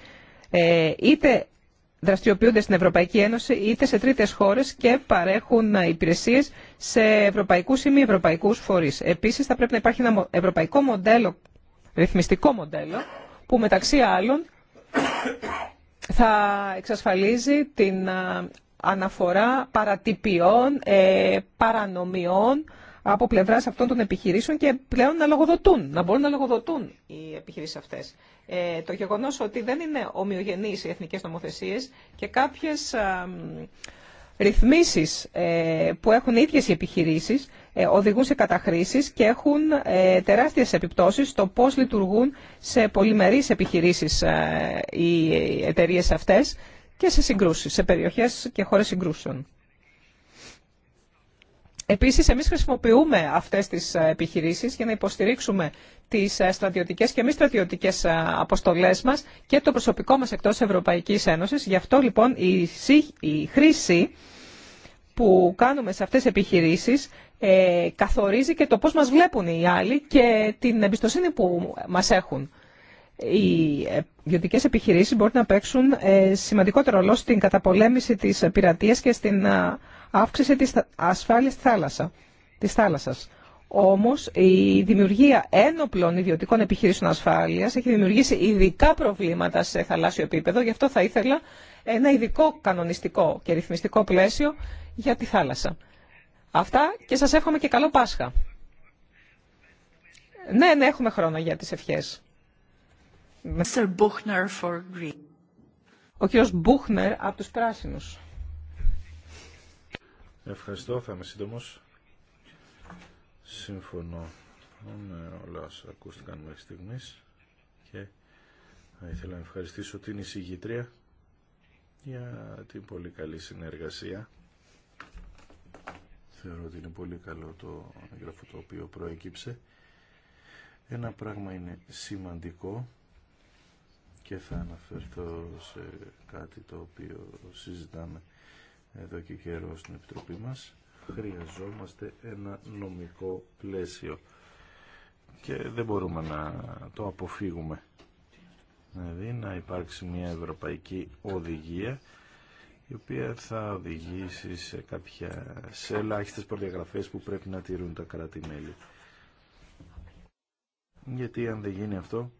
Ε, είτε δραστηριοποιούνται στην Ευρωπαϊκή Ένωση είτε σε τρίτες χώρες και παρέχουν υπηρεσίες σε ευρωπαϊκούς ή μη ευρωπαϊκούς φορείς. Επίσης θα πρέπει να υπάρχει ένα ευρωπαϊκό μοντέλο, ρυθμιστικό μοντέλο, που μεταξύ άλλων θα εξασφαλίζει την αναφορά παρατυπιών, ε, παρανομιών από πλευρά αυτών των επιχειρήσεων και πλέον να λογοδοτούν, να μπορούν να λογοδοτούν οι επιχειρήσει αυτέ. Ε, το γεγονό ότι δεν είναι ομοιογενεί οι εθνικέ νομοθεσίε και κάποιε ρυθμίσει ε, που έχουν οι ίδιε οι επιχειρήσει ε, οδηγούν σε καταχρήσει και έχουν τεράστιε επιπτώσει στο πώ λειτουργούν σε πολυμερείς επιχειρήσεις οι εταιρείε αυτές και σε συγκρούσεις, σε περιοχές και χώρε συγκρούσεων. Επίσης, εμείς χρησιμοποιούμε αυτές τις ε, επιχειρήσεις για να υποστηρίξουμε τις ε, στρατιωτικέ και μη στρατιωτικέ ε, αποστολές μας και το προσωπικό μας εκτός Ευρωπαϊκής Ένωση. Γι' αυτό λοιπόν η χρήση που κάνουμε σε αυτές τις επιχειρήσεις καθορίζει και το πώς μας βλέπουν οι άλλοι και την εμπιστοσύνη που μας έχουν οι ιδιωτικέ επιχειρήσει μπορεί να παίξουν ε, σημαντικότερο ρόλο στην καταπολέμηση της πειρατεία και στην ε, αύξηση της ασφάλειας της θάλασσας. Όμω, η δημιουργία ένοπλων ιδιωτικών επιχειρήσεων ασφάλεια έχει δημιουργήσει ειδικά προβλήματα σε θαλάσσιο επίπεδο, γι' αυτό θα ήθελα ένα ειδικό κανονιστικό και ρυθμιστικό πλαίσιο για τη θάλασσα. Αυτά και σας εύχομαι και καλό Πάσχα. Ναι, ναι, έχουμε χρόνο για τις ευχές. Mr. Buchner for Ο κύριος Μπούχνερ από τους Πράσινους. Ευχαριστώ, θα είμαι σύντομος. Συμφωνώ με ναι, όλα όσα ακούστηκαν μέχρι στιγμής και θα ήθελα να ευχαριστήσω την εισηγήτρια για την πολύ καλή συνεργασία. Θεωρώ ότι είναι πολύ καλό το έγγραφο το οποίο προέκυψε. Ένα πράγμα είναι σημαντικό και θα αναφερθώ σε κάτι το οποίο συζητάμε εδώ και καιρό στην Επιτροπή μας. Χρειαζόμαστε ένα νομικό πλαίσιο και δεν μπορούμε να το αποφύγουμε. Δηλαδή να υπάρξει μια ευρωπαϊκή οδηγία η οποία θα οδηγήσει σε, κάποια, σε ελάχιστες προδιαγραφές που πρέπει να τηρούν τα κράτη-μέλη. Γιατί αν δεν γίνει αυτό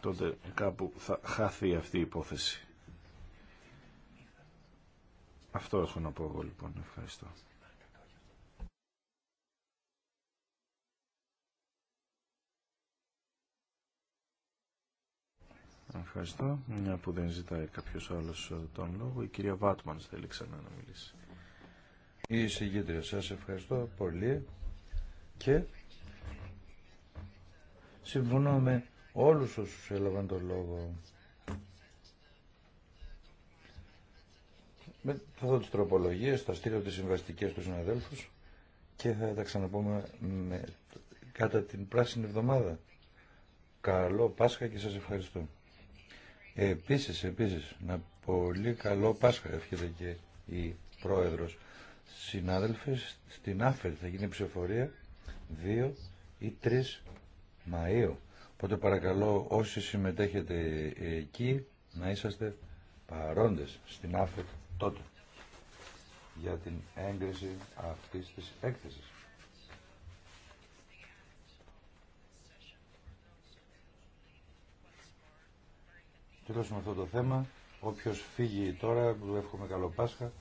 τότε κάπου θα χάθει αυτή η υπόθεση. Αυτό έχω να πω εγώ λοιπόν. Ευχαριστώ. Ευχαριστώ. Μια που δεν ζητάει κάποιος άλλος ε, τον λόγο, η κυρία Βάτμαν θέλει ξανά να μιλήσει. Η συγκέντρια σας ευχαριστώ πολύ και συμφωνώ με όλους όσους έλαβαν το λόγο. Με, θα δω τις τροπολογίες, θα στείλω τις συμβαστικές του συναδέλφους και θα τα ξαναπούμε κατά την πράσινη εβδομάδα. Καλό Πάσχα και σας ευχαριστώ. Επίσης, επίσης, να πολύ καλό Πάσχα εύχεται και η Πρόεδρος. Συνάδελφες, στην Άφελ θα γίνει ψηφορία 2 ή 3 Μαΐου. Οπότε παρακαλώ όσοι συμμετέχετε εκεί να είσαστε παρόντες στην ΑΦΕΤ τότε για την έγκριση αυτής της έκθεσης. με αυτό το θέμα. Όποιος φύγει τώρα, του εύχομαι καλό Πάσχα,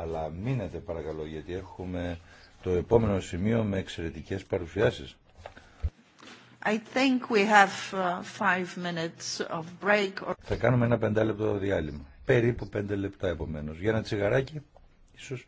αλλά μείνετε παρακαλώ γιατί έχουμε το επόμενο σημείο με εξαιρετικές παρουσιάσεις. I think we uh, Θα κάνουμε ένα πεντάλεπτο διάλειμμα. Περίπου πέντε λεπτά επομένως. Για ένα τσιγαράκι, ίσως.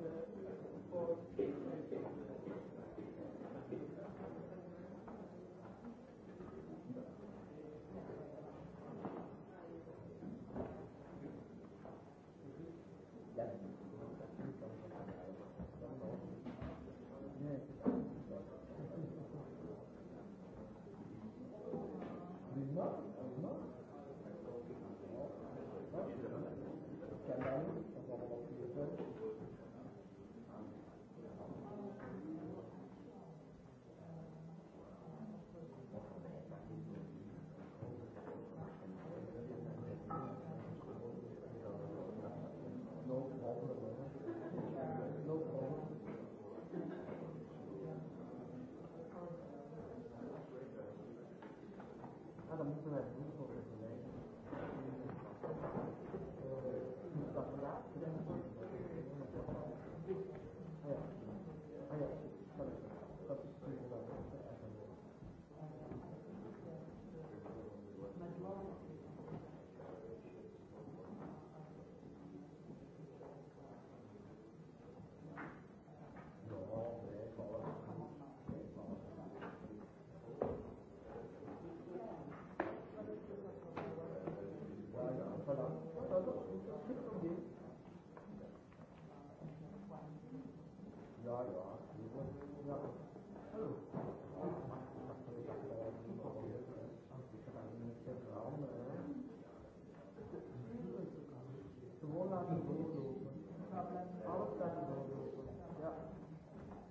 Thank you.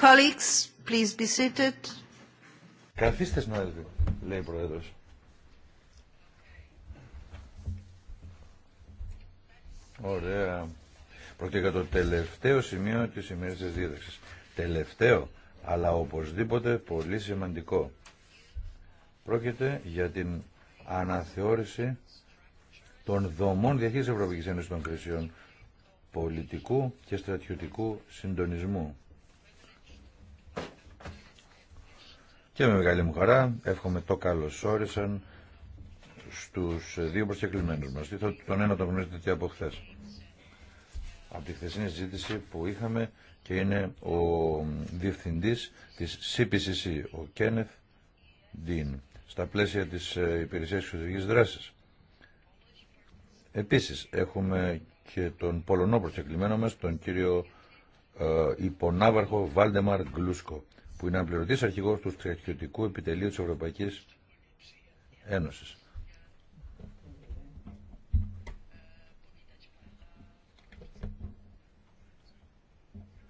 Colleagues, please be λέει ο Πρόεδρο. Ωραία. Πρόκειται για το τελευταίο σημείο της ημέρα τη δίδαξη. Τελευταίο, αλλά οπωσδήποτε πολύ σημαντικό. Πρόκειται για την αναθεώρηση των δομών διαχείρισης Ευρωπαϊκή Ένωση των Κρίσεων πολιτικού και στρατιωτικού συντονισμού. Και με μεγάλη μου χαρά εύχομαι το καλό όρισαν στους δύο προσκεκλημένους μας. Τον ένα τον γνωρίζετε και από χθε. Από τη χθεσινή συζήτηση που είχαμε και είναι ο διευθυντή της CPCC, ο Κένεθ Ντίν, στα πλαίσια της ε, υπηρεσίας εξωτερικής δράση. Επίσης έχουμε και τον Πολωνό προσκεκλημένο μας, τον κύριο ε, υπονάβαρχο Βάλτεμαρ Γκλούσκο που είναι πληρωτή αρχηγό του στρατιωτικού επιτελείου τη Ευρωπαϊκή Ένωση.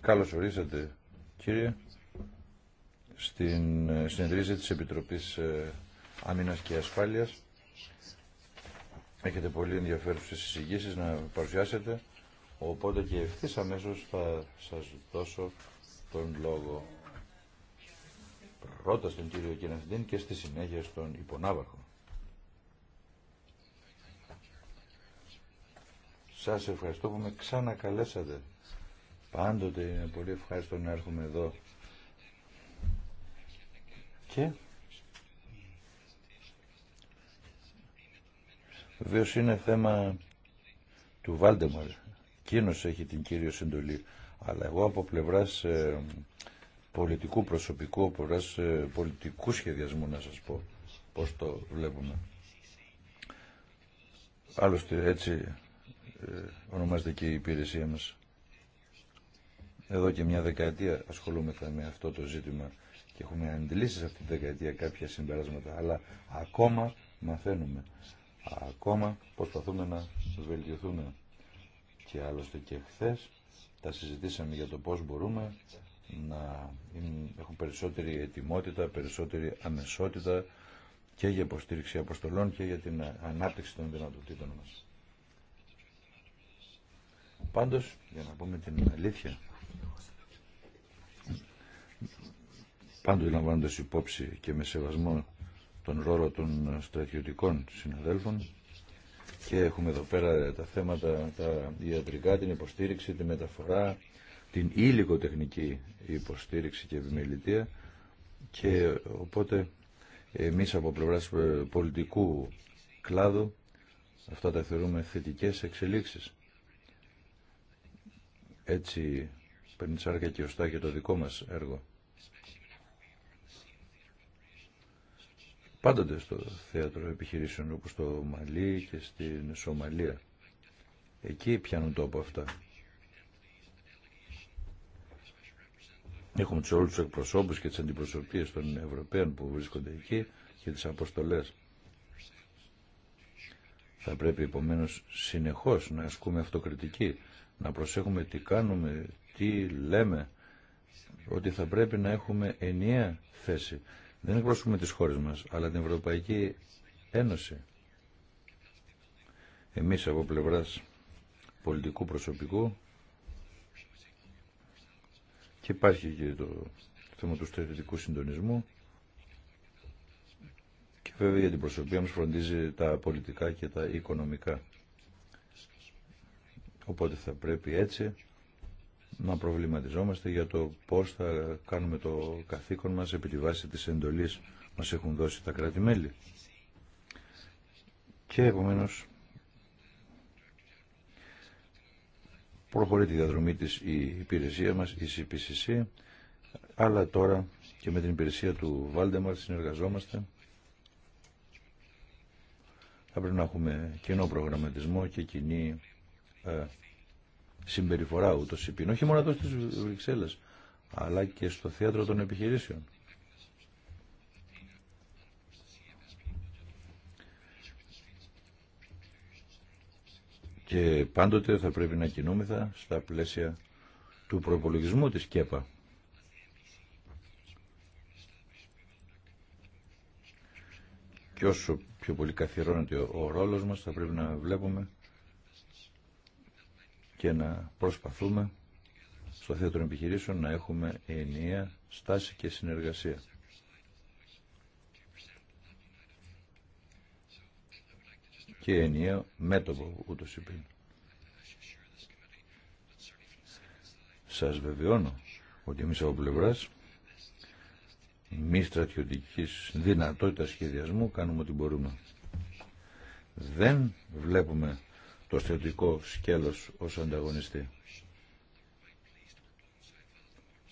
Καλώς ορίσατε, κύριε, στην συνεδρίαση της Επιτροπής ε, Άμυνας και Ασφάλειας. Έχετε πολύ ενδιαφέρουσες συζητήσει να παρουσιάσετε, οπότε και ευθύ αμέσω θα σα δώσω τον λόγο πρώτα στον κύριο Κεναθντίν και στη συνέχεια στον υπονάβαρχο. Σας ευχαριστώ που με ξανακαλέσατε. Πάντοτε είναι πολύ ευχάριστο να έρχομαι εδώ. Και βεβαίω είναι θέμα του Βάλτεμαρ. Εκείνο έχει την κύριο συντολή. Αλλά εγώ από πλευράς ε, πολιτικού προσωπικού, από ε, πολιτικού σχεδιασμού να σας πω πώς το βλέπουμε. Άλλωστε έτσι ε, ονομάζεται και η υπηρεσία μας. Εδώ και μια δεκαετία ασχολούμεθα με αυτό το ζήτημα και έχουμε αντιλήσει σε αυτή τη δεκαετία κάποια συμπεράσματα, αλλά ακόμα μαθαίνουμε. Ακόμα προσπαθούμε να βελτιωθούμε. Και άλλωστε και χθε τα συζητήσαμε για το πώς μπορούμε να έχουν περισσότερη ετοιμότητα, περισσότερη αμεσότητα και για υποστήριξη αποστολών και για την ανάπτυξη των δυνατοτήτων μας. Πάντως, για να πούμε την αλήθεια, πάντως λαμβάνοντας υπόψη και με σεβασμό τον ρόλο των στρατιωτικών συναδέλφων και έχουμε εδώ πέρα τα θέματα, τα ιατρικά, την υποστήριξη, τη μεταφορά, την υλικοτεχνική υποστήριξη και επιμελητία και οπότε εμείς από πλευράς ε, πολιτικού κλάδου αυτά τα θεωρούμε θετικές εξελίξεις. Έτσι παίρνει σάρκα και οστά και το δικό μας έργο. Πάντοτε στο θέατρο επιχειρήσεων όπως το Μαλί και στην Σομαλία. Εκεί πιάνουν τόπο αυτά. Έχουμε τους όλους τους εκπροσώπους και τις αντιπροσωπίες των Ευρωπαίων που βρίσκονται εκεί και τις αποστολές. Θα πρέπει επομένως συνεχώς να ασκούμε αυτοκριτική, να προσέχουμε τι κάνουμε, τι λέμε, ότι θα πρέπει να έχουμε ενιαία θέση. Δεν εκπροσωπούμε τις χώρες μας, αλλά την Ευρωπαϊκή Ένωση. Εμείς από πλευράς πολιτικού προσωπικού και υπάρχει και το θέμα του στρατιωτικού συντονισμού. Και βέβαια για την προσωπία μας φροντίζει τα πολιτικά και τα οικονομικά. Οπότε θα πρέπει έτσι να προβληματιζόμαστε για το πώς θα κάνουμε το καθήκον μας επί τη βάση της εντολής μας έχουν δώσει τα κράτη-μέλη. Και επομένως προχωρεί τη διαδρομή της η υπηρεσία μας, η CPCC, αλλά τώρα και με την υπηρεσία του Βάλτεμαρ συνεργαζόμαστε. Θα πρέπει να έχουμε κοινό προγραμματισμό και κοινή ε, συμπεριφορά ούτως ή Όχι μόνο εδώ στις αλλά και στο θέατρο των επιχειρήσεων. και πάντοτε θα πρέπει να κινούμεθα στα πλαίσια του προπολογισμού της ΚΕΠΑ. Και όσο πιο πολύ καθιερώνεται ο ρόλος μας θα πρέπει να βλέπουμε και να προσπαθούμε στο θέατρο επιχειρήσεων να έχουμε ενιαία στάση και συνεργασία. και ενιαίο μέτωπο ούτως είπε. Σας βεβαιώνω ότι εμείς από πλευράς μη στρατιωτικής δυνατότητας σχεδιασμού κάνουμε ό,τι μπορούμε. Δεν βλέπουμε το στρατιωτικό σκέλος ως ανταγωνιστή.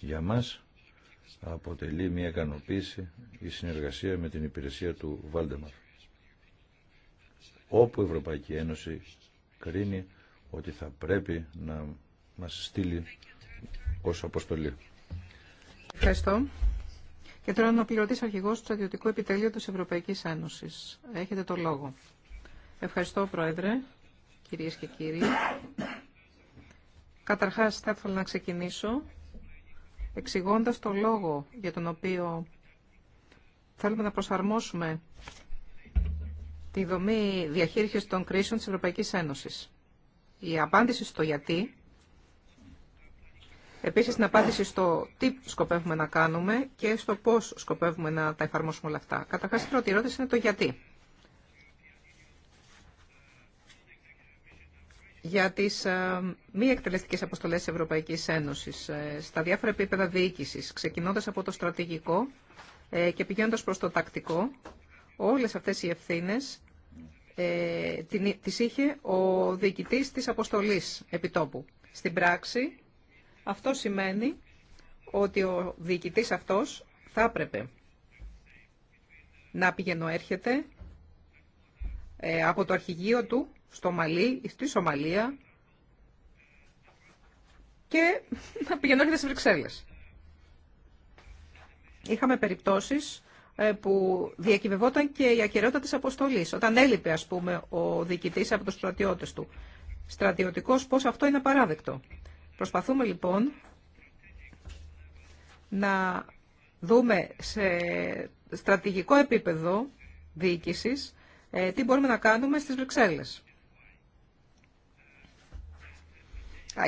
Για μας αποτελεί μια ικανοποίηση η συνεργασία με την υπηρεσία του Βάλτεμαρ όπου η Ευρωπαϊκή Ένωση κρίνει ότι θα πρέπει να μας στείλει ως αποστολή. Ευχαριστώ. Και τώρα να πληρωτήσει αρχηγό του Στρατιωτικού Επιτελείου τη Ευρωπαϊκή Ένωση. Έχετε το λόγο. Ευχαριστώ, Πρόεδρε, κυρίε και κύριοι. Καταρχά, θα ήθελα να ξεκινήσω εξηγώντα το λόγο για τον οποίο θέλουμε να προσαρμόσουμε τη δομή διαχείρισης των κρίσεων της Ευρωπαϊκής Ένωσης. Η απάντηση στο γιατί, επίσης την απάντηση στο τι σκοπεύουμε να κάνουμε και στο πώς σκοπεύουμε να τα εφαρμόσουμε όλα αυτά. Καταρχάς, η πρώτη ερώτηση είναι το γιατί. για τις ε, μη εκτελεστικές αποστολές της Ευρωπαϊκής Ένωσης ε, στα διάφορα επίπεδα διοίκησης, ξεκινώντας από το στρατηγικό ε, και πηγαίνοντας προς το τακτικό, όλες αυτές οι ευθύνες ε, τις είχε ο διοικητής της αποστολής επιτόπου. Στην πράξη αυτό σημαίνει ότι ο διοικητής αυτός θα έπρεπε να πηγαινοέρχεται ε, από το αρχηγείο του στο Μαλί, στη Σομαλία και να πηγαίνω έρχεται στις Βρυξέλλες. Είχαμε περιπτώσεις ε, που διακυβευόταν και η ακαιρεότητα της αποστολής. Όταν έλειπε, ας πούμε, ο διοικητής από τους στρατιώτες του. Στρατιωτικός, πώς αυτό είναι απαράδεκτο. Προσπαθούμε, λοιπόν, να δούμε σε στρατηγικό επίπεδο διοίκησης ε, τι μπορούμε να κάνουμε στις Βρυξέλλες.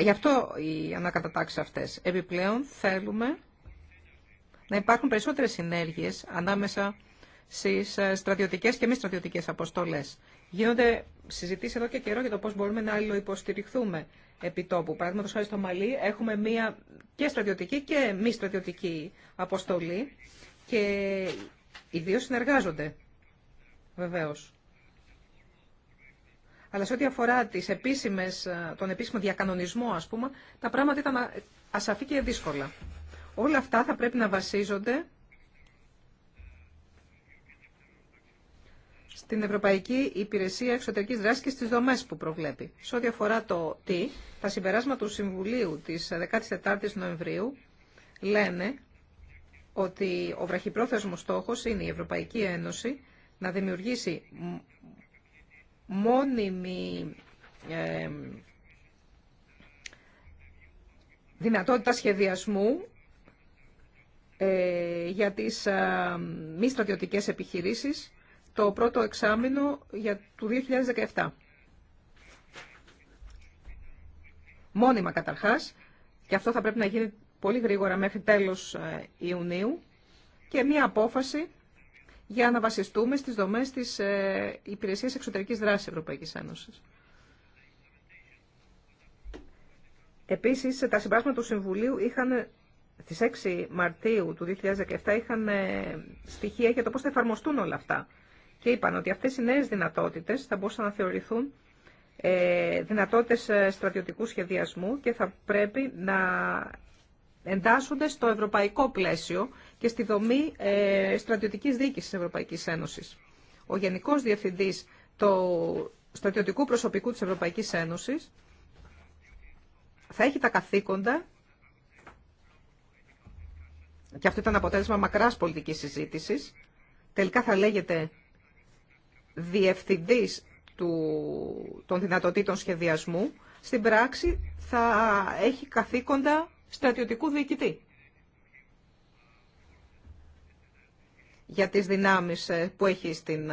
Γι' αυτό οι ανακατατάξεις αυτές. Επιπλέον θέλουμε να υπάρχουν περισσότερε συνέργειες ανάμεσα στις ε, στρατιωτικές και μη στρατιωτικέ αποστολές. Γίνονται συζητήσεις εδώ και καιρό για το πώς μπορούμε να αλληλοϊποστηριχθούμε επί τόπου. Παραδείγματο χάρη στο Μαλί έχουμε μία και στρατιωτική και μη στρατιωτική αποστολή και οι δύο συνεργάζονται βεβαίω Αλλά σε ό,τι αφορά τις επίσημες, ε, τον επίσημο διακανονισμό, ας πούμε, τα πράγματα ήταν ασαφή και δύσκολα. Όλα αυτά θα πρέπει να βασίζονται στην Ευρωπαϊκή Υπηρεσία Εξωτερικής Δράσης και στις δομές που προβλέπει. Σε ό,τι αφορά το τι, τα συμπεράσματα του Συμβουλίου της 14ης Νοεμβρίου λένε ότι ο βραχυπρόθεσμος στόχος είναι η Ευρωπαϊκή Ένωση να δημιουργήσει μόνιμη ε, δυνατότητα σχεδιασμού ε, για τις μη στρατιωτικές επιχειρήσεις το πρώτο εξάμεινο για του 2017. Μόνιμα καταρχάς, και αυτό θα πρέπει να γίνει πολύ γρήγορα μέχρι τέλος ε, Ιουνίου, και μία απόφαση για να βασιστούμε στις δομές της ε, Υπηρεσίας Εξωτερικής Δράσης Ευρωπαϊκής Ένωσης. Επίσης, τα συμπράγματα του Συμβουλίου είχαν στις 6 Μαρτίου του 2017 είχαν ε, στοιχεία για το πώς θα εφαρμοστούν όλα αυτά. Και είπαν ότι αυτές οι νέες δυνατότητες θα μπορούσαν να θεωρηθούν ε, δυνατότητες ε, στρατιωτικού σχεδιασμού και θα πρέπει να εντάσσονται στο ευρωπαϊκό πλαίσιο και στη δομή ε, στρατιωτικής διοίκησης της Ευρωπαϊκής Ένωσης. Ο Γενικός Διευθυντής του στρατιωτικού προσωπικού της Ευρωπαϊκής Ένωσης θα έχει τα καθήκοντα και αυτό ήταν αποτέλεσμα μακράς πολιτικής συζήτησης, τελικά θα λέγεται διευθυντής του, των δυνατοτήτων σχεδιασμού, στην πράξη θα έχει καθήκοντα στρατιωτικού διοικητή. για τις δυνάμεις ε, που έχει στην,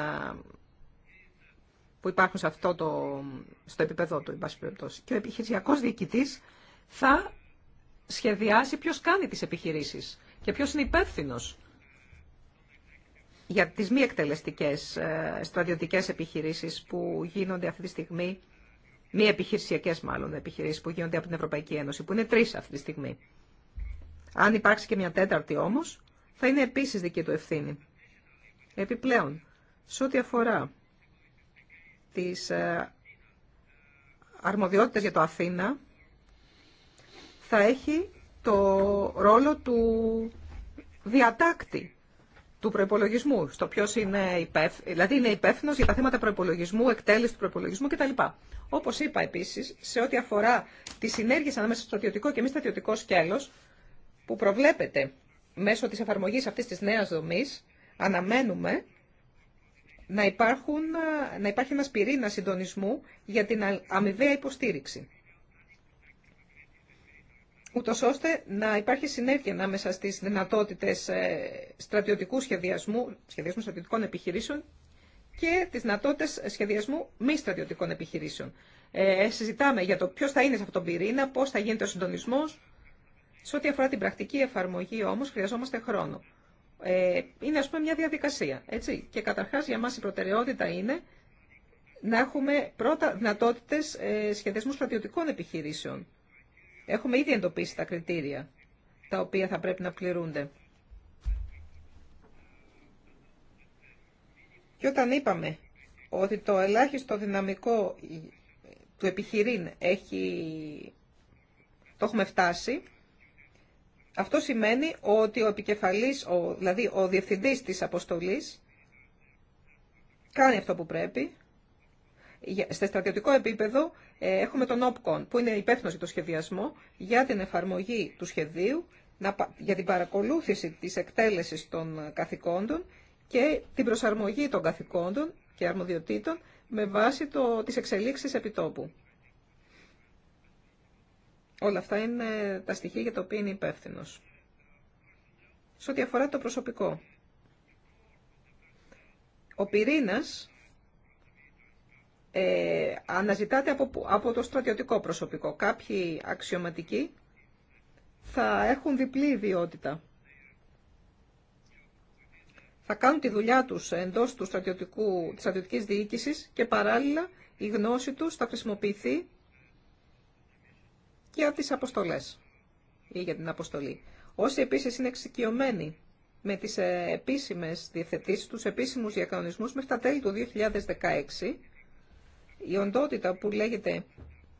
που υπάρχουν σε αυτό το, στο επίπεδο του, Και ο επιχειρησιακός διοικητής θα σχεδιάσει ποιος κάνει τις επιχειρήσεις και ποιος είναι υπεύθυνο για τις μη εκτελεστικές ε, στρατιωτικές επιχειρήσεις που γίνονται αυτή τη στιγμή, μη επιχειρησιακές μάλλον επιχειρήσεις που γίνονται από την Ευρωπαϊκή Ένωση, που είναι τρεις αυτή τη στιγμή. Αν υπάρξει και μια τέταρτη όμως, θα είναι επίσης δική του ευθύνη. Επιπλέον, σε ό,τι αφορά τις ε, αρμοδιότητες για το Αθήνα, θα έχει το ρόλο του διατάκτη του προπολογισμού, στο ποιο είναι δηλαδή είναι υπεύθυνο για τα θέματα προπολογισμού, εκτέλεση του προπολογισμού κτλ. Όπω είπα επίση, σε ό,τι αφορά τι συνέργειε ανάμεσα στο ιδιωτικό και μη στρατιωτικό σκέλο, που προβλέπεται μέσω τη εφαρμογή αυτή τη νέα δομή, αναμένουμε να, να υπάρχει ένα πυρήνα συντονισμού για την αμοιβαία υποστήριξη ούτω ώστε να υπάρχει συνέχεια ανάμεσα στι δυνατότητε ε, στρατιωτικού σχεδιασμού, σχεδιασμού στρατιωτικών επιχειρήσεων και τι δυνατότητε σχεδιασμού μη στρατιωτικών επιχειρήσεων. Ε, συζητάμε για το ποιο θα είναι σε αυτόν τον πυρήνα, πώ θα γίνεται ο συντονισμό, Σε ό,τι αφορά την πρακτική εφαρμογή όμω, χρειαζόμαστε χρόνο. Ε, είναι α πούμε μια διαδικασία. Έτσι. Και καταρχά για μας η προτεραιότητα είναι να έχουμε πρώτα δυνατότητε ε, σχεδιασμού στρατιωτικών επιχειρήσεων Έχουμε ήδη εντοπίσει τα κριτήρια τα οποία θα πρέπει να πληρούνται. Και όταν είπαμε ότι το ελάχιστο δυναμικό του επιχειρήν έχει... το έχουμε φτάσει, αυτό σημαίνει ότι ο επικεφαλής, ο, δηλαδή ο διευθυντής της αποστολής, κάνει αυτό που πρέπει. Σε στρατιωτικό επίπεδο ε, έχουμε τον ΟΠΚΟΝ, που είναι υπεύθυνο για το σχεδιασμό, για την εφαρμογή του σχεδίου, για την παρακολούθηση της εκτέλεσης των καθηκόντων και την προσαρμογή των καθηκόντων και αρμοδιοτήτων με βάση το, τις εξελίξεις επιτόπου. Όλα αυτά είναι τα στοιχεία για τα οποία είναι υπεύθυνο. Σε ό,τι αφορά το προσωπικό. Ο πυρήνας ε, αναζητάται από, το στρατιωτικό προσωπικό. Κάποιοι αξιωματικοί θα έχουν διπλή ιδιότητα. Θα κάνουν τη δουλειά τους εντός του στρατιωτικού, της στρατιωτικής διοίκησης και παράλληλα η γνώση τους θα χρησιμοποιηθεί και για τις αποστολές ή για την αποστολή. Όσοι επίσης είναι εξοικειωμένοι με τις επίσημες διευθετήσεις, τους επίσημους διακανονισμούς μέχρι τα τέλη του 2016, η οντότητα που λέγεται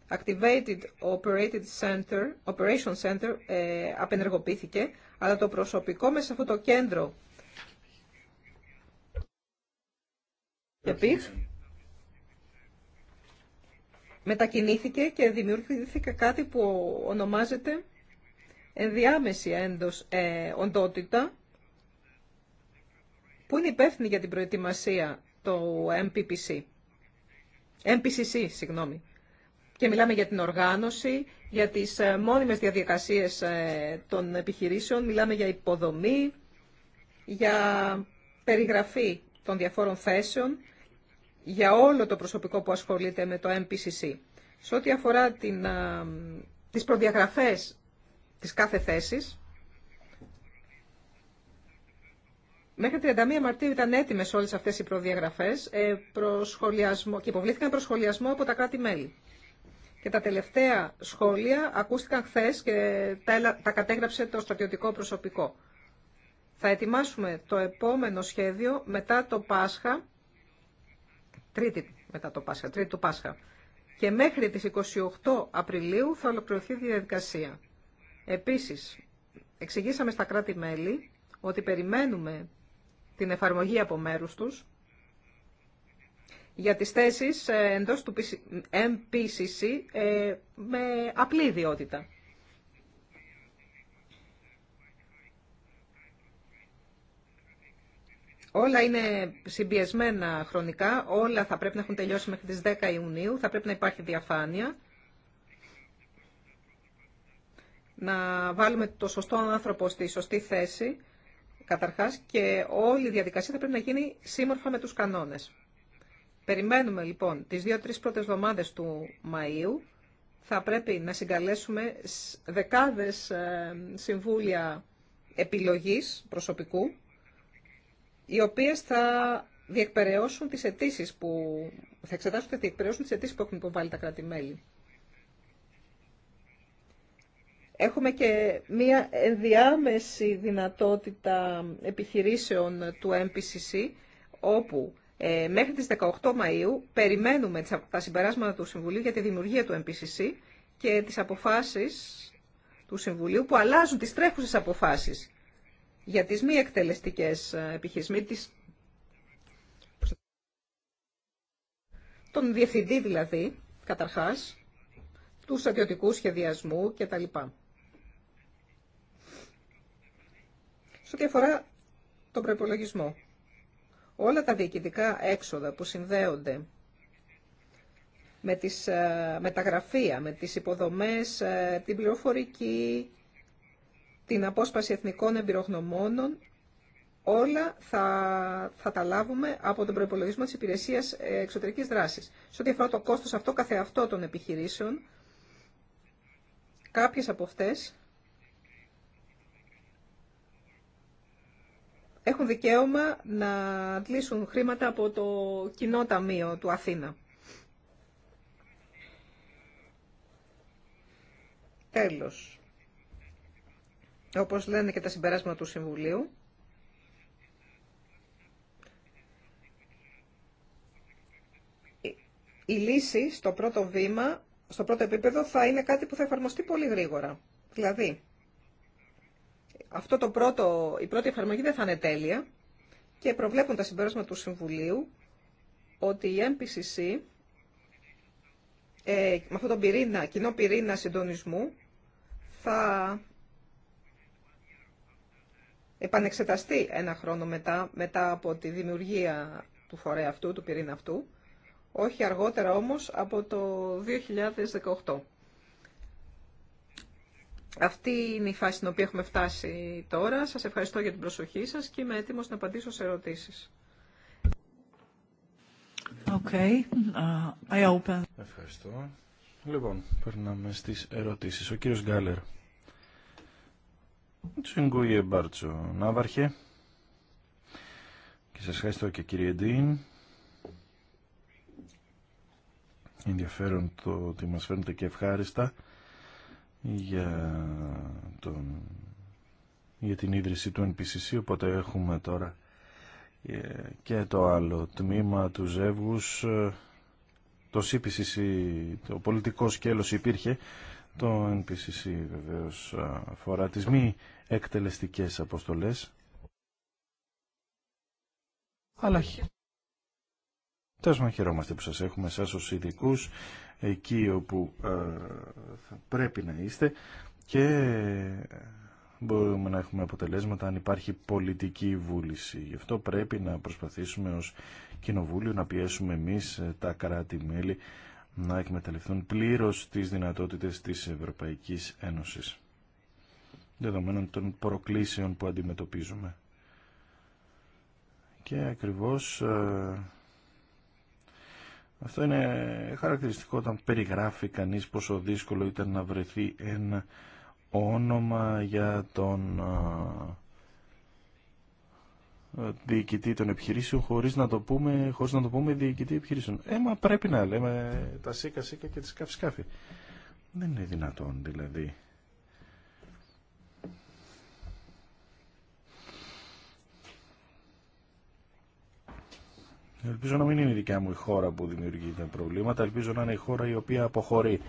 Activated Operated Center, Operation Center ε, απενεργοποιήθηκε, αλλά το προσωπικό μέσα σε αυτό το κέντρο και μετακινήθηκε και δημιουργήθηκε κάτι που ονομάζεται ενδιάμεση έντος, ε, οντότητα, που είναι υπεύθυνη για την προετοιμασία του MPPC. MPCC, συγγνώμη. Και μιλάμε για την οργάνωση, για τις ε, μόνιμες διαδικασίες ε, των επιχειρήσεων, μιλάμε για υποδομή, για περιγραφή των διαφόρων θέσεων, για όλο το προσωπικό που ασχολείται με το MPCC. Σε ό,τι αφορά την, ε, τις προδιαγραφές της κάθε θέσης, Μέχρι 31 Μαρτίου ήταν έτοιμε όλε αυτέ οι προδιαγραφέ ε, και υποβλήθηκαν προ σχολιασμό από τα κράτη-μέλη. Και τα τελευταία σχόλια ακούστηκαν χθε και τα κατέγραψε το στρατιωτικό προσωπικό. Θα ετοιμάσουμε το επόμενο σχέδιο μετά το Πάσχα, τρίτη μετά το Πάσχα, τρίτη του Πάσχα. Και μέχρι τις 28 Απριλίου θα ολοκληρωθεί η διαδικασία. Επίσης, εξηγήσαμε στα κράτη-μέλη ότι περιμένουμε την εφαρμογή από μέρους τους για τις θέσεις ε, εντός του MPCC ε, με απλή ιδιότητα. Όλα είναι συμπιεσμένα χρονικά, όλα θα πρέπει να έχουν τελειώσει μέχρι τις 10 Ιουνίου, θα πρέπει να υπάρχει διαφάνεια. Να βάλουμε το σωστό άνθρωπο στη σωστή θέση καταρχάς και όλη η διαδικασία θα πρέπει να γίνει σύμμορφα με τους κανόνες. Περιμένουμε λοιπόν τις δύο-τρεις πρώτες εβδομάδες του Μαΐου. Θα πρέπει να συγκαλέσουμε δεκάδες ε, συμβούλια επιλογής προσωπικού, οι οποίες θα διεκπαιρεώσουν τις αιτήσει που θα εξετάσουν και διεκπαιρεώσουν τις αιτήσει που έχουν υποβάλει τα κράτη-μέλη. Έχουμε και μία ενδιάμεση δυνατότητα επιχειρήσεων του MPCC, όπου ε, μέχρι τις 18 Μαΐου περιμένουμε τα συμπεράσματα του Συμβουλίου για τη δημιουργία του MPCC και τις αποφάσεις του Συμβουλίου που αλλάζουν τις τρέχουσες αποφάσεις για τις μη εκτελεστικές ε, επιχειρήσεις, των τον διευθυντή δηλαδή, καταρχάς, του στρατιωτικού σχεδιασμού κτλ. σε ό,τι αφορά τον προπολογισμό. Όλα τα διοικητικά έξοδα που συνδέονται με, τις, ε, με τα γραφεία, με τις υποδομές, ε, την πληροφορική, την απόσπαση εθνικών εμπειρογνωμόνων, όλα θα, θα τα λάβουμε από τον προϋπολογισμό της υπηρεσίας ε, εξωτερικής δράσης. Σε ό,τι αφορά το κόστος αυτό καθεαυτό των επιχειρήσεων, κάποιες από αυτές έχουν δικαίωμα να αντλήσουν χρήματα από το κοινό ταμείο του Αθήνα. Τέλος. Όπως λένε και τα συμπεράσματα του Συμβουλίου, η λύση στο πρώτο βήμα, στο πρώτο επίπεδο, θα είναι κάτι που θα εφαρμοστεί πολύ γρήγορα. Δηλαδή, αυτό το πρώτο, η πρώτη εφαρμογή δεν θα είναι τέλεια και προβλέπουν τα συμπέρασμα του Συμβουλίου ότι η MPCC ε, με αυτόν τον κοινό πυρήνα συντονισμού θα επανεξεταστεί ένα χρόνο μετά, μετά από τη δημιουργία του φορέα αυτού, του πυρήνα αυτού, όχι αργότερα όμως από το 2018. Αυτή είναι η φάση στην οποία έχουμε φτάσει τώρα. Σας ευχαριστώ για την προσοχή σας και είμαι έτοιμος να απαντήσω σε ερωτήσεις. Okay. Uh, I open. Ευχαριστώ. Λοιπόν, περνάμε στις ερωτήσεις. Ο κύριος Γκάλερ. Τσιγκούιε Μπάρτσο Ναύαρχε. Και σας ευχαριστώ και κύριε Ντίν. Ενδιαφέρον το ότι μας φαίνεται και ευχάριστα για, τον, για την ίδρυση του NPCC, οπότε έχουμε τώρα ε, και το άλλο τμήμα του ζεύγους. Ε, το CPCC, το πολιτικό σκέλος υπήρχε, το NPCC βεβαίως αφορά τις μη εκτελεστικές αποστολές. Αλλά Τέλος χαιρόμαστε που σας έχουμε σας ως ειδικούς εκεί όπου ε, θα πρέπει να είστε και μπορούμε να έχουμε αποτελέσματα αν υπάρχει πολιτική βούληση. Γι' αυτό πρέπει να προσπαθήσουμε ως Κοινοβούλιο να πιέσουμε εμείς ε, τα κράτη-μέλη να εκμεταλλευτούν πλήρως τις δυνατότητες της Ευρωπαϊκής Ένωσης δεδομένων των προκλήσεων που αντιμετωπίζουμε. Και ακριβώς ε, αυτό είναι χαρακτηριστικό όταν περιγράφει κανείς πόσο δύσκολο ήταν να βρεθεί ένα όνομα για τον διοικητή των επιχειρήσεων χωρίς να το πούμε, χωρίς να το πούμε διοικητή επιχειρήσεων. Ε, μα πρέπει να λέμε τα σίκα σίκα και τις σκάφη σκάφη. Δεν είναι δυνατόν δηλαδή Ελπίζω να μην είναι η δικιά μου η χώρα που δημιουργεί τα προβλήματα, ελπίζω να είναι η χώρα η οποία αποχωρεί.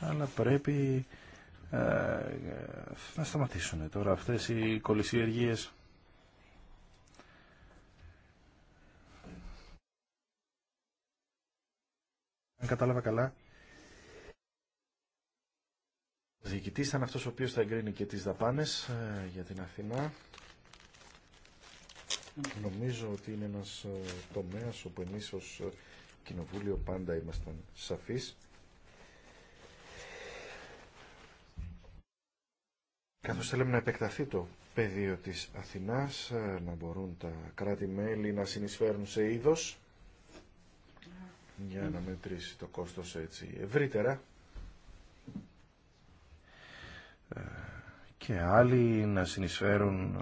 Αλλά πρέπει ε, να σταματήσουν τώρα αυτές οι κολυσιεργίες. Αν κατάλαβα καλά, ο διοικητής ήταν αυτός ο οποίος θα εγκρίνει και τις δαπάνες ε, για την Αθηνά Νομίζω ότι είναι ένας ε, τομέας όπου εμείς ως ε, Κοινοβούλιο πάντα ήμασταν σαφείς. Καθώς θέλουμε να επεκταθεί το πεδίο της Αθηνάς, ε, να μπορούν τα κράτη-μέλη να συνεισφέρουν σε είδος, για να μετρήσει το κόστος έτσι ευρύτερα. Και άλλοι να συνεισφέρουν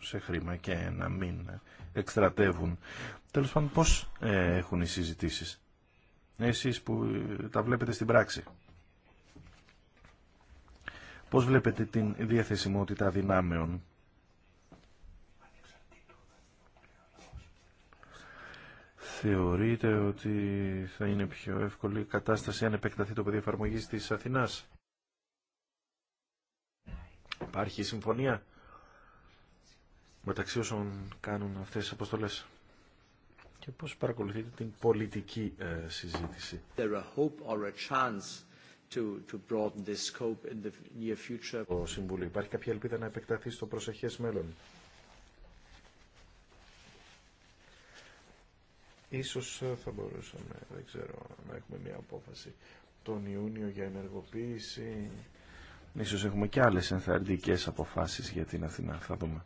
σε χρήμα και να μην εκστρατεύουν. Τέλος πάντων, πώς ε, έχουν οι συζητήσεις. Εσείς που ε, τα βλέπετε στην πράξη. Πώς βλέπετε την διαθεσιμότητα δυνάμεων. Θεωρείτε ότι θα είναι πιο εύκολη η κατάσταση αν επεκταθεί το πεδίο εφαρμογή της Αθηνάς. Υπάρχει συμφωνία μεταξύ όσων κάνουν αυτές τις αποστολές και πώς παρακολουθείτε την πολιτική συζήτηση. υπάρχει κάποια ελπίδα να επεκταθεί στο προσεχές μέλλον. Ίσως ε, θα μπορούσαμε, δεν ξέρω, να έχουμε μια απόφαση τον Ιούνιο για ενεργοποίηση. Ίσως έχουμε και άλλες ενθαρρυντικές αποφάσεις για την Αθήνα. Θα δούμε.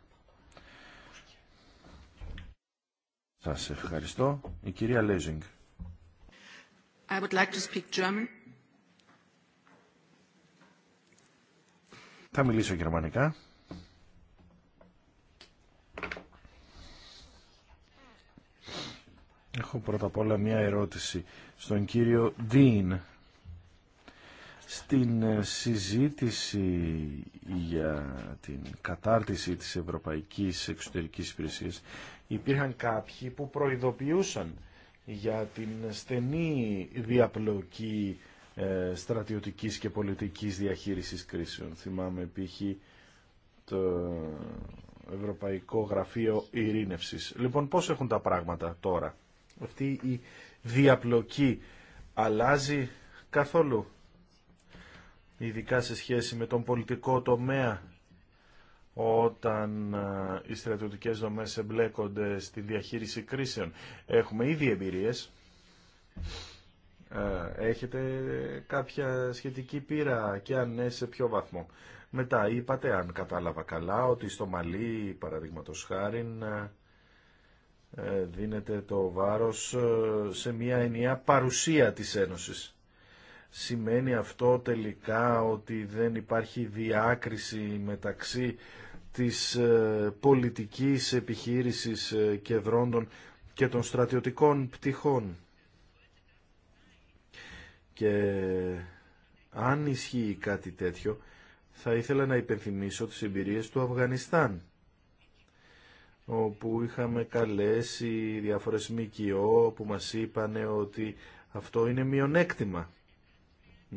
Σας ευχαριστώ. Η κυρία Λέζινγκ. I would like to Θα μιλήσω γερμανικά. Έχω πρώτα απ' όλα μία ερώτηση στον κύριο δίν. Στην ε, συζήτηση για την κατάρτιση της Ευρωπαϊκής Εξωτερικής Υπηρεσίας υπήρχαν κάποιοι που προειδοποιούσαν για την στενή διαπλοκή ε, στρατιωτικής και πολιτικής διαχείρισης κρίσεων. Θυμάμαι π.χ. το Ευρωπαϊκό Γραφείο Ειρήνευσης. Λοιπόν, πώς έχουν τα πράγματα τώρα. Αυτή η διαπλοκή αλλάζει καθόλου ειδικά σε σχέση με τον πολιτικό τομέα όταν οι στρατιωτικές δομές εμπλέκονται στη διαχείριση κρίσεων. Έχουμε ήδη εμπειρίες. Έχετε κάποια σχετική πείρα και αν ναι σε ποιο βαθμό. Μετά είπατε, αν κατάλαβα καλά, ότι στο Μαλί, παραδείγματο χάρη, ε, δίνεται το βάρος ε, σε μια ενιαία παρουσία της Ένωσης. Σημαίνει αυτό τελικά ότι δεν υπάρχει διάκριση μεταξύ της ε, πολιτικής επιχείρησης ε, και και των στρατιωτικών πτυχών. Και αν ισχύει κάτι τέτοιο, θα ήθελα να υπενθυμίσω τις εμπειρίες του Αφγανιστάν, όπου είχαμε καλέσει διάφορες ΜΚΟ που μας είπανε ότι αυτό είναι μειονέκτημα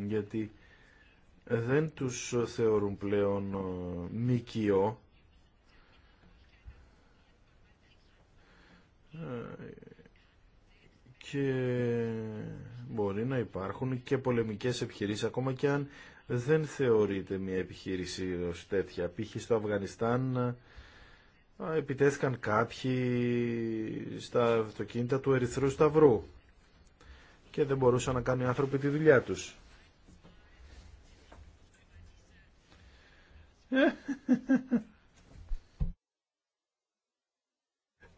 γιατί δεν τους θεωρούν πλέον ε, μικιό ε, και μπορεί να υπάρχουν και πολεμικές επιχειρήσεις ακόμα και αν δεν θεωρείται μια επιχείρηση ως τέτοια. Π.χ. στο Αφγανιστάν ε, επιτέθηκαν κάποιοι στα αυτοκίνητα του Ερυθρού Σταυρού και δεν μπορούσαν να κάνουν οι άνθρωποι τη δουλειά τους.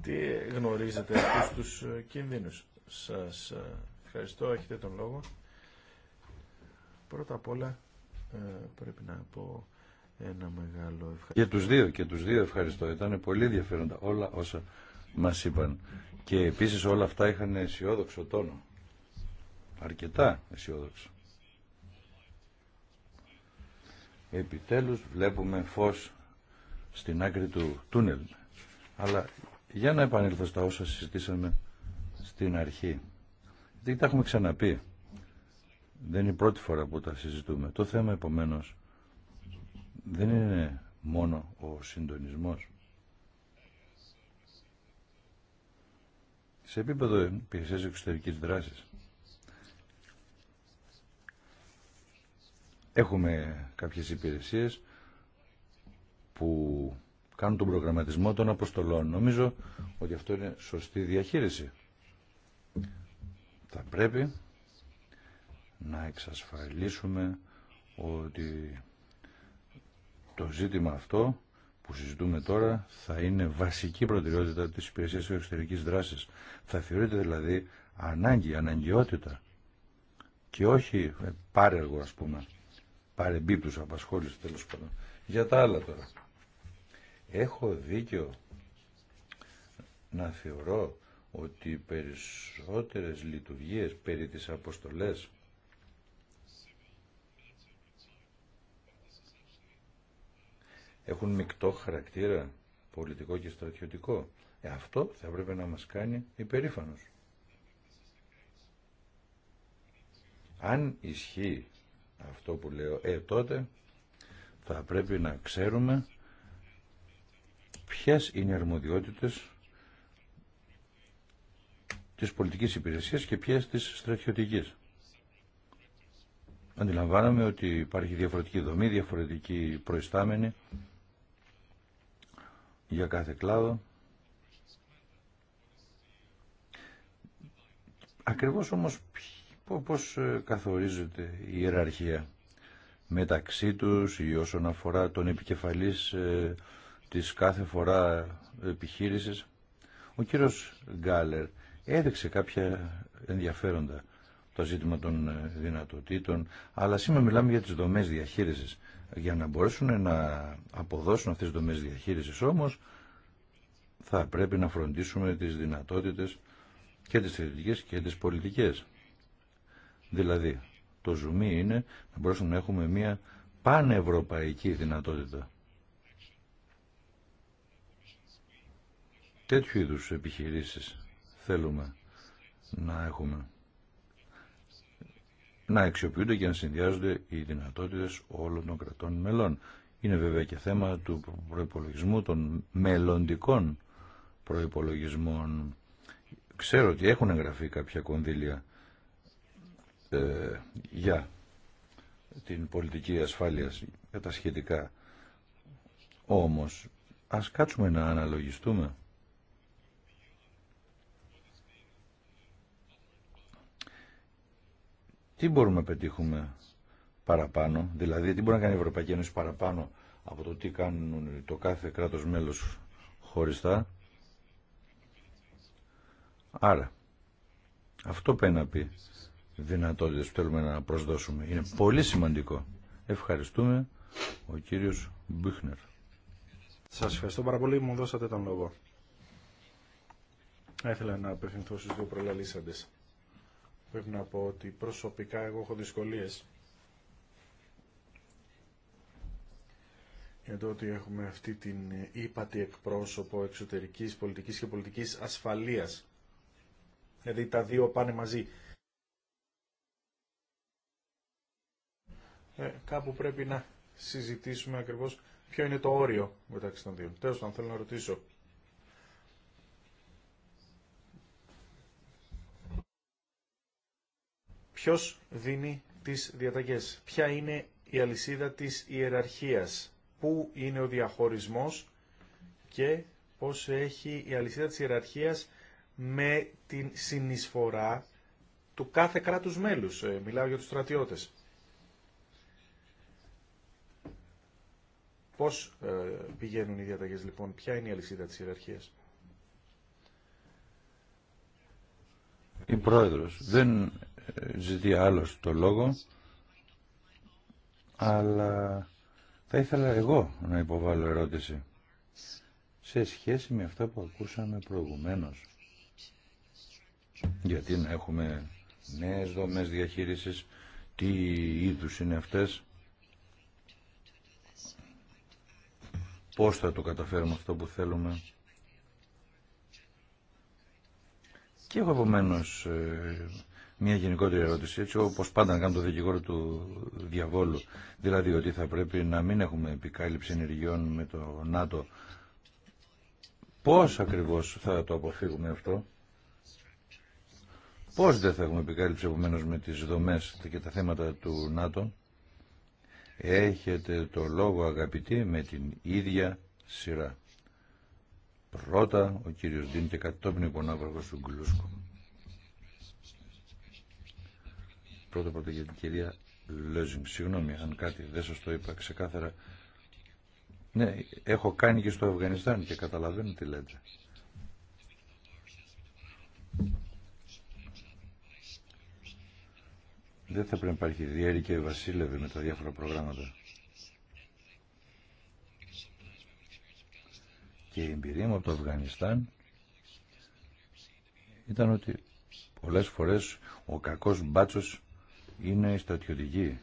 Τι γνωρίζετε αυτούς τους ε, κινδύνους. Σας ε, ευχαριστώ, έχετε τον λόγο. Πρώτα απ' όλα ε, πρέπει να πω ένα μεγάλο ευχαριστώ. Για τους δύο, και τους δύο ευχαριστώ. Ήταν πολύ ενδιαφέροντα όλα όσα μας είπαν. Και επίσης όλα αυτά είχαν αισιόδοξο τόνο. Αρκετά αισιόδοξο. επιτέλους βλέπουμε φως στην άκρη του τούνελ. Αλλά για να επανέλθω στα όσα συζητήσαμε στην αρχή. Δεν τα έχουμε ξαναπεί. Δεν είναι η πρώτη φορά που τα συζητούμε. Το θέμα επομένως δεν είναι μόνο ο συντονισμός. Σε επίπεδο υπηρεσίας εξωτερικής δράσης Έχουμε κάποιες υπηρεσίες που κάνουν τον προγραμματισμό των αποστολών. Νομίζω ότι αυτό είναι σωστή διαχείριση. Θα πρέπει να εξασφαλίσουμε ότι το ζήτημα αυτό που συζητούμε τώρα θα είναι βασική προτεραιότητα της υπηρεσίας εξωτερικής δράσης. Θα θεωρείται δηλαδή ανάγκη, αναγκαιότητα και όχι ε, πάρεργο ας πούμε παρεμπίπτους απασχόληση τέλος πάντων. Για τα άλλα τώρα. Έχω δίκιο να θεωρώ ότι οι περισσότερες λειτουργίες περί της αποστολές έχουν μεικτό χαρακτήρα πολιτικό και στρατιωτικό. Ε, αυτό θα πρέπει να μας κάνει υπερήφανος. Αν ισχύει αυτό που λέω. Ε, τότε θα πρέπει να ξέρουμε ποιες είναι οι αρμοδιότητες της πολιτικής υπηρεσίας και ποιες της στρατιωτικής. Αντιλαμβάνομαι ότι υπάρχει διαφορετική δομή, διαφορετική προϊστάμενη για κάθε κλάδο. Ακριβώς όμως Πώς ε, καθορίζεται η ιεραρχία μεταξύ τους ή όσον αφορά τον επικεφαλής ε, της κάθε φορά επιχείρησης. Ο κύριος Γκάλερ έδειξε κάποια ενδιαφέροντα το ζήτημα των ε, δυνατοτήτων, αλλά σήμερα μιλάμε για τις δομές διαχείρισης. Για να μπορέσουν να αποδώσουν αυτές τις δομές διαχείρισης όμως, θα πρέπει να φροντίσουμε τις δυνατότητες και τις θετικές και τις πολιτικές. Δηλαδή, το ζουμί είναι να μπορέσουμε να έχουμε μια πανευρωπαϊκή δυνατότητα. Τέτοιου είδου επιχειρήσεις θέλουμε να έχουμε. Να αξιοποιούνται και να συνδυάζονται οι δυνατότητες όλων των κρατών μελών. Είναι βέβαια και θέμα του προϋπολογισμού των μελλοντικών προϋπολογισμών. Ξέρω ότι έχουν εγγραφεί κάποια κονδύλια ε, για την πολιτική ασφάλειας και τα σχετικά. Όμως, ας κάτσουμε να αναλογιστούμε. Τι μπορούμε να πετύχουμε παραπάνω, δηλαδή τι μπορεί να κάνει η Ευρωπαϊκή Ένωση παραπάνω από το τι κάνουν το κάθε κράτος μέλος χωριστά. Άρα, αυτό πρέπει να πει δυνατότητες που θέλουμε να προσδώσουμε. Είναι πολύ σημαντικό. Ευχαριστούμε ο κύριος Μπίχνερ. Σας ευχαριστώ πάρα πολύ μου δώσατε τον λόγο. Θα ήθελα να απευθυνθώ στους δύο προλαλήσαντες. Πρέπει να πω ότι προσωπικά εγώ έχω δυσκολίες για το ότι έχουμε αυτή την ύπατη εκπρόσωπο εξωτερικής πολιτικής και πολιτικής ασφαλείας. Δηλαδή τα δύο πάνε μαζί. ε, κάπου πρέπει να συζητήσουμε ακριβώς ποιο είναι το όριο μεταξύ των δύο. Τέλος, αν θέλω να ρωτήσω. Ποιος δίνει τις διαταγές, ποια είναι η αλυσίδα της ιεραρχίας, πού είναι ο διαχωρισμός και πώς έχει η αλυσίδα της ιεραρχίας με την συνεισφορά του κάθε κράτους μέλους. Ε, μιλάω για τους στρατιώτες. Πώς ε, πηγαίνουν οι διαταγέ λοιπόν, ποια είναι η αλυσίδα τη ιεραρχία, Η πρόεδρος δεν ε, ζητεί άλλος το λόγο, αλλά θα ήθελα εγώ να υποβάλω ερώτηση σε σχέση με αυτά που ακούσαμε προηγουμένως. Γιατί να έχουμε νέες δομές διαχείρισης, τι είδους είναι αυτές, πώς θα το καταφέρουμε αυτό που θέλουμε. Και έχω επομένω ε, μια γενικότερη ερώτηση, έτσι όπως πάντα να κάνω το δικηγόρο του διαβόλου, δηλαδή ότι θα πρέπει να μην έχουμε επικάλυψη ενεργειών με το ΝΑΤΟ. Πώς ακριβώς θα το αποφύγουμε αυτό. Πώς δεν θα έχουμε επικάλυψη επομένως με τις δομές και τα θέματα του ΝΑΤΟ. Έχετε το λόγο αγαπητοί με την ίδια σειρά. Πρώτα ο κύριος δίνεται και κατόπιν υπονάβαρχος του Γκλούσκου. Πρώτα πρώτα για την κυρία Λέζινγκ. Συγγνώμη αν κάτι δεν σας το είπα ξεκάθαρα. Ναι, έχω κάνει και στο Αφγανιστάν και καταλαβαίνω τι λέτε. Δεν θα πρέπει να υπάρχει διέρη και βασίλευε με τα διάφορα προγράμματα. Και η εμπειρία μου από το Αφγανιστάν ήταν ότι πολλές φορές ο κακός μπάτσος είναι στρατιωτική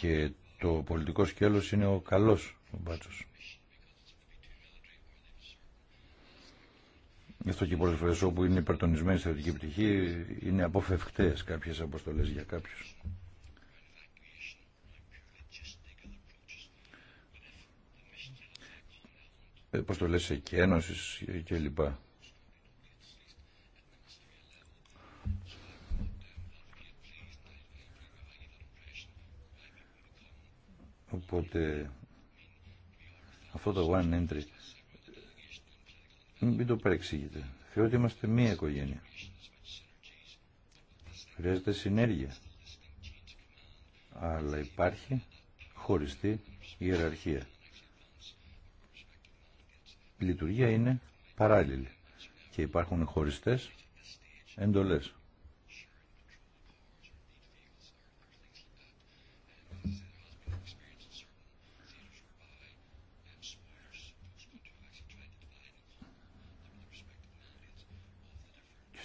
και το πολιτικό σκέλος είναι ο καλός ο μπάτσος. Γι' αυτό και πολλέ φορέ όπου είναι υπερτονισμένη η στρατιωτική πτυχή είναι αποφευκτέ κάποιε αποστολέ για κάποιου. Αποστολέ εκένωση κλπ. Οπότε αυτό το one entry μην το παρεξηγείτε. Θεωρώ είμαστε μία οικογένεια. Χρειάζεται συνέργεια. Αλλά υπάρχει χωριστή ιεραρχία. Η λειτουργία είναι παράλληλη και υπάρχουν χωριστές εντολές.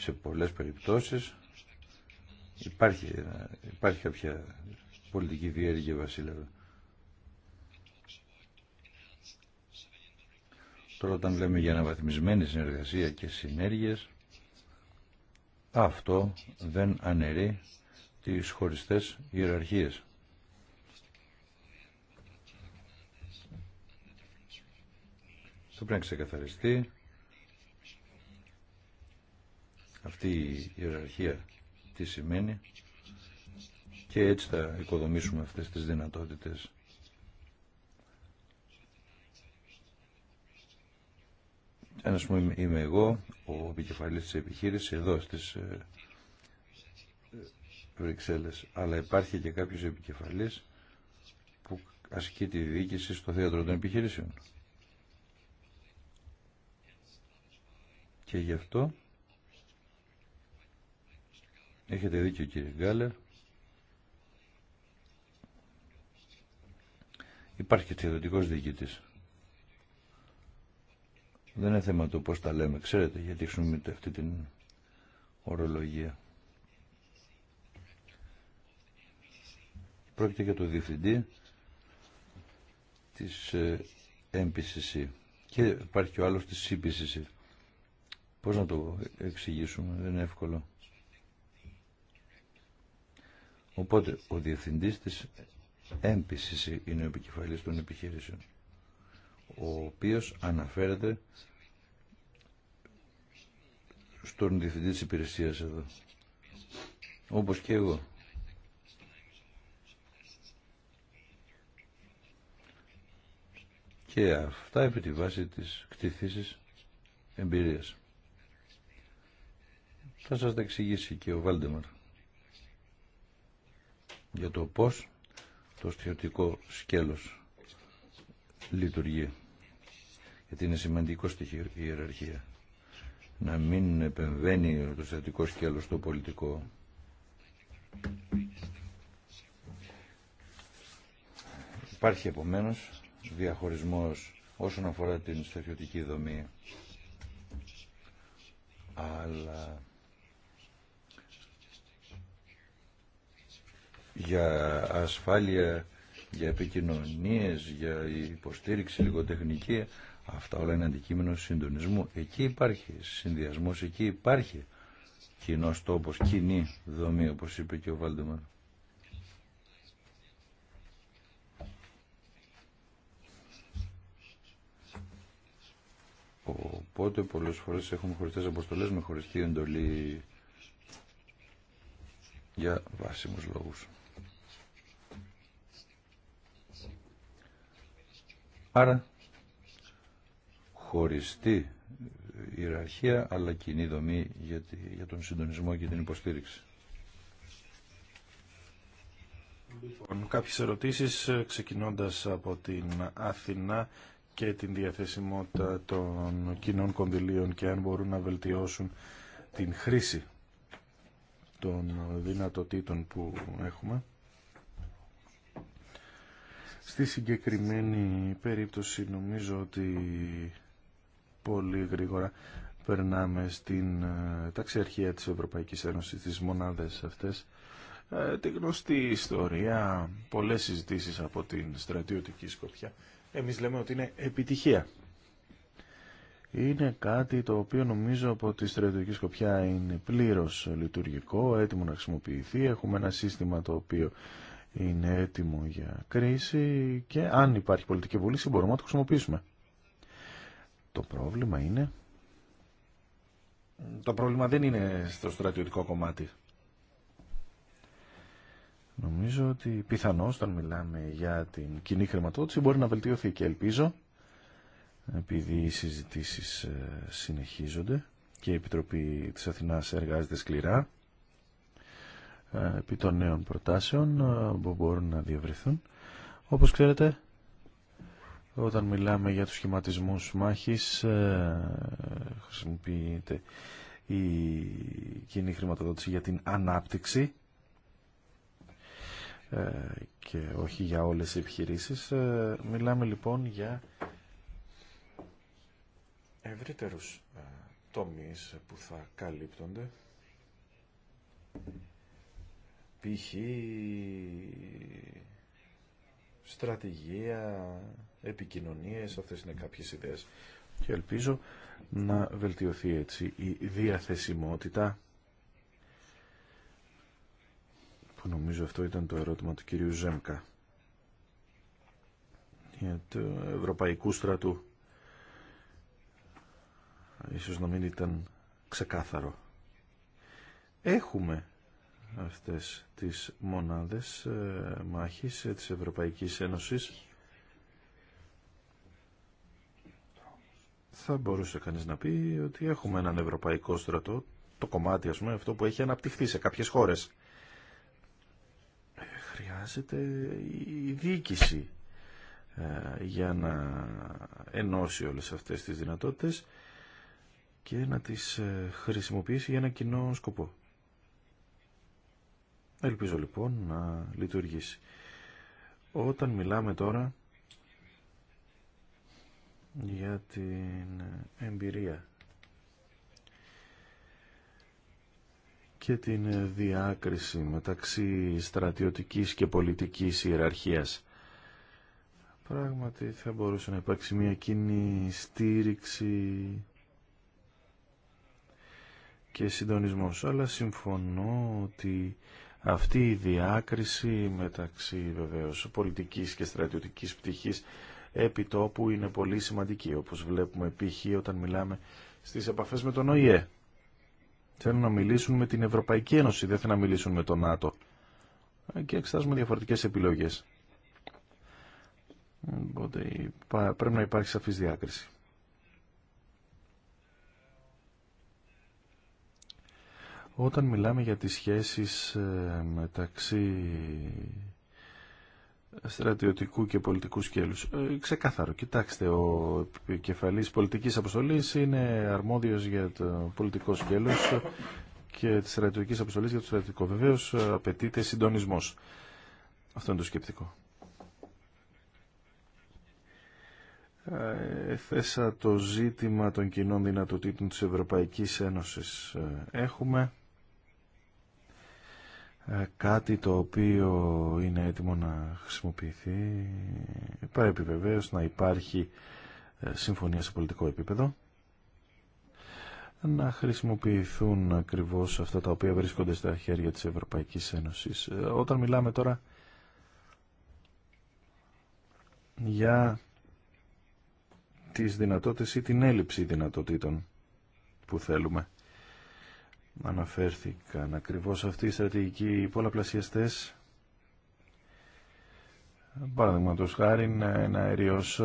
σε πολλές περιπτώσεις υπάρχει, υπάρχει κάποια πολιτική διέργεια βασίλευε Τώρα όταν λέμε για αναβαθμισμένη συνεργασία και συνέργειες, αυτό δεν αναιρεί τις χωριστές ιεραρχίες. το πρέπει να ξεκαθαριστεί αυτή η ιεραρχία τι σημαίνει και έτσι θα οικοδομήσουμε αυτές τις δυνατότητες. Ένα πούμε είμαι εγώ, ο επικεφαλής της επιχείρησης, εδώ στις ε, ε, Βρυξέλλες. Αλλά υπάρχει και κάποιος επικεφαλής που ασκεί τη διοίκηση στο θέατρο των επιχειρήσεων. Και γι' αυτό Έχετε δίκιο κύριε Γκάλερ. Υπάρχει και θεωρητικός διοικητής. Δεν είναι θέμα το πώς τα λέμε. Ξέρετε γιατί χρησιμοποιείται αυτή την ορολογία. Πρόκειται για το διευθυντή της MPCC ε, και υπάρχει και ο άλλος της CPCC. Πώς να το εξηγήσουμε, δεν είναι εύκολο. Οπότε ο διευθυντής της έμπισης είναι ο επικεφαλής των επιχειρήσεων, ο οποίος αναφέρεται στον διευθυντή της υπηρεσίας εδώ, όπως και εγώ. Και αυτά επί τη βάση της κτηθήσης εμπειρίας. Θα σας τα εξηγήσει και ο Βάλτεμαρ για το πώς το στοιχειωτικό σκέλος λειτουργεί. Γιατί είναι σημαντικό στοιχείο η ιεραρχία. Να μην επεμβαίνει το στοιχειωτικό σκέλος στο πολιτικό. Υπάρχει επομένως διαχωρισμός όσον αφορά την στοιχειωτική δομή. Αλλά για ασφάλεια, για επικοινωνίες, για υποστήριξη λιγοτεχνική. Αυτά όλα είναι αντικείμενο συντονισμού. Εκεί υπάρχει συνδυασμός, εκεί υπάρχει κοινό τόπο, κοινή δομή, όπως είπε και ο Βάλτεμαρ. Οπότε πολλές φορές έχουμε χωριστές αποστολές με χωριστή εντολή για βάσιμους λόγους. Άρα χωριστή ιεραρχία αλλά κοινή δομή για, για τον συντονισμό και την υποστήριξη. Λοιπόν, κάποιες ερωτήσεις ε, ξεκινώντας από την Αθηνά και την διαθεσιμότητα των κοινών κονδυλίων και αν μπορούν να βελτιώσουν την χρήση των δυνατοτήτων που έχουμε. Στη συγκεκριμένη περίπτωση νομίζω ότι πολύ γρήγορα περνάμε στην ε, ταξιαρχία της Ευρωπαϊκής Ένωσης, τις μονάδες αυτές, ε, τη γνωστή ιστορία, πολλές συζητήσεις από την στρατιωτική σκοπιά. Εμείς λέμε ότι είναι επιτυχία. Είναι κάτι το οποίο νομίζω από τη στρατιωτική σκοπιά είναι πλήρως λειτουργικό, έτοιμο να χρησιμοποιηθεί. Έχουμε ένα σύστημα το οποίο είναι έτοιμο για κρίση και αν υπάρχει πολιτική βούληση μπορούμε να το χρησιμοποιήσουμε. Το πρόβλημα είναι... Το πρόβλημα δεν είναι στο στρατιωτικό κομμάτι. Νομίζω ότι πιθανώς όταν μιλάμε για την κοινή χρηματοδότηση μπορεί να βελτιωθεί και ελπίζω επειδή οι συζητήσεις ε, συνεχίζονται και η Επιτροπή της Αθηνάς εργάζεται σκληρά ε, επί των νέων προτάσεων ε, που μπορούν να διευρυθούν. Όπως ξέρετε, όταν μιλάμε για τους σχηματισμούς μάχης, ε, χρησιμοποιείται η κοινή χρηματοδότηση για την ανάπτυξη και όχι για όλες τις επιχειρήσεις. Μιλάμε λοιπόν για ευρύτερους τομείς που θα καλύπτονται π.χ. στρατηγία, επικοινωνίες, αυτές είναι κάποιες ιδέες και ελπίζω να βελτιωθεί έτσι η διαθεσιμότητα που νομίζω αυτό ήταν το ερώτημα του κυρίου Ζέμκα για του Ευρωπαϊκού στρατού ίσως να μην ήταν ξεκάθαρο έχουμε αυτές τις μονάδες ε, μάχης ε, της Ευρωπαϊκής Ένωσης θα μπορούσε κανείς να πει ότι έχουμε έναν ευρωπαϊκό στρατό το κομμάτι ας πούμε αυτό που έχει αναπτυχθεί σε κάποιες χώρες ε, χρειάζεται η διοίκηση για να ενώσει όλες αυτές τις δυνατότητες και να τις χρησιμοποιήσει για ένα κοινό σκοπό. Ελπίζω λοιπόν να λειτουργήσει. Όταν μιλάμε τώρα για την εμπειρία και την διάκριση μεταξύ στρατιωτικής και πολιτικής ιεραρχίας. Πράγματι θα μπορούσε να υπάρξει μια κοινή στήριξη και συντονισμός, αλλά συμφωνώ ότι αυτή η διάκριση μεταξύ βεβαίως πολιτικής και στρατιωτικής πτυχής τόπου είναι πολύ σημαντική, όπως βλέπουμε π.χ. όταν μιλάμε στις επαφές με τον ΟΗΕ. Θέλουν να μιλήσουν με την Ευρωπαϊκή Ένωση, δεν θέλουν να μιλήσουν με τον ΝΑΤΟ. Και εξετάζουμε διαφορετικές επιλογές. Οπότε πρέπει να υπάρχει σαφής διάκριση. Όταν μιλάμε για τις σχέσεις ε, μεταξύ στρατιωτικού και πολιτικού σκέλους. Ε, ξεκάθαρο, κοιτάξτε, ο κεφαλής πολιτικής αποστολής είναι αρμόδιος για το πολιτικό σκέλος και τη στρατιωτική αποστολή για το στρατιωτικό. Βεβαίω ε, απαιτείται συντονισμό. Αυτό είναι το σκεπτικό. θέσα το ζήτημα των κοινών δυνατοτήτων της Ευρωπαϊκής Ένωσης. Έχουμε ε, κάτι το οποίο είναι έτοιμο να χρησιμοποιηθεί. Πρέπει βεβαίω να υπάρχει ε, συμφωνία σε πολιτικό επίπεδο να χρησιμοποιηθούν ακριβώς αυτά τα οποία βρίσκονται στα χέρια της Ευρωπαϊκής Ένωσης. Ε, όταν μιλάμε τώρα για τις δυνατότητες ή την έλλειψη δυνατοτήτων που θέλουμε αναφέρθηκαν. Ακριβώς αυτή η στρατηγική πολλαπλασιαστές Παραδείγματος χάρη ένα αερίος ε,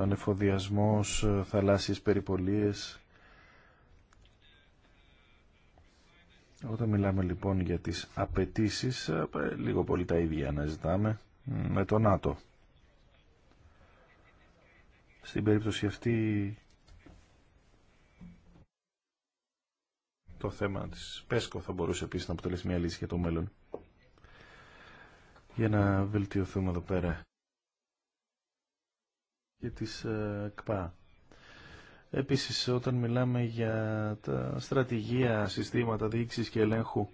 ανεφοδιασμός, ε, θαλάσσιες περιπολίες. Όταν μιλάμε λοιπόν για τις απαιτήσει, ε, λίγο πολύ τα ίδια αναζητάμε με το ΝΑΤΟ. Στην περίπτωση αυτή το θέμα της ΠΕΣΚΟ θα μπορούσε επίσης να αποτελέσει μια λύση για το μέλλον. Για να βελτιωθούμε εδώ πέρα. Για τις ε, ΚΠΑ. Επίσης, όταν μιλάμε για τα στρατηγία, συστήματα διοίκησης και ελέγχου,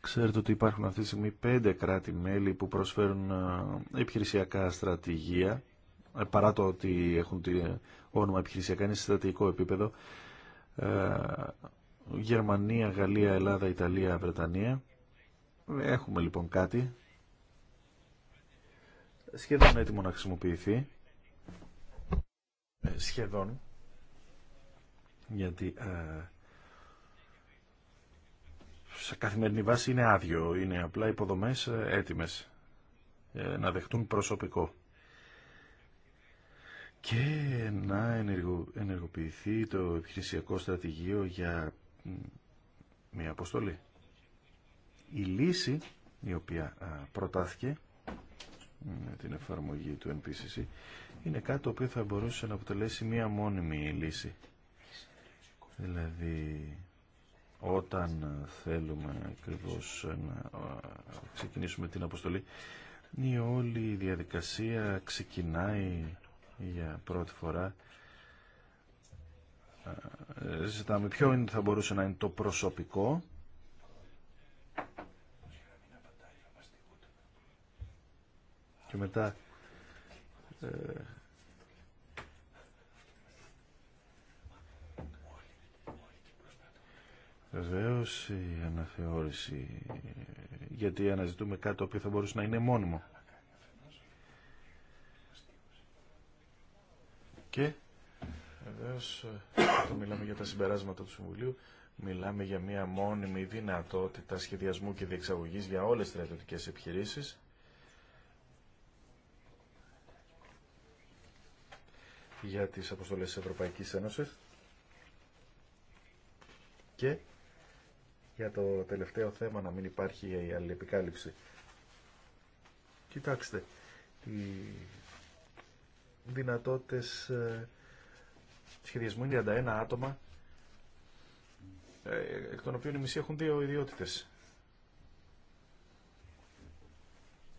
ξέρετε ότι υπάρχουν αυτή τη στιγμή πέντε κράτη-μέλη που προσφέρουν ε, επιχειρησιακά στρατηγία, ε, παρά το ότι έχουν όνομα επιχειρησιακά, είναι σε στρατηγικό επίπεδο. Γερμανία, Γαλλία, Ελλάδα, Ιταλία, Βρετανία. Έχουμε λοιπόν κάτι. Σχεδόν έτοιμο να χρησιμοποιηθεί. Ε, σχεδόν. Γιατί ε, σε καθημερινή βάση είναι άδειο. Είναι απλά υποδομές ε, έτοιμες να δεχτούν προσωπικό και να ενεργοποιηθεί το επιχειρησιακό στρατηγείο για μια αποστολή. Η λύση η οποία προτάθηκε με την εφαρμογή του NPCC είναι κάτι το οποίο θα μπορούσε να αποτελέσει μία μόνιμη λύση. Δηλαδή όταν θέλουμε ακριβώ να ξεκινήσουμε την αποστολή η όλη διαδικασία ξεκινάει για πρώτη φορά ε, ζητάμε ποιο είναι, θα μπορούσε να είναι το προσωπικό και μετά ε, Βεβαίω η αναθεώρηση γιατί αναζητούμε κάτι το οποίο θα μπορούσε να είναι μόνιμο και Βεβαίω, όταν μιλάμε για τα συμπεράσματα του Συμβουλίου, μιλάμε για μια μόνιμη δυνατότητα σχεδιασμού και διεξαγωγής για όλες τις στρατιωτικές επιχειρήσεις. για τις αποστολές της Ευρωπαϊκής Ένωσης και για το τελευταίο θέμα να μην υπάρχει η αλληλεπικάλυψη. Κοιτάξτε, οι δυνατότητες ε, σχεδιασμού είναι 31 άτομα, ε, εκ των οποίων οι μισοί έχουν δύο ιδιότητες.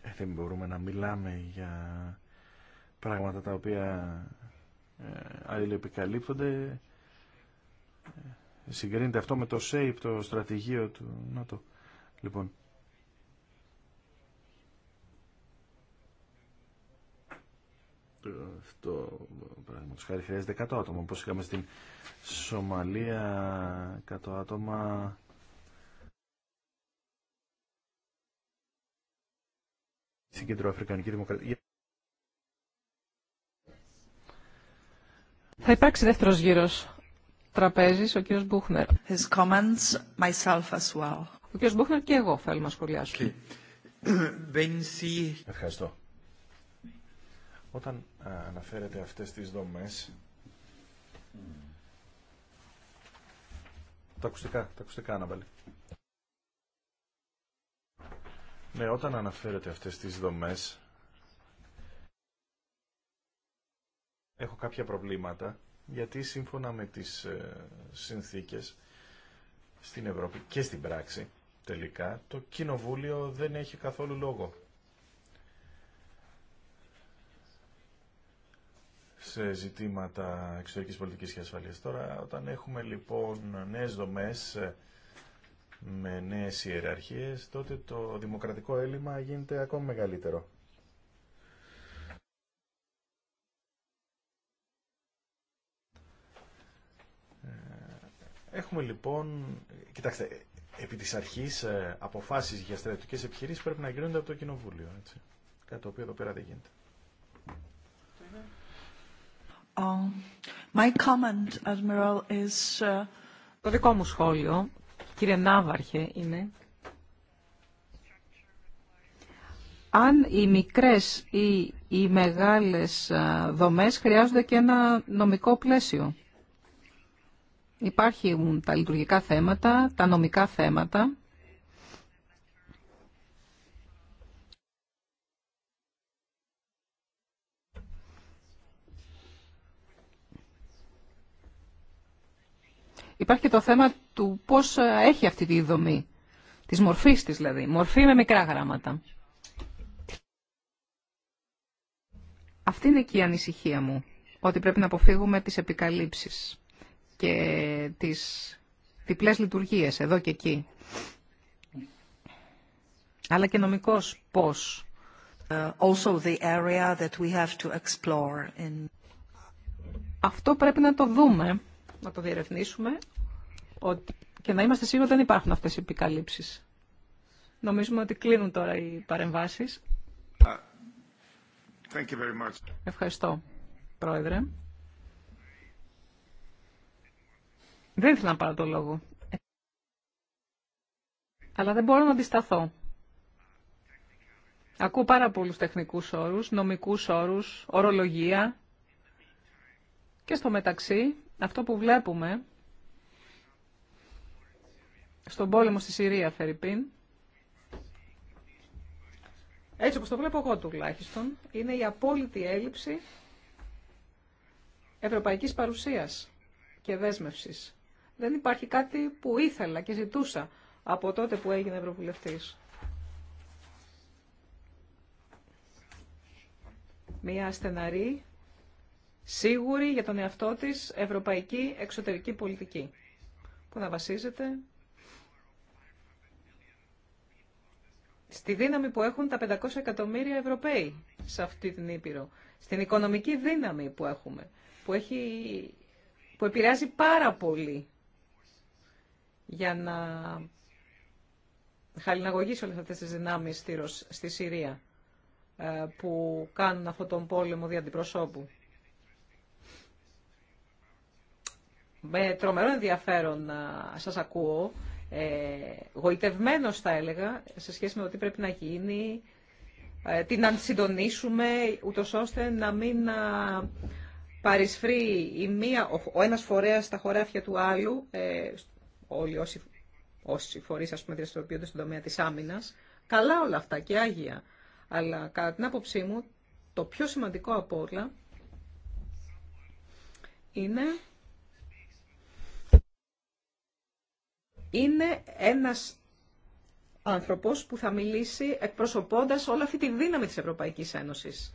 Ε, δεν μπορούμε να μιλάμε για πράγματα τα οποία ε, αλληλεπικαλύπτονται. Συγκρίνεται αυτό με το ΣΕΙΠ, το στρατηγείο του ΝΑΤΟ. Λοιπόν, αυτό παραδείγματο χάρη χρειάζεται 100 άτομα Όπω είχαμε στην Σομαλία 100 άτομα στην Κεντροαφρικανική Δημοκρατία Θα υπάρξει δεύτερο γύρο τραπέζη, ο κ. Μπούχνερ. His comments, myself as well. Ο κ. Μπούχνερ και εγώ θέλουμε να σχολιάσουμε. Okay. Ευχαριστώ. Όταν ε, αναφέρετε αυτές τις δομές, mm. τα ακουστικά, τα ακουστικά Ναι, όταν αναφέρετε αυτές τις δομές, έχω κάποια προβλήματα, γιατί σύμφωνα με τις ε, συνθήκες στην Ευρώπη και στην πράξη, τελικά, το Κοινοβούλιο δεν έχει καθόλου λόγο. σε ζητήματα εξωτερικής πολιτικής και ασφαλείας. Τώρα, όταν έχουμε λοιπόν νέες δομές με νέες ιεραρχίες, τότε το δημοκρατικό έλλειμμα γίνεται ακόμη μεγαλύτερο. Ε, έχουμε λοιπόν, κοιτάξτε, επί της αρχής ε, αποφάσεις για στρατιωτικές επιχειρήσεις πρέπει να γίνονται από το Κοινοβούλιο, έτσι. Κάτι το οποίο εδώ πέρα δεν γίνεται. Um, uh, Το δικό μου σχόλιο, κύριε Νάβαρχε, είναι... Αν οι μικρές ή οι μεγάλες ε, δομές χρειάζονται και ένα νομικό πλαίσιο. Υπάρχουν τα λειτουργικά θέματα, τα νομικά θέματα Υπάρχει και το θέμα του πώς ε, έχει αυτή τη δομή, της μορφής της δηλαδή, μορφή με μικρά γράμματα. Αυτή είναι και η ανησυχία μου, ότι πρέπει να αποφύγουμε τις επικαλύψεις και τις διπλές λειτουργίες εδώ και εκεί. Αλλά και νομικός πώς. Uh, also the we have to explore in... Αυτό πρέπει να το δούμε να το διερευνήσουμε ότι... και να είμαστε σίγουροι ότι δεν υπάρχουν αυτές οι επικαλύψεις. Νομίζουμε ότι κλείνουν τώρα οι παρεμβάσεις. Thank you very much. Ευχαριστώ, Πρόεδρε. Δεν ήθελα να πάρω το λόγο. Αλλά δεν μπορώ να αντισταθώ. Ακούω πάρα πολλούς τεχνικούς όρους, νομικούς όρους, ορολογία. Και στο μεταξύ αυτό που βλέπουμε στον πόλεμο στη Συρία, Φερρυπίν, έτσι όπως το βλέπω εγώ τουλάχιστον, είναι η απόλυτη έλλειψη ευρωπαϊκής παρουσίας και δέσμευσης. Δεν υπάρχει κάτι που ήθελα και ζητούσα από τότε που έγινε Ευρωβουλευτής. Μια στεναρή σίγουρη για τον εαυτό της ευρωπαϊκή εξωτερική πολιτική που να βασίζεται στη δύναμη που έχουν τα 500 εκατομμύρια Ευρωπαίοι σε αυτή την Ήπειρο, στην οικονομική δύναμη που έχουμε, που, που επηρεάζει πάρα πολύ για να χαλιναγωγήσει όλες αυτές τις δυνάμεις στη, στη Συρία ε, που κάνουν αυτόν τον πόλεμο δια αντιπροσώπου. με τρομερό ενδιαφέρον να σας ακούω, ε, γοητευμένος θα έλεγα, σε σχέση με το τι πρέπει να γίνει, ε, τι να συντονίσουμε, ούτως ώστε να μην να παρισφρεί η μία, ο, ένας φορέας στα χωράφια του άλλου, ε, όλοι όσοι, όσοι φορείς ας πούμε δραστηριοποιούνται στον τομέα της άμυνας, καλά όλα αυτά και άγια. Αλλά κατά την άποψή μου, το πιο σημαντικό από όλα είναι είναι ένας άνθρωπος που θα μιλήσει εκπροσωπώντας όλη αυτή τη δύναμη της Ευρωπαϊκής Ένωσης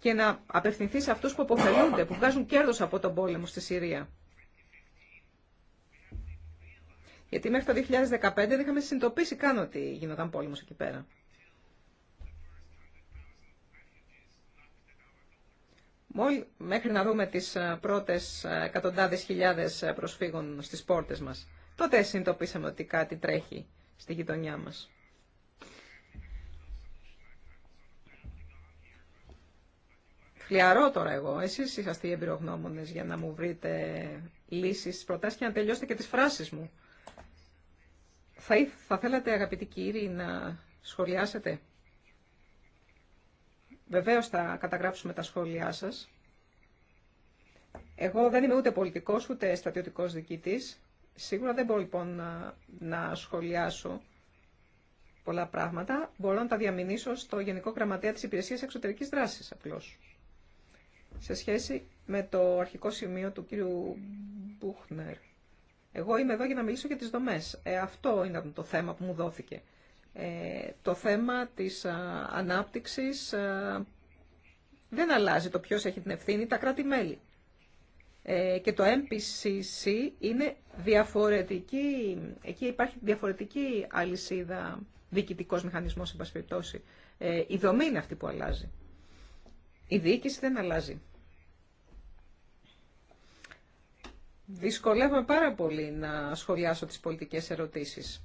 και να απευθυνθεί σε αυτούς που αποφελούνται, που βγάζουν κέρδος από τον πόλεμο στη Συρία. Γιατί μέχρι το 2015 δεν είχαμε συνειδητοποιήσει καν ότι γινόταν πόλεμος εκεί πέρα. Μόλι, μέχρι να δούμε τις ε, πρώτες ε, εκατοντάδες χιλιάδες ε, προσφύγων στις πόρτες μας τότε συνειδητοποίησαμε ότι κάτι τρέχει στη γειτονιά μας. Φλιαρώ τώρα εγώ. Εσείς είσαστε οι εμπειρογνώμονες για να μου βρείτε λύσεις, προτάσεις και να τελειώσετε και τις φράσεις μου. Θα, θα θέλατε αγαπητοί κύριοι να σχολιάσετε. Βεβαίως θα καταγράψουμε τα σχόλιά σας. Εγώ δεν είμαι ούτε πολιτικός ούτε στρατιωτικός διοικητής. Σίγουρα δεν μπορώ λοιπόν να, σχολιάσω πολλά πράγματα. Μπορώ να τα διαμηνήσω στο Γενικό Γραμματέα της Υπηρεσίας Εξωτερικής Δράσης απλώς. Σε σχέση με το αρχικό σημείο του κύριου Μπούχνερ. Εγώ είμαι εδώ για να μιλήσω για τις δομές. Ε, αυτό είναι το θέμα που μου δόθηκε. Ε, το θέμα της α, ανάπτυξης δεν αλλάζει το ποιος έχει την ευθύνη, τα κράτη-μέλη. Ε, και το MPCC είναι διαφορετική, εκεί υπάρχει διαφορετική αλυσίδα διοικητικό μηχανισμό, εν ε, η δομή είναι αυτή που αλλάζει. Η διοίκηση δεν αλλάζει. Δυσκολεύομαι πάρα πολύ να σχολιάσω τις πολιτικές ερωτήσεις.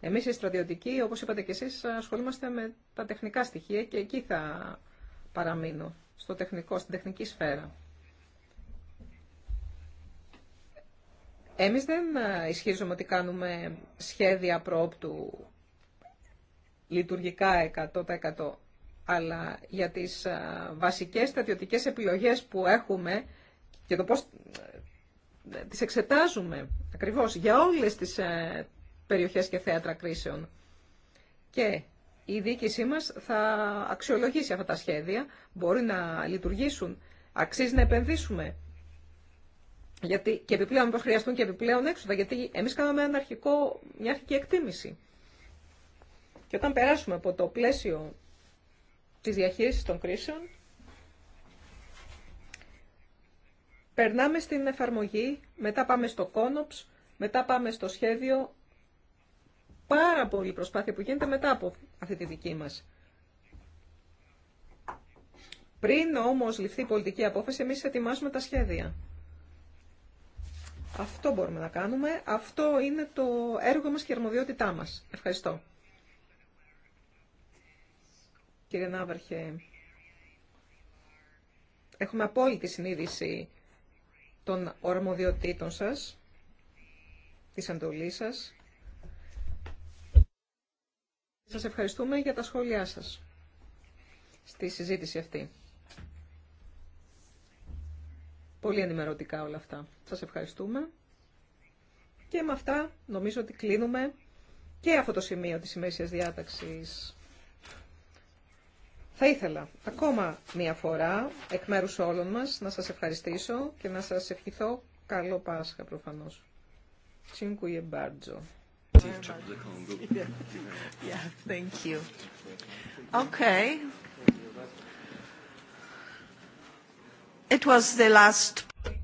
Εμείς οι στρατιωτικοί, όπως είπατε και εσείς, ασχολούμαστε με τα τεχνικά στοιχεία και εκεί θα παραμείνω στο τεχνικό, στην τεχνική σφαίρα. Εμείς δεν ε, ισχύζουμε ότι κάνουμε σχέδια προόπτου λειτουργικά 100% αλλά για τις ε, βασικές στρατιωτικές επιλογές που έχουμε και το πώς ε, τις εξετάζουμε ακριβώς για όλες τις περιοχές και θέατρα κρίσεων. Και η διοίκησή μας θα αξιολογήσει αυτά τα σχέδια, μπορεί να λειτουργήσουν, αξίζει να επενδύσουμε. Γιατί, και επιπλέον, θα χρειαστούν και επιπλέον έξοδα, γιατί εμείς κάναμε ένα αρχικό, μια αρχική εκτίμηση. Και όταν περάσουμε από το πλαίσιο της διαχείρισης των κρίσεων, περνάμε στην εφαρμογή, μετά πάμε στο κόνοψ, μετά πάμε στο σχέδιο πάρα πολύ προσπάθεια που γίνεται μετά από αυτή τη δική μας. Πριν όμως ληφθεί η πολιτική απόφαση, εμείς ετοιμάζουμε τα σχέδια. Αυτό μπορούμε να κάνουμε. Αυτό είναι το έργο μας και η αρμοδιότητά μας. Ευχαριστώ. Κύριε Ναύαρχε, έχουμε απόλυτη συνείδηση των ορμοδιότητων σας, της αντολής σας. Σας ευχαριστούμε για τα σχόλιά σας στη συζήτηση αυτή. Πολύ ενημερωτικά όλα αυτά. Σας ευχαριστούμε. Και με αυτά νομίζω ότι κλείνουμε και αυτό το σημείο της ημέρησιας διάταξης. Θα ήθελα ακόμα μία φορά εκ μέρους όλων μας να σας ευχαριστήσω και να σας ευχηθώ καλό Πάσχα προφανώς.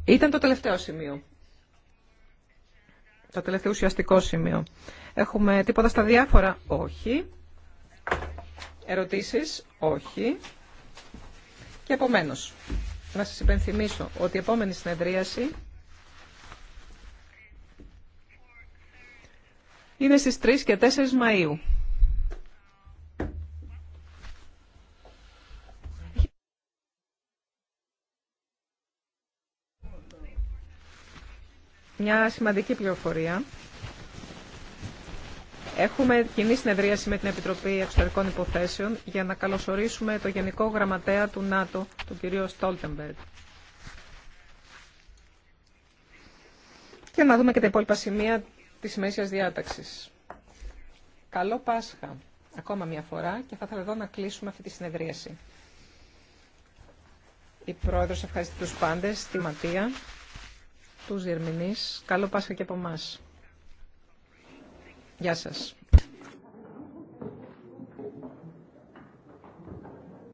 Ήταν το τελευταίο σημείο. Το τελευταίο ουσιαστικό σημείο. Έχουμε τίποτα στα διάφορα. Όχι. Ερωτήσεις. Όχι. Και επομένως, να σας υπενθυμίσω ότι η επόμενη συνεδρίαση είναι στις 3 και 4 Μαΐου. Μια σημαντική πληροφορία. Έχουμε κοινή συνεδρίαση με την Επιτροπή Εξωτερικών Υποθέσεων για να καλωσορίσουμε το Γενικό Γραμματέα του ΝΑΤΟ, τον κύριο Στόλτεμπεργκ. Και να δούμε και τα υπόλοιπα σημεία της μέσιας διάταξης. Καλό Πάσχα ακόμα μια φορά και θα ήθελα εδώ να κλείσουμε αυτή τη συνεδρίαση. Η Πρόεδρος ευχαριστεί τους πάντες, τη Ματία, τους Διερμηνείς. Καλό Πάσχα και από εμά. Γεια σας.